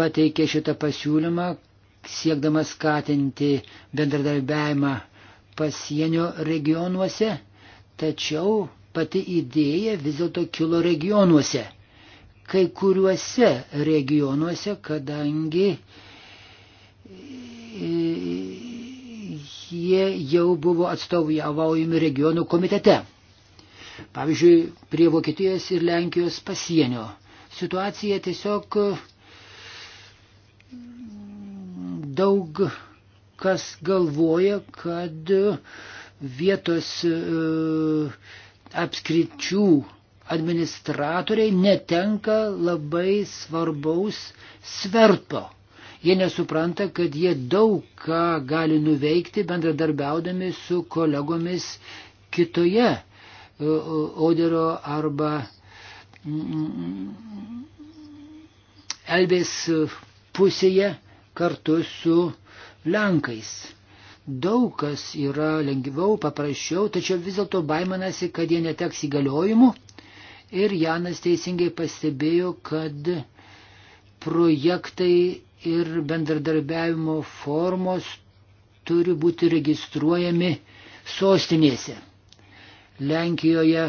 pateikė šitą pasiūlymą, siekdama skatinti bendradarbiavimą pasienio regionuose Tačiau pati idėja vis dėlto kilo regionuose. Kai kuriuose regionuose, kadangi e, jie jau buvo atstovaujami regionų komitete. Pavyzdžiui, prie Vokietijos ir Lenkijos pasienio situacija tiesiog daug kas galvoja, kad uh, vietos e, apskričių administratoriai netenka labai svarbaus sverto. Jie nesupranta, kad jie daug ką gali nuveikti bendradarbiaudami su kolegomis kitoje e, Oderio arba mm, mm, Elbės pusėje kartu su Lenkais daug kas yra lengviau, paprasčiau, tačiau vis dėlto baiminasi, kad jie neteks įgaliojimų. Ir Janas teisingai pastebėjo, kad projektai ir bendradarbiavimo formos turi būti registruojami sostinėse. Lenkijoje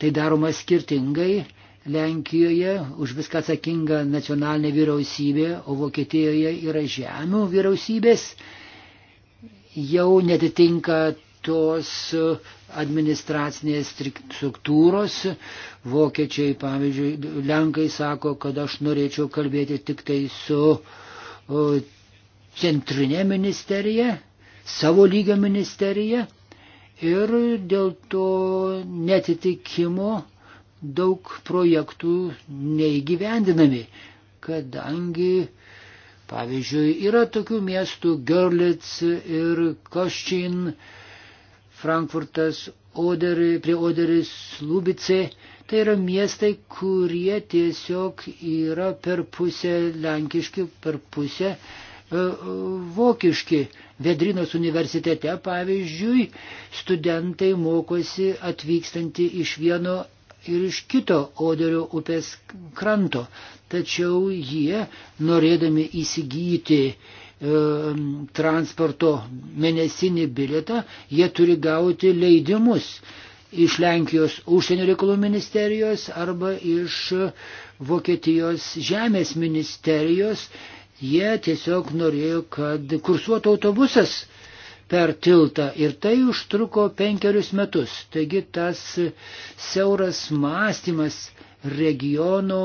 tai daroma skirtingai. Lenkijoje už viską atsakinga nacionalinė vyriausybė, o Vokietijoje yra žemių vyriausybės jau netitinka tos administracinės struktūros. Vokiečiai, pavyzdžiui, Lenkai sako, kad aš norėčiau kalbėti tik tai su centrinė ministerija, savo lygio ministerija. Ir dėl to netitikimo daug projektų neįgyvendinami, kadangi uh, Pavyzdžiui, yra tokių miestų Görlitz ir Koščin, Frankfurtas, Oderi, prie Oderis, Lubice. Tai yra miestai, kurie tiesiog yra per pusę lenkiški, per pusę e, vokiški. Vedrinos universitete, pavyzdžiui, studentai mokosi atvykstanti iš vieno ir iš kito Oderio upės kranto. Tačiau jie, norėdami įsigyti e, transporto mėnesinį biletą, jie turi gauti leidimus iš Lenkijos užsienio reikalų ministerijos arba iš Vokietijos žemės ministerijos. Jie tiesiog norėjo, kad kursuotų autobusas per tiltą ir tai užtruko penkerius metus. Taigi tas siauras mąstymas regiono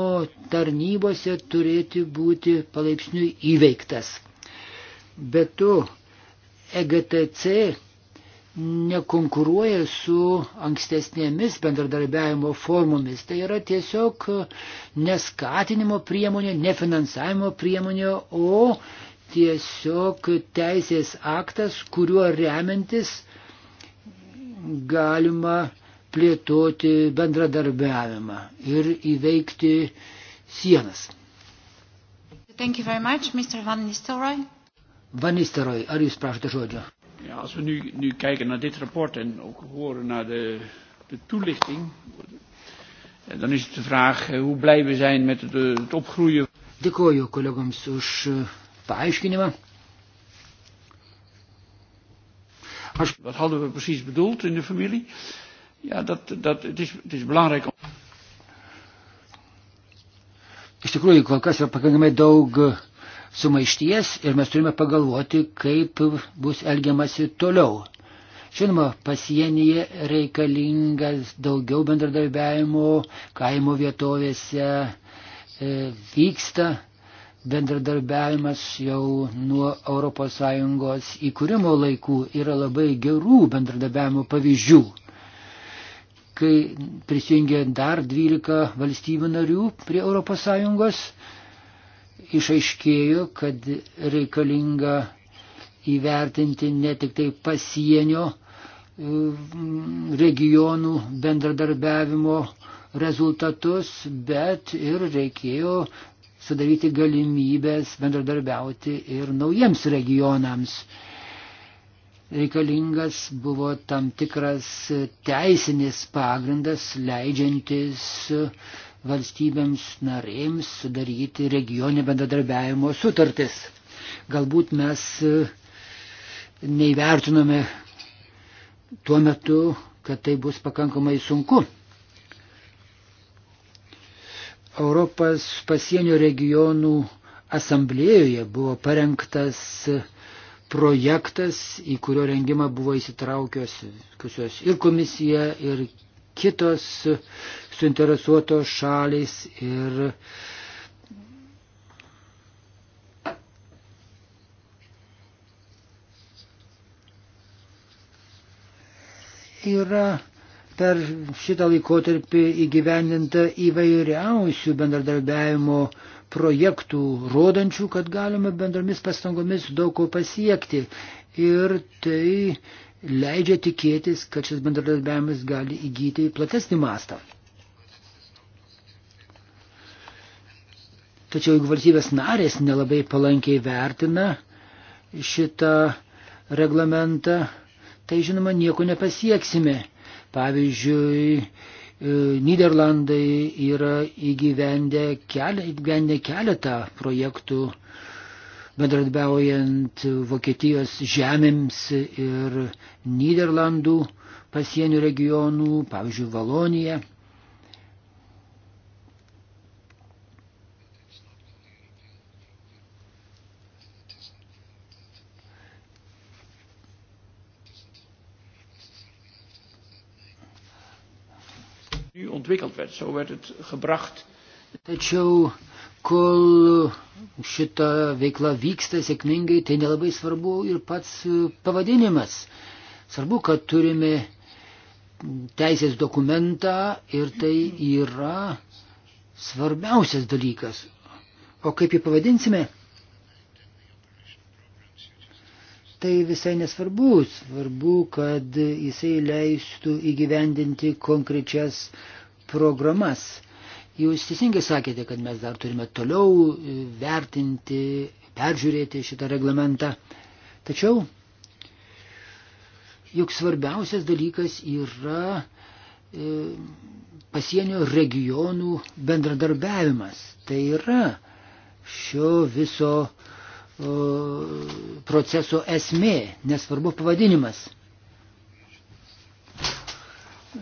tarnybose turėtų būti palaipsniui įveiktas. Bet e tu EGTC nekonkuruoja su ankstesnėmis bendradarbiavimo formomis. Tai yra tiesiog neskatinimo priemonė, nefinansavimo priemonė, o tiesiog teisės aktas, kuriuo remiantis galima plėtoti bendradarbiavimą ir įveikti sienas. Thank you very much, Mr. Van Nistelrooy. Van Nistelrooy, ar jūs prašote žodžio? Ja, als we nu, nu kijken naar dit rapport en ook horen naar de, de toelichting, eh, dan is het de vraag eh, hoe blij we zijn met het, het opgroeien. Dėkoju kolegoms už eh, paaiškinimą. Aš... Wat hadden we precies bedoeld in de familie? Ja, dat, dat, het, is, het is belangrijk om... Iš tikrųjų, kol kas yra pakankamai daug e, sumaišties ir mes turime pagalvoti, kaip bus elgiamasi toliau. Žinoma, pasienyje reikalingas daugiau bendradarbiavimo kaimo vietovėse e, vyksta bendradarbiavimas jau nuo ES įkūrimo laikų yra labai gerų bendradarbiavimo pavyzdžių. Kai prisijungė dar 12 valstybių narių prie ES, išaiškėjo, kad reikalinga įvertinti ne tik tai pasienio regionų bendradarbiavimo rezultatus, bet ir reikėjo sudaryti galimybės bendradarbiauti ir naujiems regionams. Reikalingas buvo tam tikras teisinis pagrindas leidžiantis valstybėms narėms sudaryti regioninio bendradarbiavimo sutartis. Galbūt mes neįvertinome tuo metu, kad tai bus pakankamai sunku. Europos pasienio regionų asamblėjoje buvo parengtas projektas, į kurio rengimą buvo įsitraukiusios ir komisija, ir kitos suinteresuotos šalis ir yra per šitą laikotarpį įgyvendinta įvairiausių bendradarbiavimo projektų, rodančių, kad galima bendromis pastangomis daug ko pasiekti. Ir tai leidžia tikėtis, kad šis bendradarbiavimas gali įgyti platesnį mastą. Tačiau jeigu valstybės narės nelabai palankiai vertina šitą reglamentą, tai žinoma nieko nepasieksime. Pavyzdžiui, e, Niderlandai yra įgyvendę keletą projektų bendradarbiaujant Vokietijos žemėms ir Niderlandų pasienio regionų, pavyzdžiui, Valonija. ontwikkeld werd. Zo werd het gebracht. Tačiau, kol šita veikla vyksta sėkmingai, tai nelabai svarbu ir pats pavadinimas. Svarbu, kad turime teisės dokumentą ir tai yra svarbiausias dalykas. O kaip jį pavadinsime? Tai visai nesvarbu. Svarbu, kad jisai leistų įgyvendinti konkrečias programas. Jūs teisingai sakėte, kad mes dar turime toliau e, vertinti, peržiūrėti šitą reglamentą. Tačiau juk svarbiausias dalykas yra e, pasienio regionų bendradarbiavimas. Tai yra šio viso e, proceso esmė, nesvarbu pavadinimas.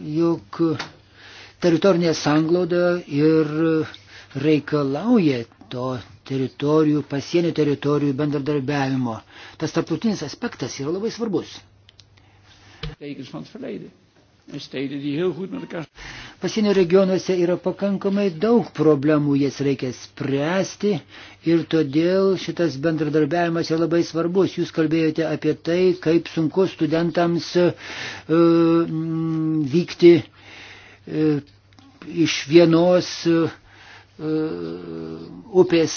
Juk teritorinė sanglauda ir reikalauja to teritorijų, pasienio teritorijų bendradarbiavimo. Tas tarptautinis aspektas yra labai svarbus. Pasienio regionuose yra pakankamai daug problemų, jas reikia spręsti ir todėl šitas bendradarbiavimas yra labai svarbus. Jūs kalbėjote apie tai, kaip sunku studentams uh, vykti uh, E, iš vienos e, e, upės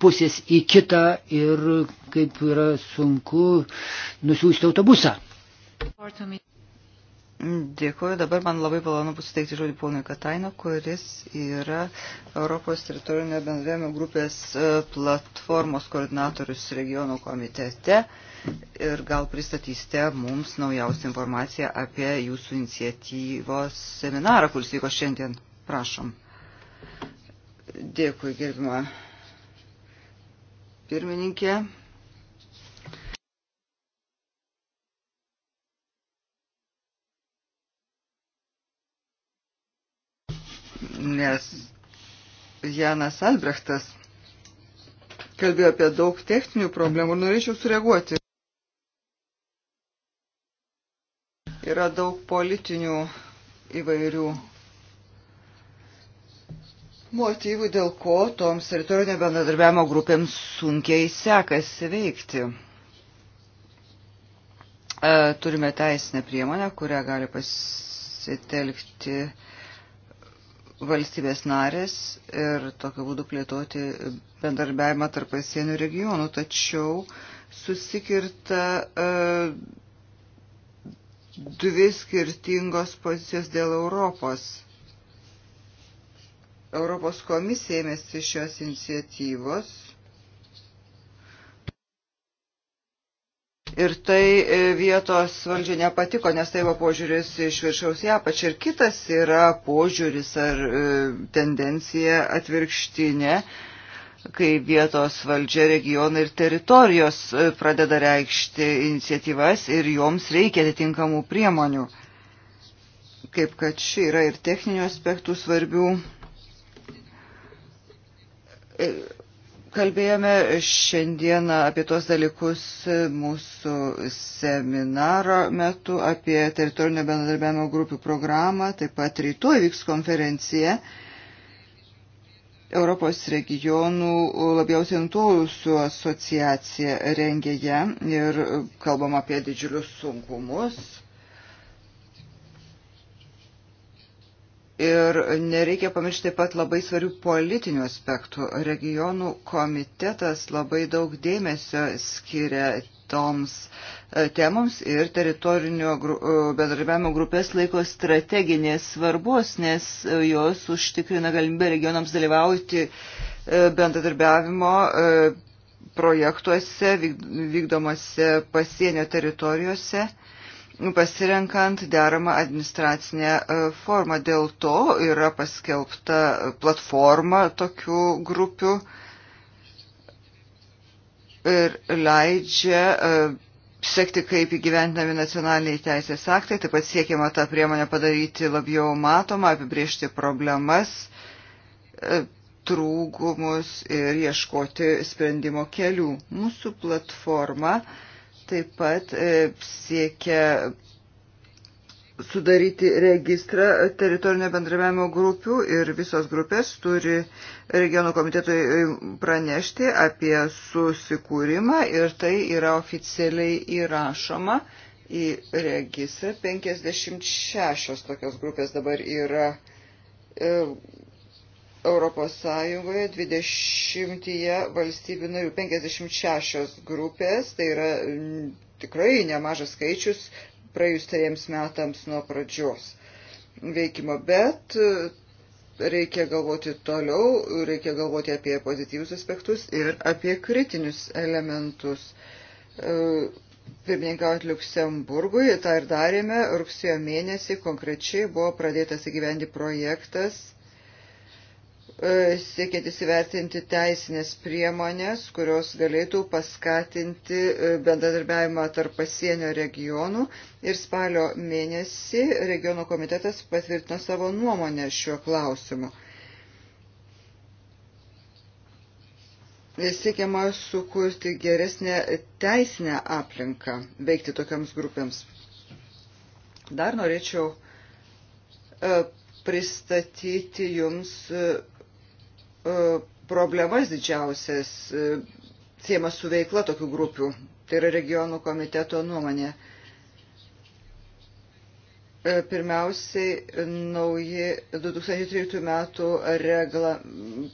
pusės į kitą ir kaip yra sunku nusiųsti autobusą. Dėkuoju. Dabar man labai malonu bus suteikti žodį ponui Kataino, kuris yra Europos teritorinio bendravimo grupės platformos koordinatorius regionų komitete ir gal pristatysite mums naujausią informaciją apie jūsų iniciatyvos seminarą, kuris vyko šiandien. Prašom. Dėkui, gerbima pirmininkė. Nes Janas Albrechtas kalbėjo apie daug techninių problemų ir norėčiau sureaguoti. Yra daug politinių įvairių motyvų, dėl ko toms teritorinio bendradarbiavimo grupėms sunkiai sekasi veikti. E, turime teisinę priemonę, kurią gali pasitelkti valstybės narės ir tokiu būdu plėtoti bendarbiavimą tarp pasienio regionų, tačiau susikirta e, dvi skirtingos pozicijos dėl Europos. Europos komisija ėmėsi šios iniciatyvos ir tai e, vietos valdžia nepatiko, nes tai buvo požiūris iš viršaus į apačią. Ir kitas yra požiūris ar e, tendencija atvirkštinė. Ne? kai vietos valdžia, regionai ir teritorijos e, pradeda reikšti iniciatyvas ir joms reikia atitinkamų priemonių. Kaip kad ši yra ir techninių aspektų svarbių. E, kalbėjome šiandieną apie tos dalykus e, mūsų seminaro metu, apie teritorinio bendradarbiavimo grupių programą, taip pat rytoj vyks konferencija. Europos regionų labiausiai nutolusių asociacija rengia ją ir kalbam apie didžiulius sunkumus. Ir nereikia pamiršti taip pat labai svarbių politinių aspektų. Regionų komitetas labai daug dėmesio skiria kitoms e, temoms ir teritorinio e, bendradarbiavimo grupės laiko strateginės svarbos, nes e, jos užtikrina galimybę regionams dalyvauti bendradarbiavimo projektuose vykdomose pasienio teritorijose pasirenkant deramą administracinę formą. Dėl to yra paskelbta platforma tokių grupių ir leidžia e, sekti, kaip įgyvendinami nacionaliniai teisės aktai, taip pat siekiama tą priemonę padaryti labiau matomą, apibriežti problemas, e, trūgumus ir ieškoti sprendimo kelių. Mūsų platforma taip pat e, siekia sudaryti registrą teritorinio bendravimo grupių ir visos grupės turi regionų komitetui e, pranešti apie susikūrimą ir tai yra oficialiai įrašoma į registrą. 56 tokios grupės dabar yra e, Europos Sąjungoje 20 valstybių narių 56 grupės, tai yra tikrai nemažas skaičius praėjus trejiems metams nuo pradžios veikimo, bet e, reikia galvoti toliau, reikia galvoti apie pozityvius aspektus ir apie kritinius elementus. E, pirmininkaujant Luksemburgui, tą ir darėme, rugsėjo mėnesį konkrečiai buvo pradėtas įgyvendi projektas E, siekiant įsivertinti teisinės priemonės, kurios galėtų paskatinti e, bendradarbiavimą tarp pasienio regionų ir spalio mėnesį regiono komitetas patvirtino savo nuomonę šiuo klausimu. Siekiama sukurti geresnę teisinę aplinką veikti tokiams grupėms. Dar norėčiau e, pristatyti jums E, problemas didžiausias e, siemas su veikla tokių grupių. Tai yra regionų komiteto nuomonė. E, pirmiausiai nauji 2013 metų regla,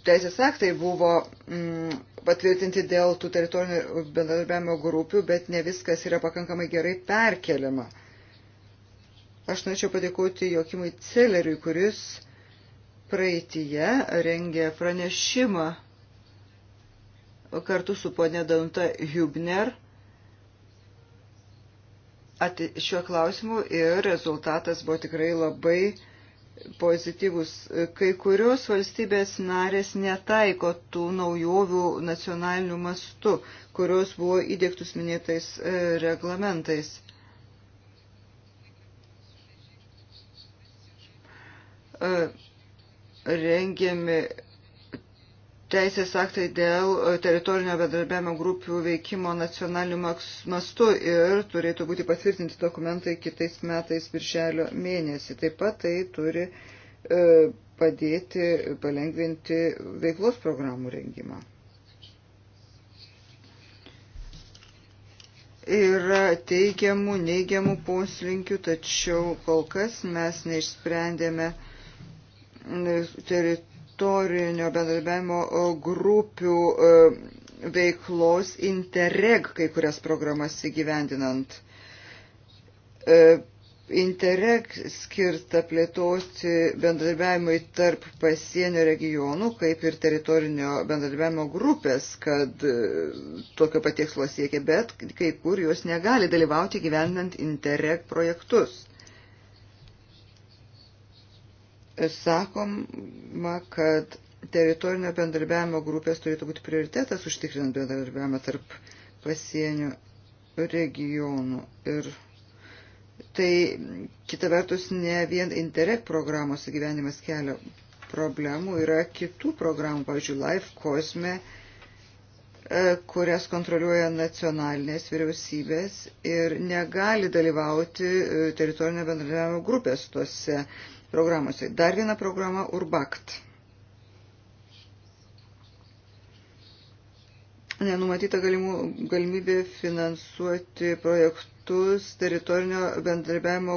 teisės aktai buvo mm, patvirtinti dėl tų teritorinių bendradarbiavimo grupių, bet ne viskas yra pakankamai gerai perkeliama. Aš norėčiau padėkoti Jokimui Celeriui, kuris uh, praeitie rengė pranešimą kartu su ponė Danuta Hübner šiuo klausimu ir rezultatas buvo tikrai labai pozityvus. Kai kurios valstybės narės netaiko tų naujovių nacionalinių mastų, kurios buvo įdėktus minėtais e, reglamentais. Uh, rengiami teisės aktai dėl teritorinio bedarbiavimo grupių veikimo nacionaliniu mastu ir turėtų būti patvirtinti dokumentai kitais metais birželio mėnesį. Taip pat tai turi e, padėti palengvinti veiklos programų rengimą. Yra teigiamų, neigiamų poslinkių, tačiau kol kas mes neišsprendėme uh, teritorinio bendradarbiavimo e, grupių e, veiklos Interreg kai kurias programas įgyvendinant. E, Interreg skirta plėtoti bendradarbiavimui tarp pasienio regionų, kaip ir teritorinio bendradarbiavimo grupės, kad tokio patiekslo siekia, bet kai kur jos negali dalyvauti gyvendant Interreg projektus sakoma, kad teritorinio bendarbiavimo grupės turėtų būti prioritetas užtikrinant bendarbiavimą tarp pasienio regionų. Ir tai kita vertus ne vien Interreg programos gyvenimas kelia problemų, yra kitų programų, pavyzdžiui, Life Cosme, e, kurias kontroliuoja nacionalinės vyriausybės ir negali dalyvauti e, teritorinio bendradarbiavimo grupės tuose programuose. Dar viena programa Urbakt. Nenumatyta galimų, galimybė finansuoti projektus teritorinio bendradarbiavimo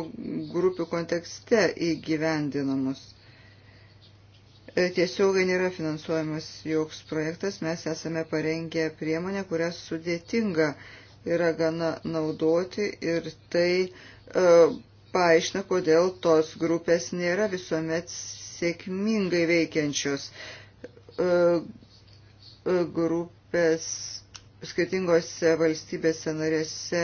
grupių kontekste įgyvendinamus e, tiesiogai nėra finansuojamas joks projektas, mes esame parengę priemonę, kurią sudėtinga yra gana naudoti ir tai e, paaiškina, kodėl tos grupės nėra visuomet sėkmingai veikiančios. E, e, grupės skirtingose valstybėse narėse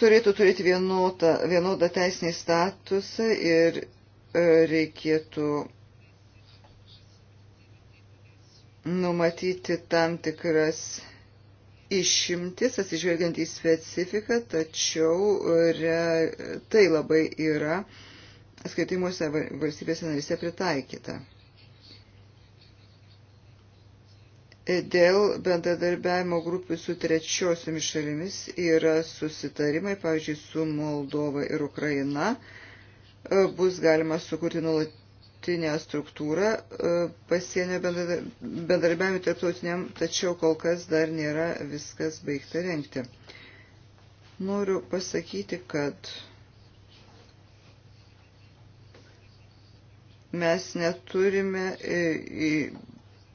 turėtų turėti vienodą, vienodą teisinį statusą ir e, reikėtų numatyti tam tikras išimtis, atsižvelgiant į specifiką, tačiau e, re, tai labai yra skaitimuose valstybės analise pritaikyta. E, dėl bendradarbiavimo grupių su trečiosiomis šalimis yra susitarimai, pavyzdžiui, su Moldova ir Ukraina. E, bus galima sukurti nuolatinį dabartinę struktūrą e, pasienio bendarbiavimui tarptautiniam, tačiau kol kas dar nėra viskas baigta renkti. Noriu pasakyti, kad mes neturime e,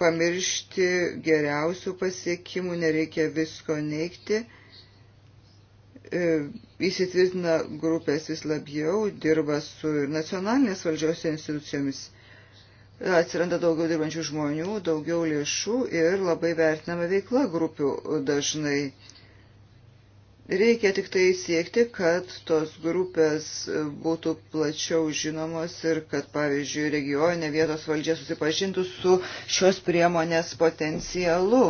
pamiršti geriausių pasiekimų, nereikia visko neikti E, įsitvirtina grupės vis labiau, dirba su nacionalinės valdžios institucijomis. Atsiranda daugiau dirbančių žmonių, daugiau lėšų ir labai vertinama veikla grupių dažnai. Reikia tik tai siekti, kad tos grupės būtų plačiau žinomos ir kad, pavyzdžiui, regioninė vietos valdžia susipažintų su šios priemonės potencialu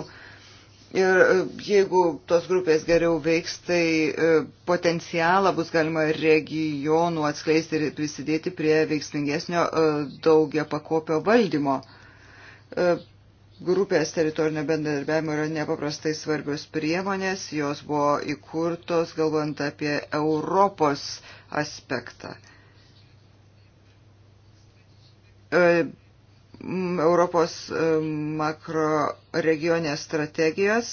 Ir e, jeigu tos grupės geriau veiks, tai e, potencialą bus galima regionų atskleisti ir prisidėti prie veiksmingesnio e, daugia pakopio valdymo. Grupės teritorinio bendradarbiavimo yra nepaprastai svarbios priemonės, jos buvo įkurtos galvant apie Europos aspektą Europos e, makro regionės strategijos.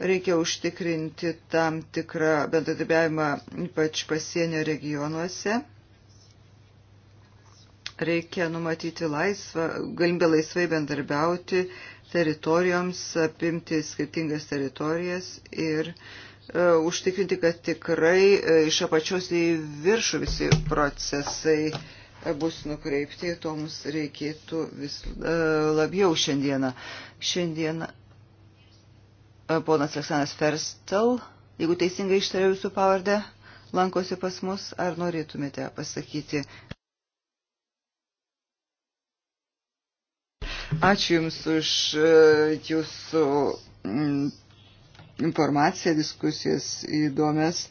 Reikia užtikrinti tam tikrą bendradarbiavimą ypač pasienio regionuose. Reikia numatyti laisvą, galimybę laisvai bendarbiauti teritorijoms, apimti skirtingas teritorijas ir uh, užtikrinti, kad tikrai uh, iš apačios į viršų visi procesai uh, bus nukreipti, to mums reikėtų vis e, labiau šiandieną. Šiandieną e, ponas Aleksanas Ferstel, jeigu teisingai ištariau jūsų pavardę, lankosi pas mus, ar norėtumėte pasakyti? Ačiū Jums už e, Jūsų mm, informaciją, diskusijas įdomias.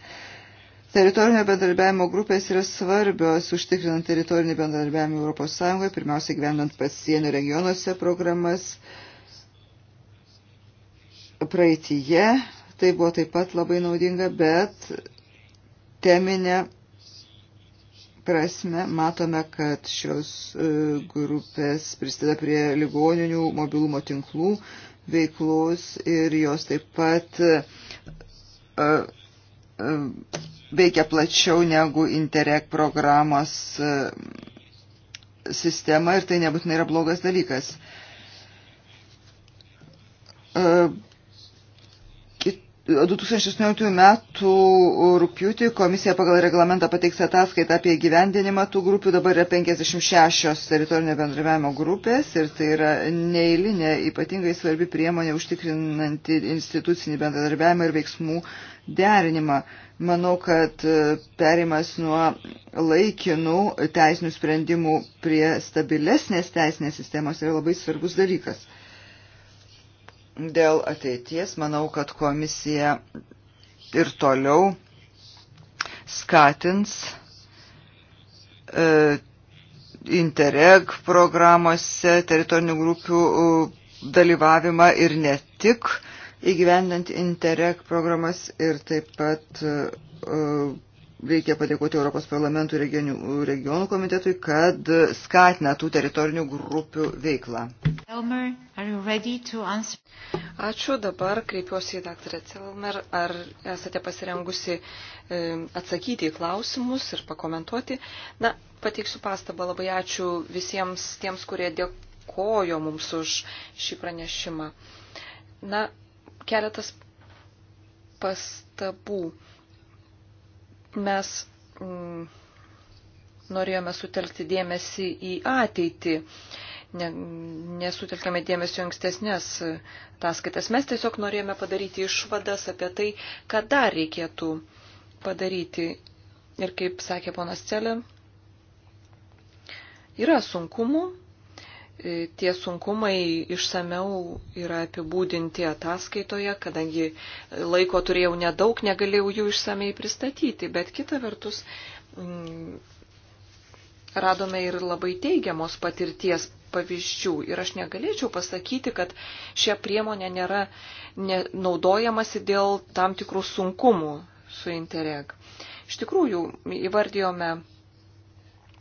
Teritorinio bendradarbiavimo grupės yra svarbios užtikrinant teritorinį bendradarbiavimą ES, pirmiausia gyvenant pasienio regionuose programas. Praeitie tai buvo taip pat labai naudinga, bet teminė prasme matome, kad šios e, grupės prisideda prie ligoninių mobilumo tinklų veiklos ir jos taip pat. Uh, uh, veikia plačiau negu Interreg programos e, sistema ir tai nebūtinai yra blogas dalykas e, 2018 metų rūpjūtį komisija pagal reglamentą pateiks ataskaitą apie gyvendinimą tų grupių. Dabar yra 56 teritorinio bendravimo grupės ir tai yra neįlinė ypatingai svarbi priemonė užtikrinanti institucinį bendradarbiavimą ir veiksmų derinimą. Manau, kad e, perimas nuo laikinų teisinių sprendimų prie stabilesnės teisinės sistemos yra labai svarbus dalykas. Dėl ateities manau, kad komisija ir toliau skatins e, Interreg programuose teritorinių grupių e, dalyvavimą ir ne tik įgyvendant Interreg programas ir taip pat e, reikia padėkoti Europos parlamentų regionių, regionų komitetui, kad skatina tų teritorinių grupių veiklą. Elmer, Ačiū, dabar kreipiuosi į daktarę Celmer. Ar esate pasirengusi e, atsakyti į klausimus ir pakomentuoti? Na, pateiksiu pastabą. Labai ačiū visiems tiems, kurie dėkojo mums už šį pranešimą. Na, keletas pastabų mes mm, norėjome sutelkti dėmesį į ateitį, ne, nesutelkėme dėmesio ankstesnės taskaitas. Mes tiesiog norėjome padaryti išvadas apie tai, ką dar reikėtų padaryti. Ir kaip sakė ponas Celė, yra sunkumų, E, tie sunkumai išsameu yra apibūdinti ataskaitoje, kadangi laiko turėjau nedaug, negalėjau jų išsamei pristatyti, bet kita vertus m, mm, radome ir labai teigiamos patirties pavyzdžių. Ir aš negalėčiau pasakyti, kad šią priemonę nėra naudojamasi dėl tam tikrų sunkumų su Interreg. Iš tikrųjų, įvardijome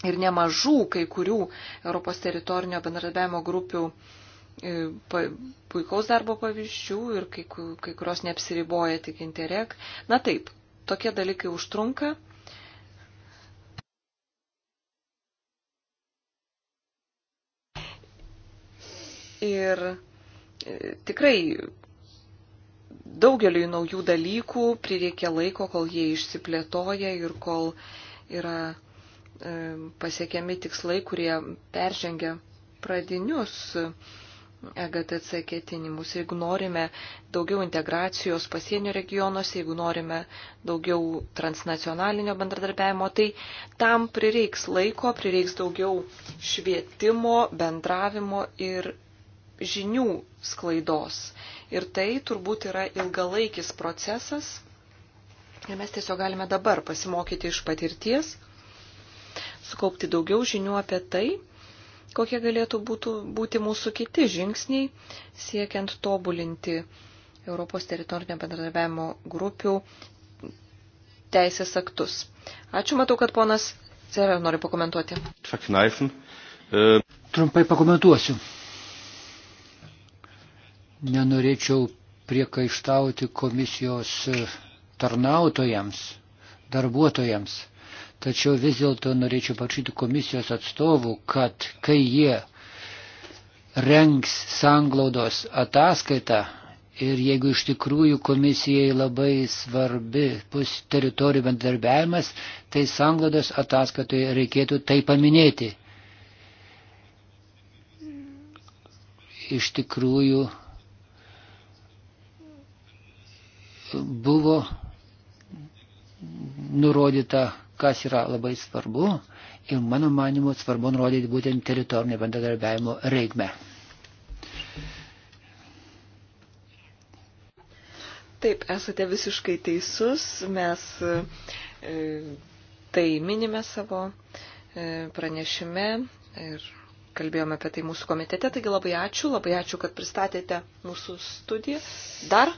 ir nemažų kai kurių Europos teritorinio bendradarbiavimo grupių e, puikaus darbo pavyzdžių ir kai, kai kurios neapsiriboja tik interreg. Na taip, tokie dalykai užtrunka. Ir e, tikrai daugeliu naujų dalykų prireikia laiko, kol jie išsiplėtoja ir kol yra E, pasiekiami tikslai, kurie peržengia pradinius EGTC ketinimus. Jeigu norime daugiau integracijos pasienio regionuose, jeigu norime daugiau transnacionalinio bendradarbiavimo, tai tam prireiks laiko, prireiks daugiau švietimo, bendravimo ir žinių sklaidos. Ir tai turbūt yra ilgalaikis procesas. Ir mes tiesiog galime dabar pasimokyti iš patirties sukaupti daugiau žinių apie tai, kokie galėtų būtų, būti mūsų kiti žingsniai siekiant tobulinti Europos teritorinio bendradarbiavimo grupių teisės aktus. Ačiū, matau, kad ponas Cerer nori pakomentuoti. Äh, Trumpai pakomentuosiu. Nenorėčiau priekaištauti komisijos tarnautojams, darbuotojams. Tačiau vis dėlto norėčiau paprašyti komisijos atstovų, kad kai jie rengs sanglaudos ataskaitą ir jeigu iš tikrųjų komisijai labai svarbi bus teritorijų bendarbiavimas, tai sanglaudos ataskaitoje reikėtų tai paminėti. Iš tikrųjų buvo nurodyta kas yra labai svarbu ir mano manimu svarbu nurodyti būtent teritorinio bendradarbiavimo reikmę. Taip, esate visiškai teisus, mes e, tai minime savo e, pranešime ir kalbėjome apie tai mūsų komitete, taigi labai ačiū, labai ačiū, kad pristatėte mūsų studiją. Dar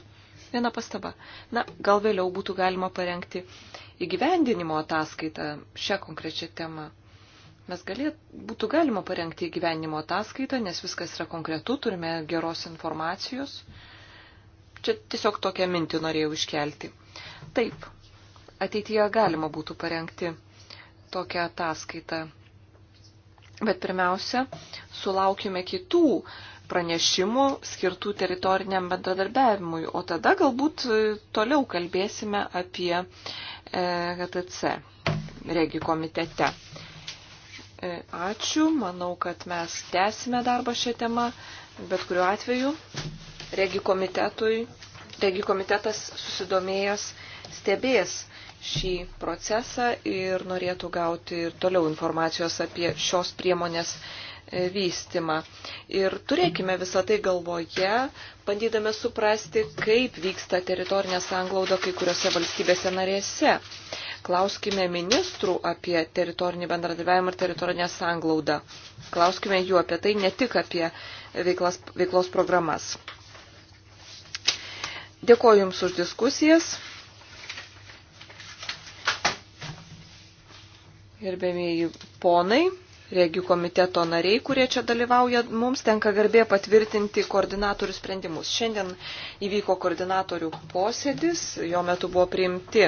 Viena pastaba. Na, gal vėliau būtų galima parengti įgyvendinimo ataskaitą šią konkrečią temą. Mes galėt, būtų galima parengti įgyvendinimo ataskaitą, nes viskas yra konkretu, turime geros informacijos. Čia tiesiog tokią mintį norėjau iškelti. Taip, ateityje galima būtų parengti tokią ataskaitą. Bet pirmiausia, sulaukime kitų pranešimų skirtų teritoriniam bendradarbiavimui, o tada galbūt e, toliau kalbėsime apie HTC e, regi komitete. E, ačiū, manau, kad mes tęsime darbą šią temą, bet kuriuo atveju regi komitetui, regi komitetas susidomėjęs stebės šį procesą ir norėtų gauti ir toliau informacijos apie šios priemonės vystimą. Ir turėkime visą tai galvoje, bandydame suprasti, kaip vyksta teritorinė sanglauda kai kuriuose valstybėse narėse. Klauskime ministrų apie teritorinį bendradarbiavimą ir teritorinę sanglaudą. Klauskime jų apie tai, ne tik apie veiklas, veiklos programas. Dėkoju Jums už diskusijas. Gerbėmėjai ponai regių komiteto nariai, kurie čia dalyvauja, mums tenka garbė patvirtinti koordinatorių sprendimus. Šiandien įvyko koordinatorių posėdis, jo metu buvo priimti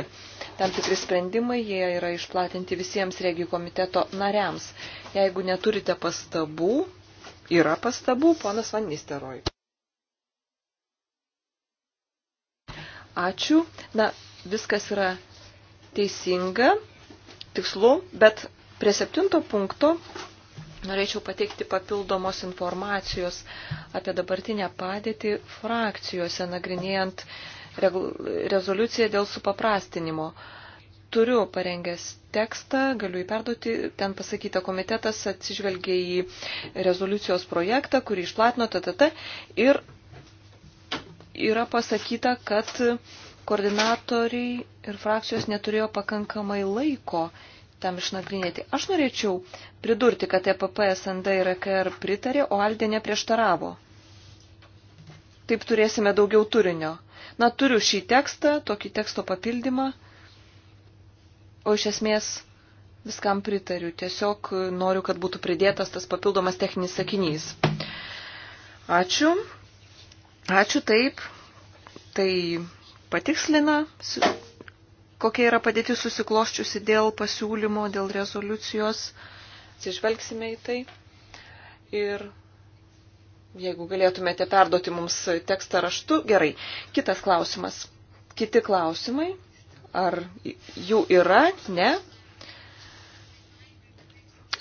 tam tikri sprendimai, jie yra išplatinti visiems regių komiteto nariams. Jeigu neturite pastabų, yra pastabų, ponas Van Nisteroj. Ačiū. Na, viskas yra teisinga, tikslu, bet Prie septinto punkto norėčiau pateikti papildomos informacijos apie dabartinę padėtį frakcijose, nagrinėjant rezoliuciją dėl supaprastinimo. Turiu parengęs tekstą, galiu jį perduoti, ten pasakyta komitetas atsižvelgia į rezoliucijos projektą, kurį išplatino TTT ir yra pasakyta, kad koordinatoriai ir frakcijos neturėjo pakankamai laiko tam išnagrinėti. Aš norėčiau pridurti, kad EPP, SND ir EKR pritarė, o Aldė neprieštaravo. Taip turėsime daugiau turinio. Na, turiu šį tekstą, tokį teksto papildymą, o iš esmės viskam pritariu. Tiesiog noriu, kad būtų pridėtas tas papildomas techninis sakinys. Ačiū. Ačiū taip. Tai patikslina kokia yra padėtis susikloščiusi dėl pasiūlymo, dėl rezoliucijos. Atsižvelgsime į tai. Ir jeigu galėtumėte perduoti mums tekstą raštu, gerai. Kitas klausimas. Kiti klausimai. Ar jų yra? Ne.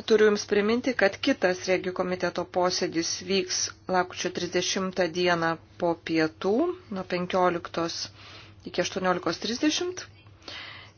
Turiu Jums priminti, kad kitas regijų komiteto posėdis vyks lakučio 30 dieną po pietų nuo 15 iki 18.30.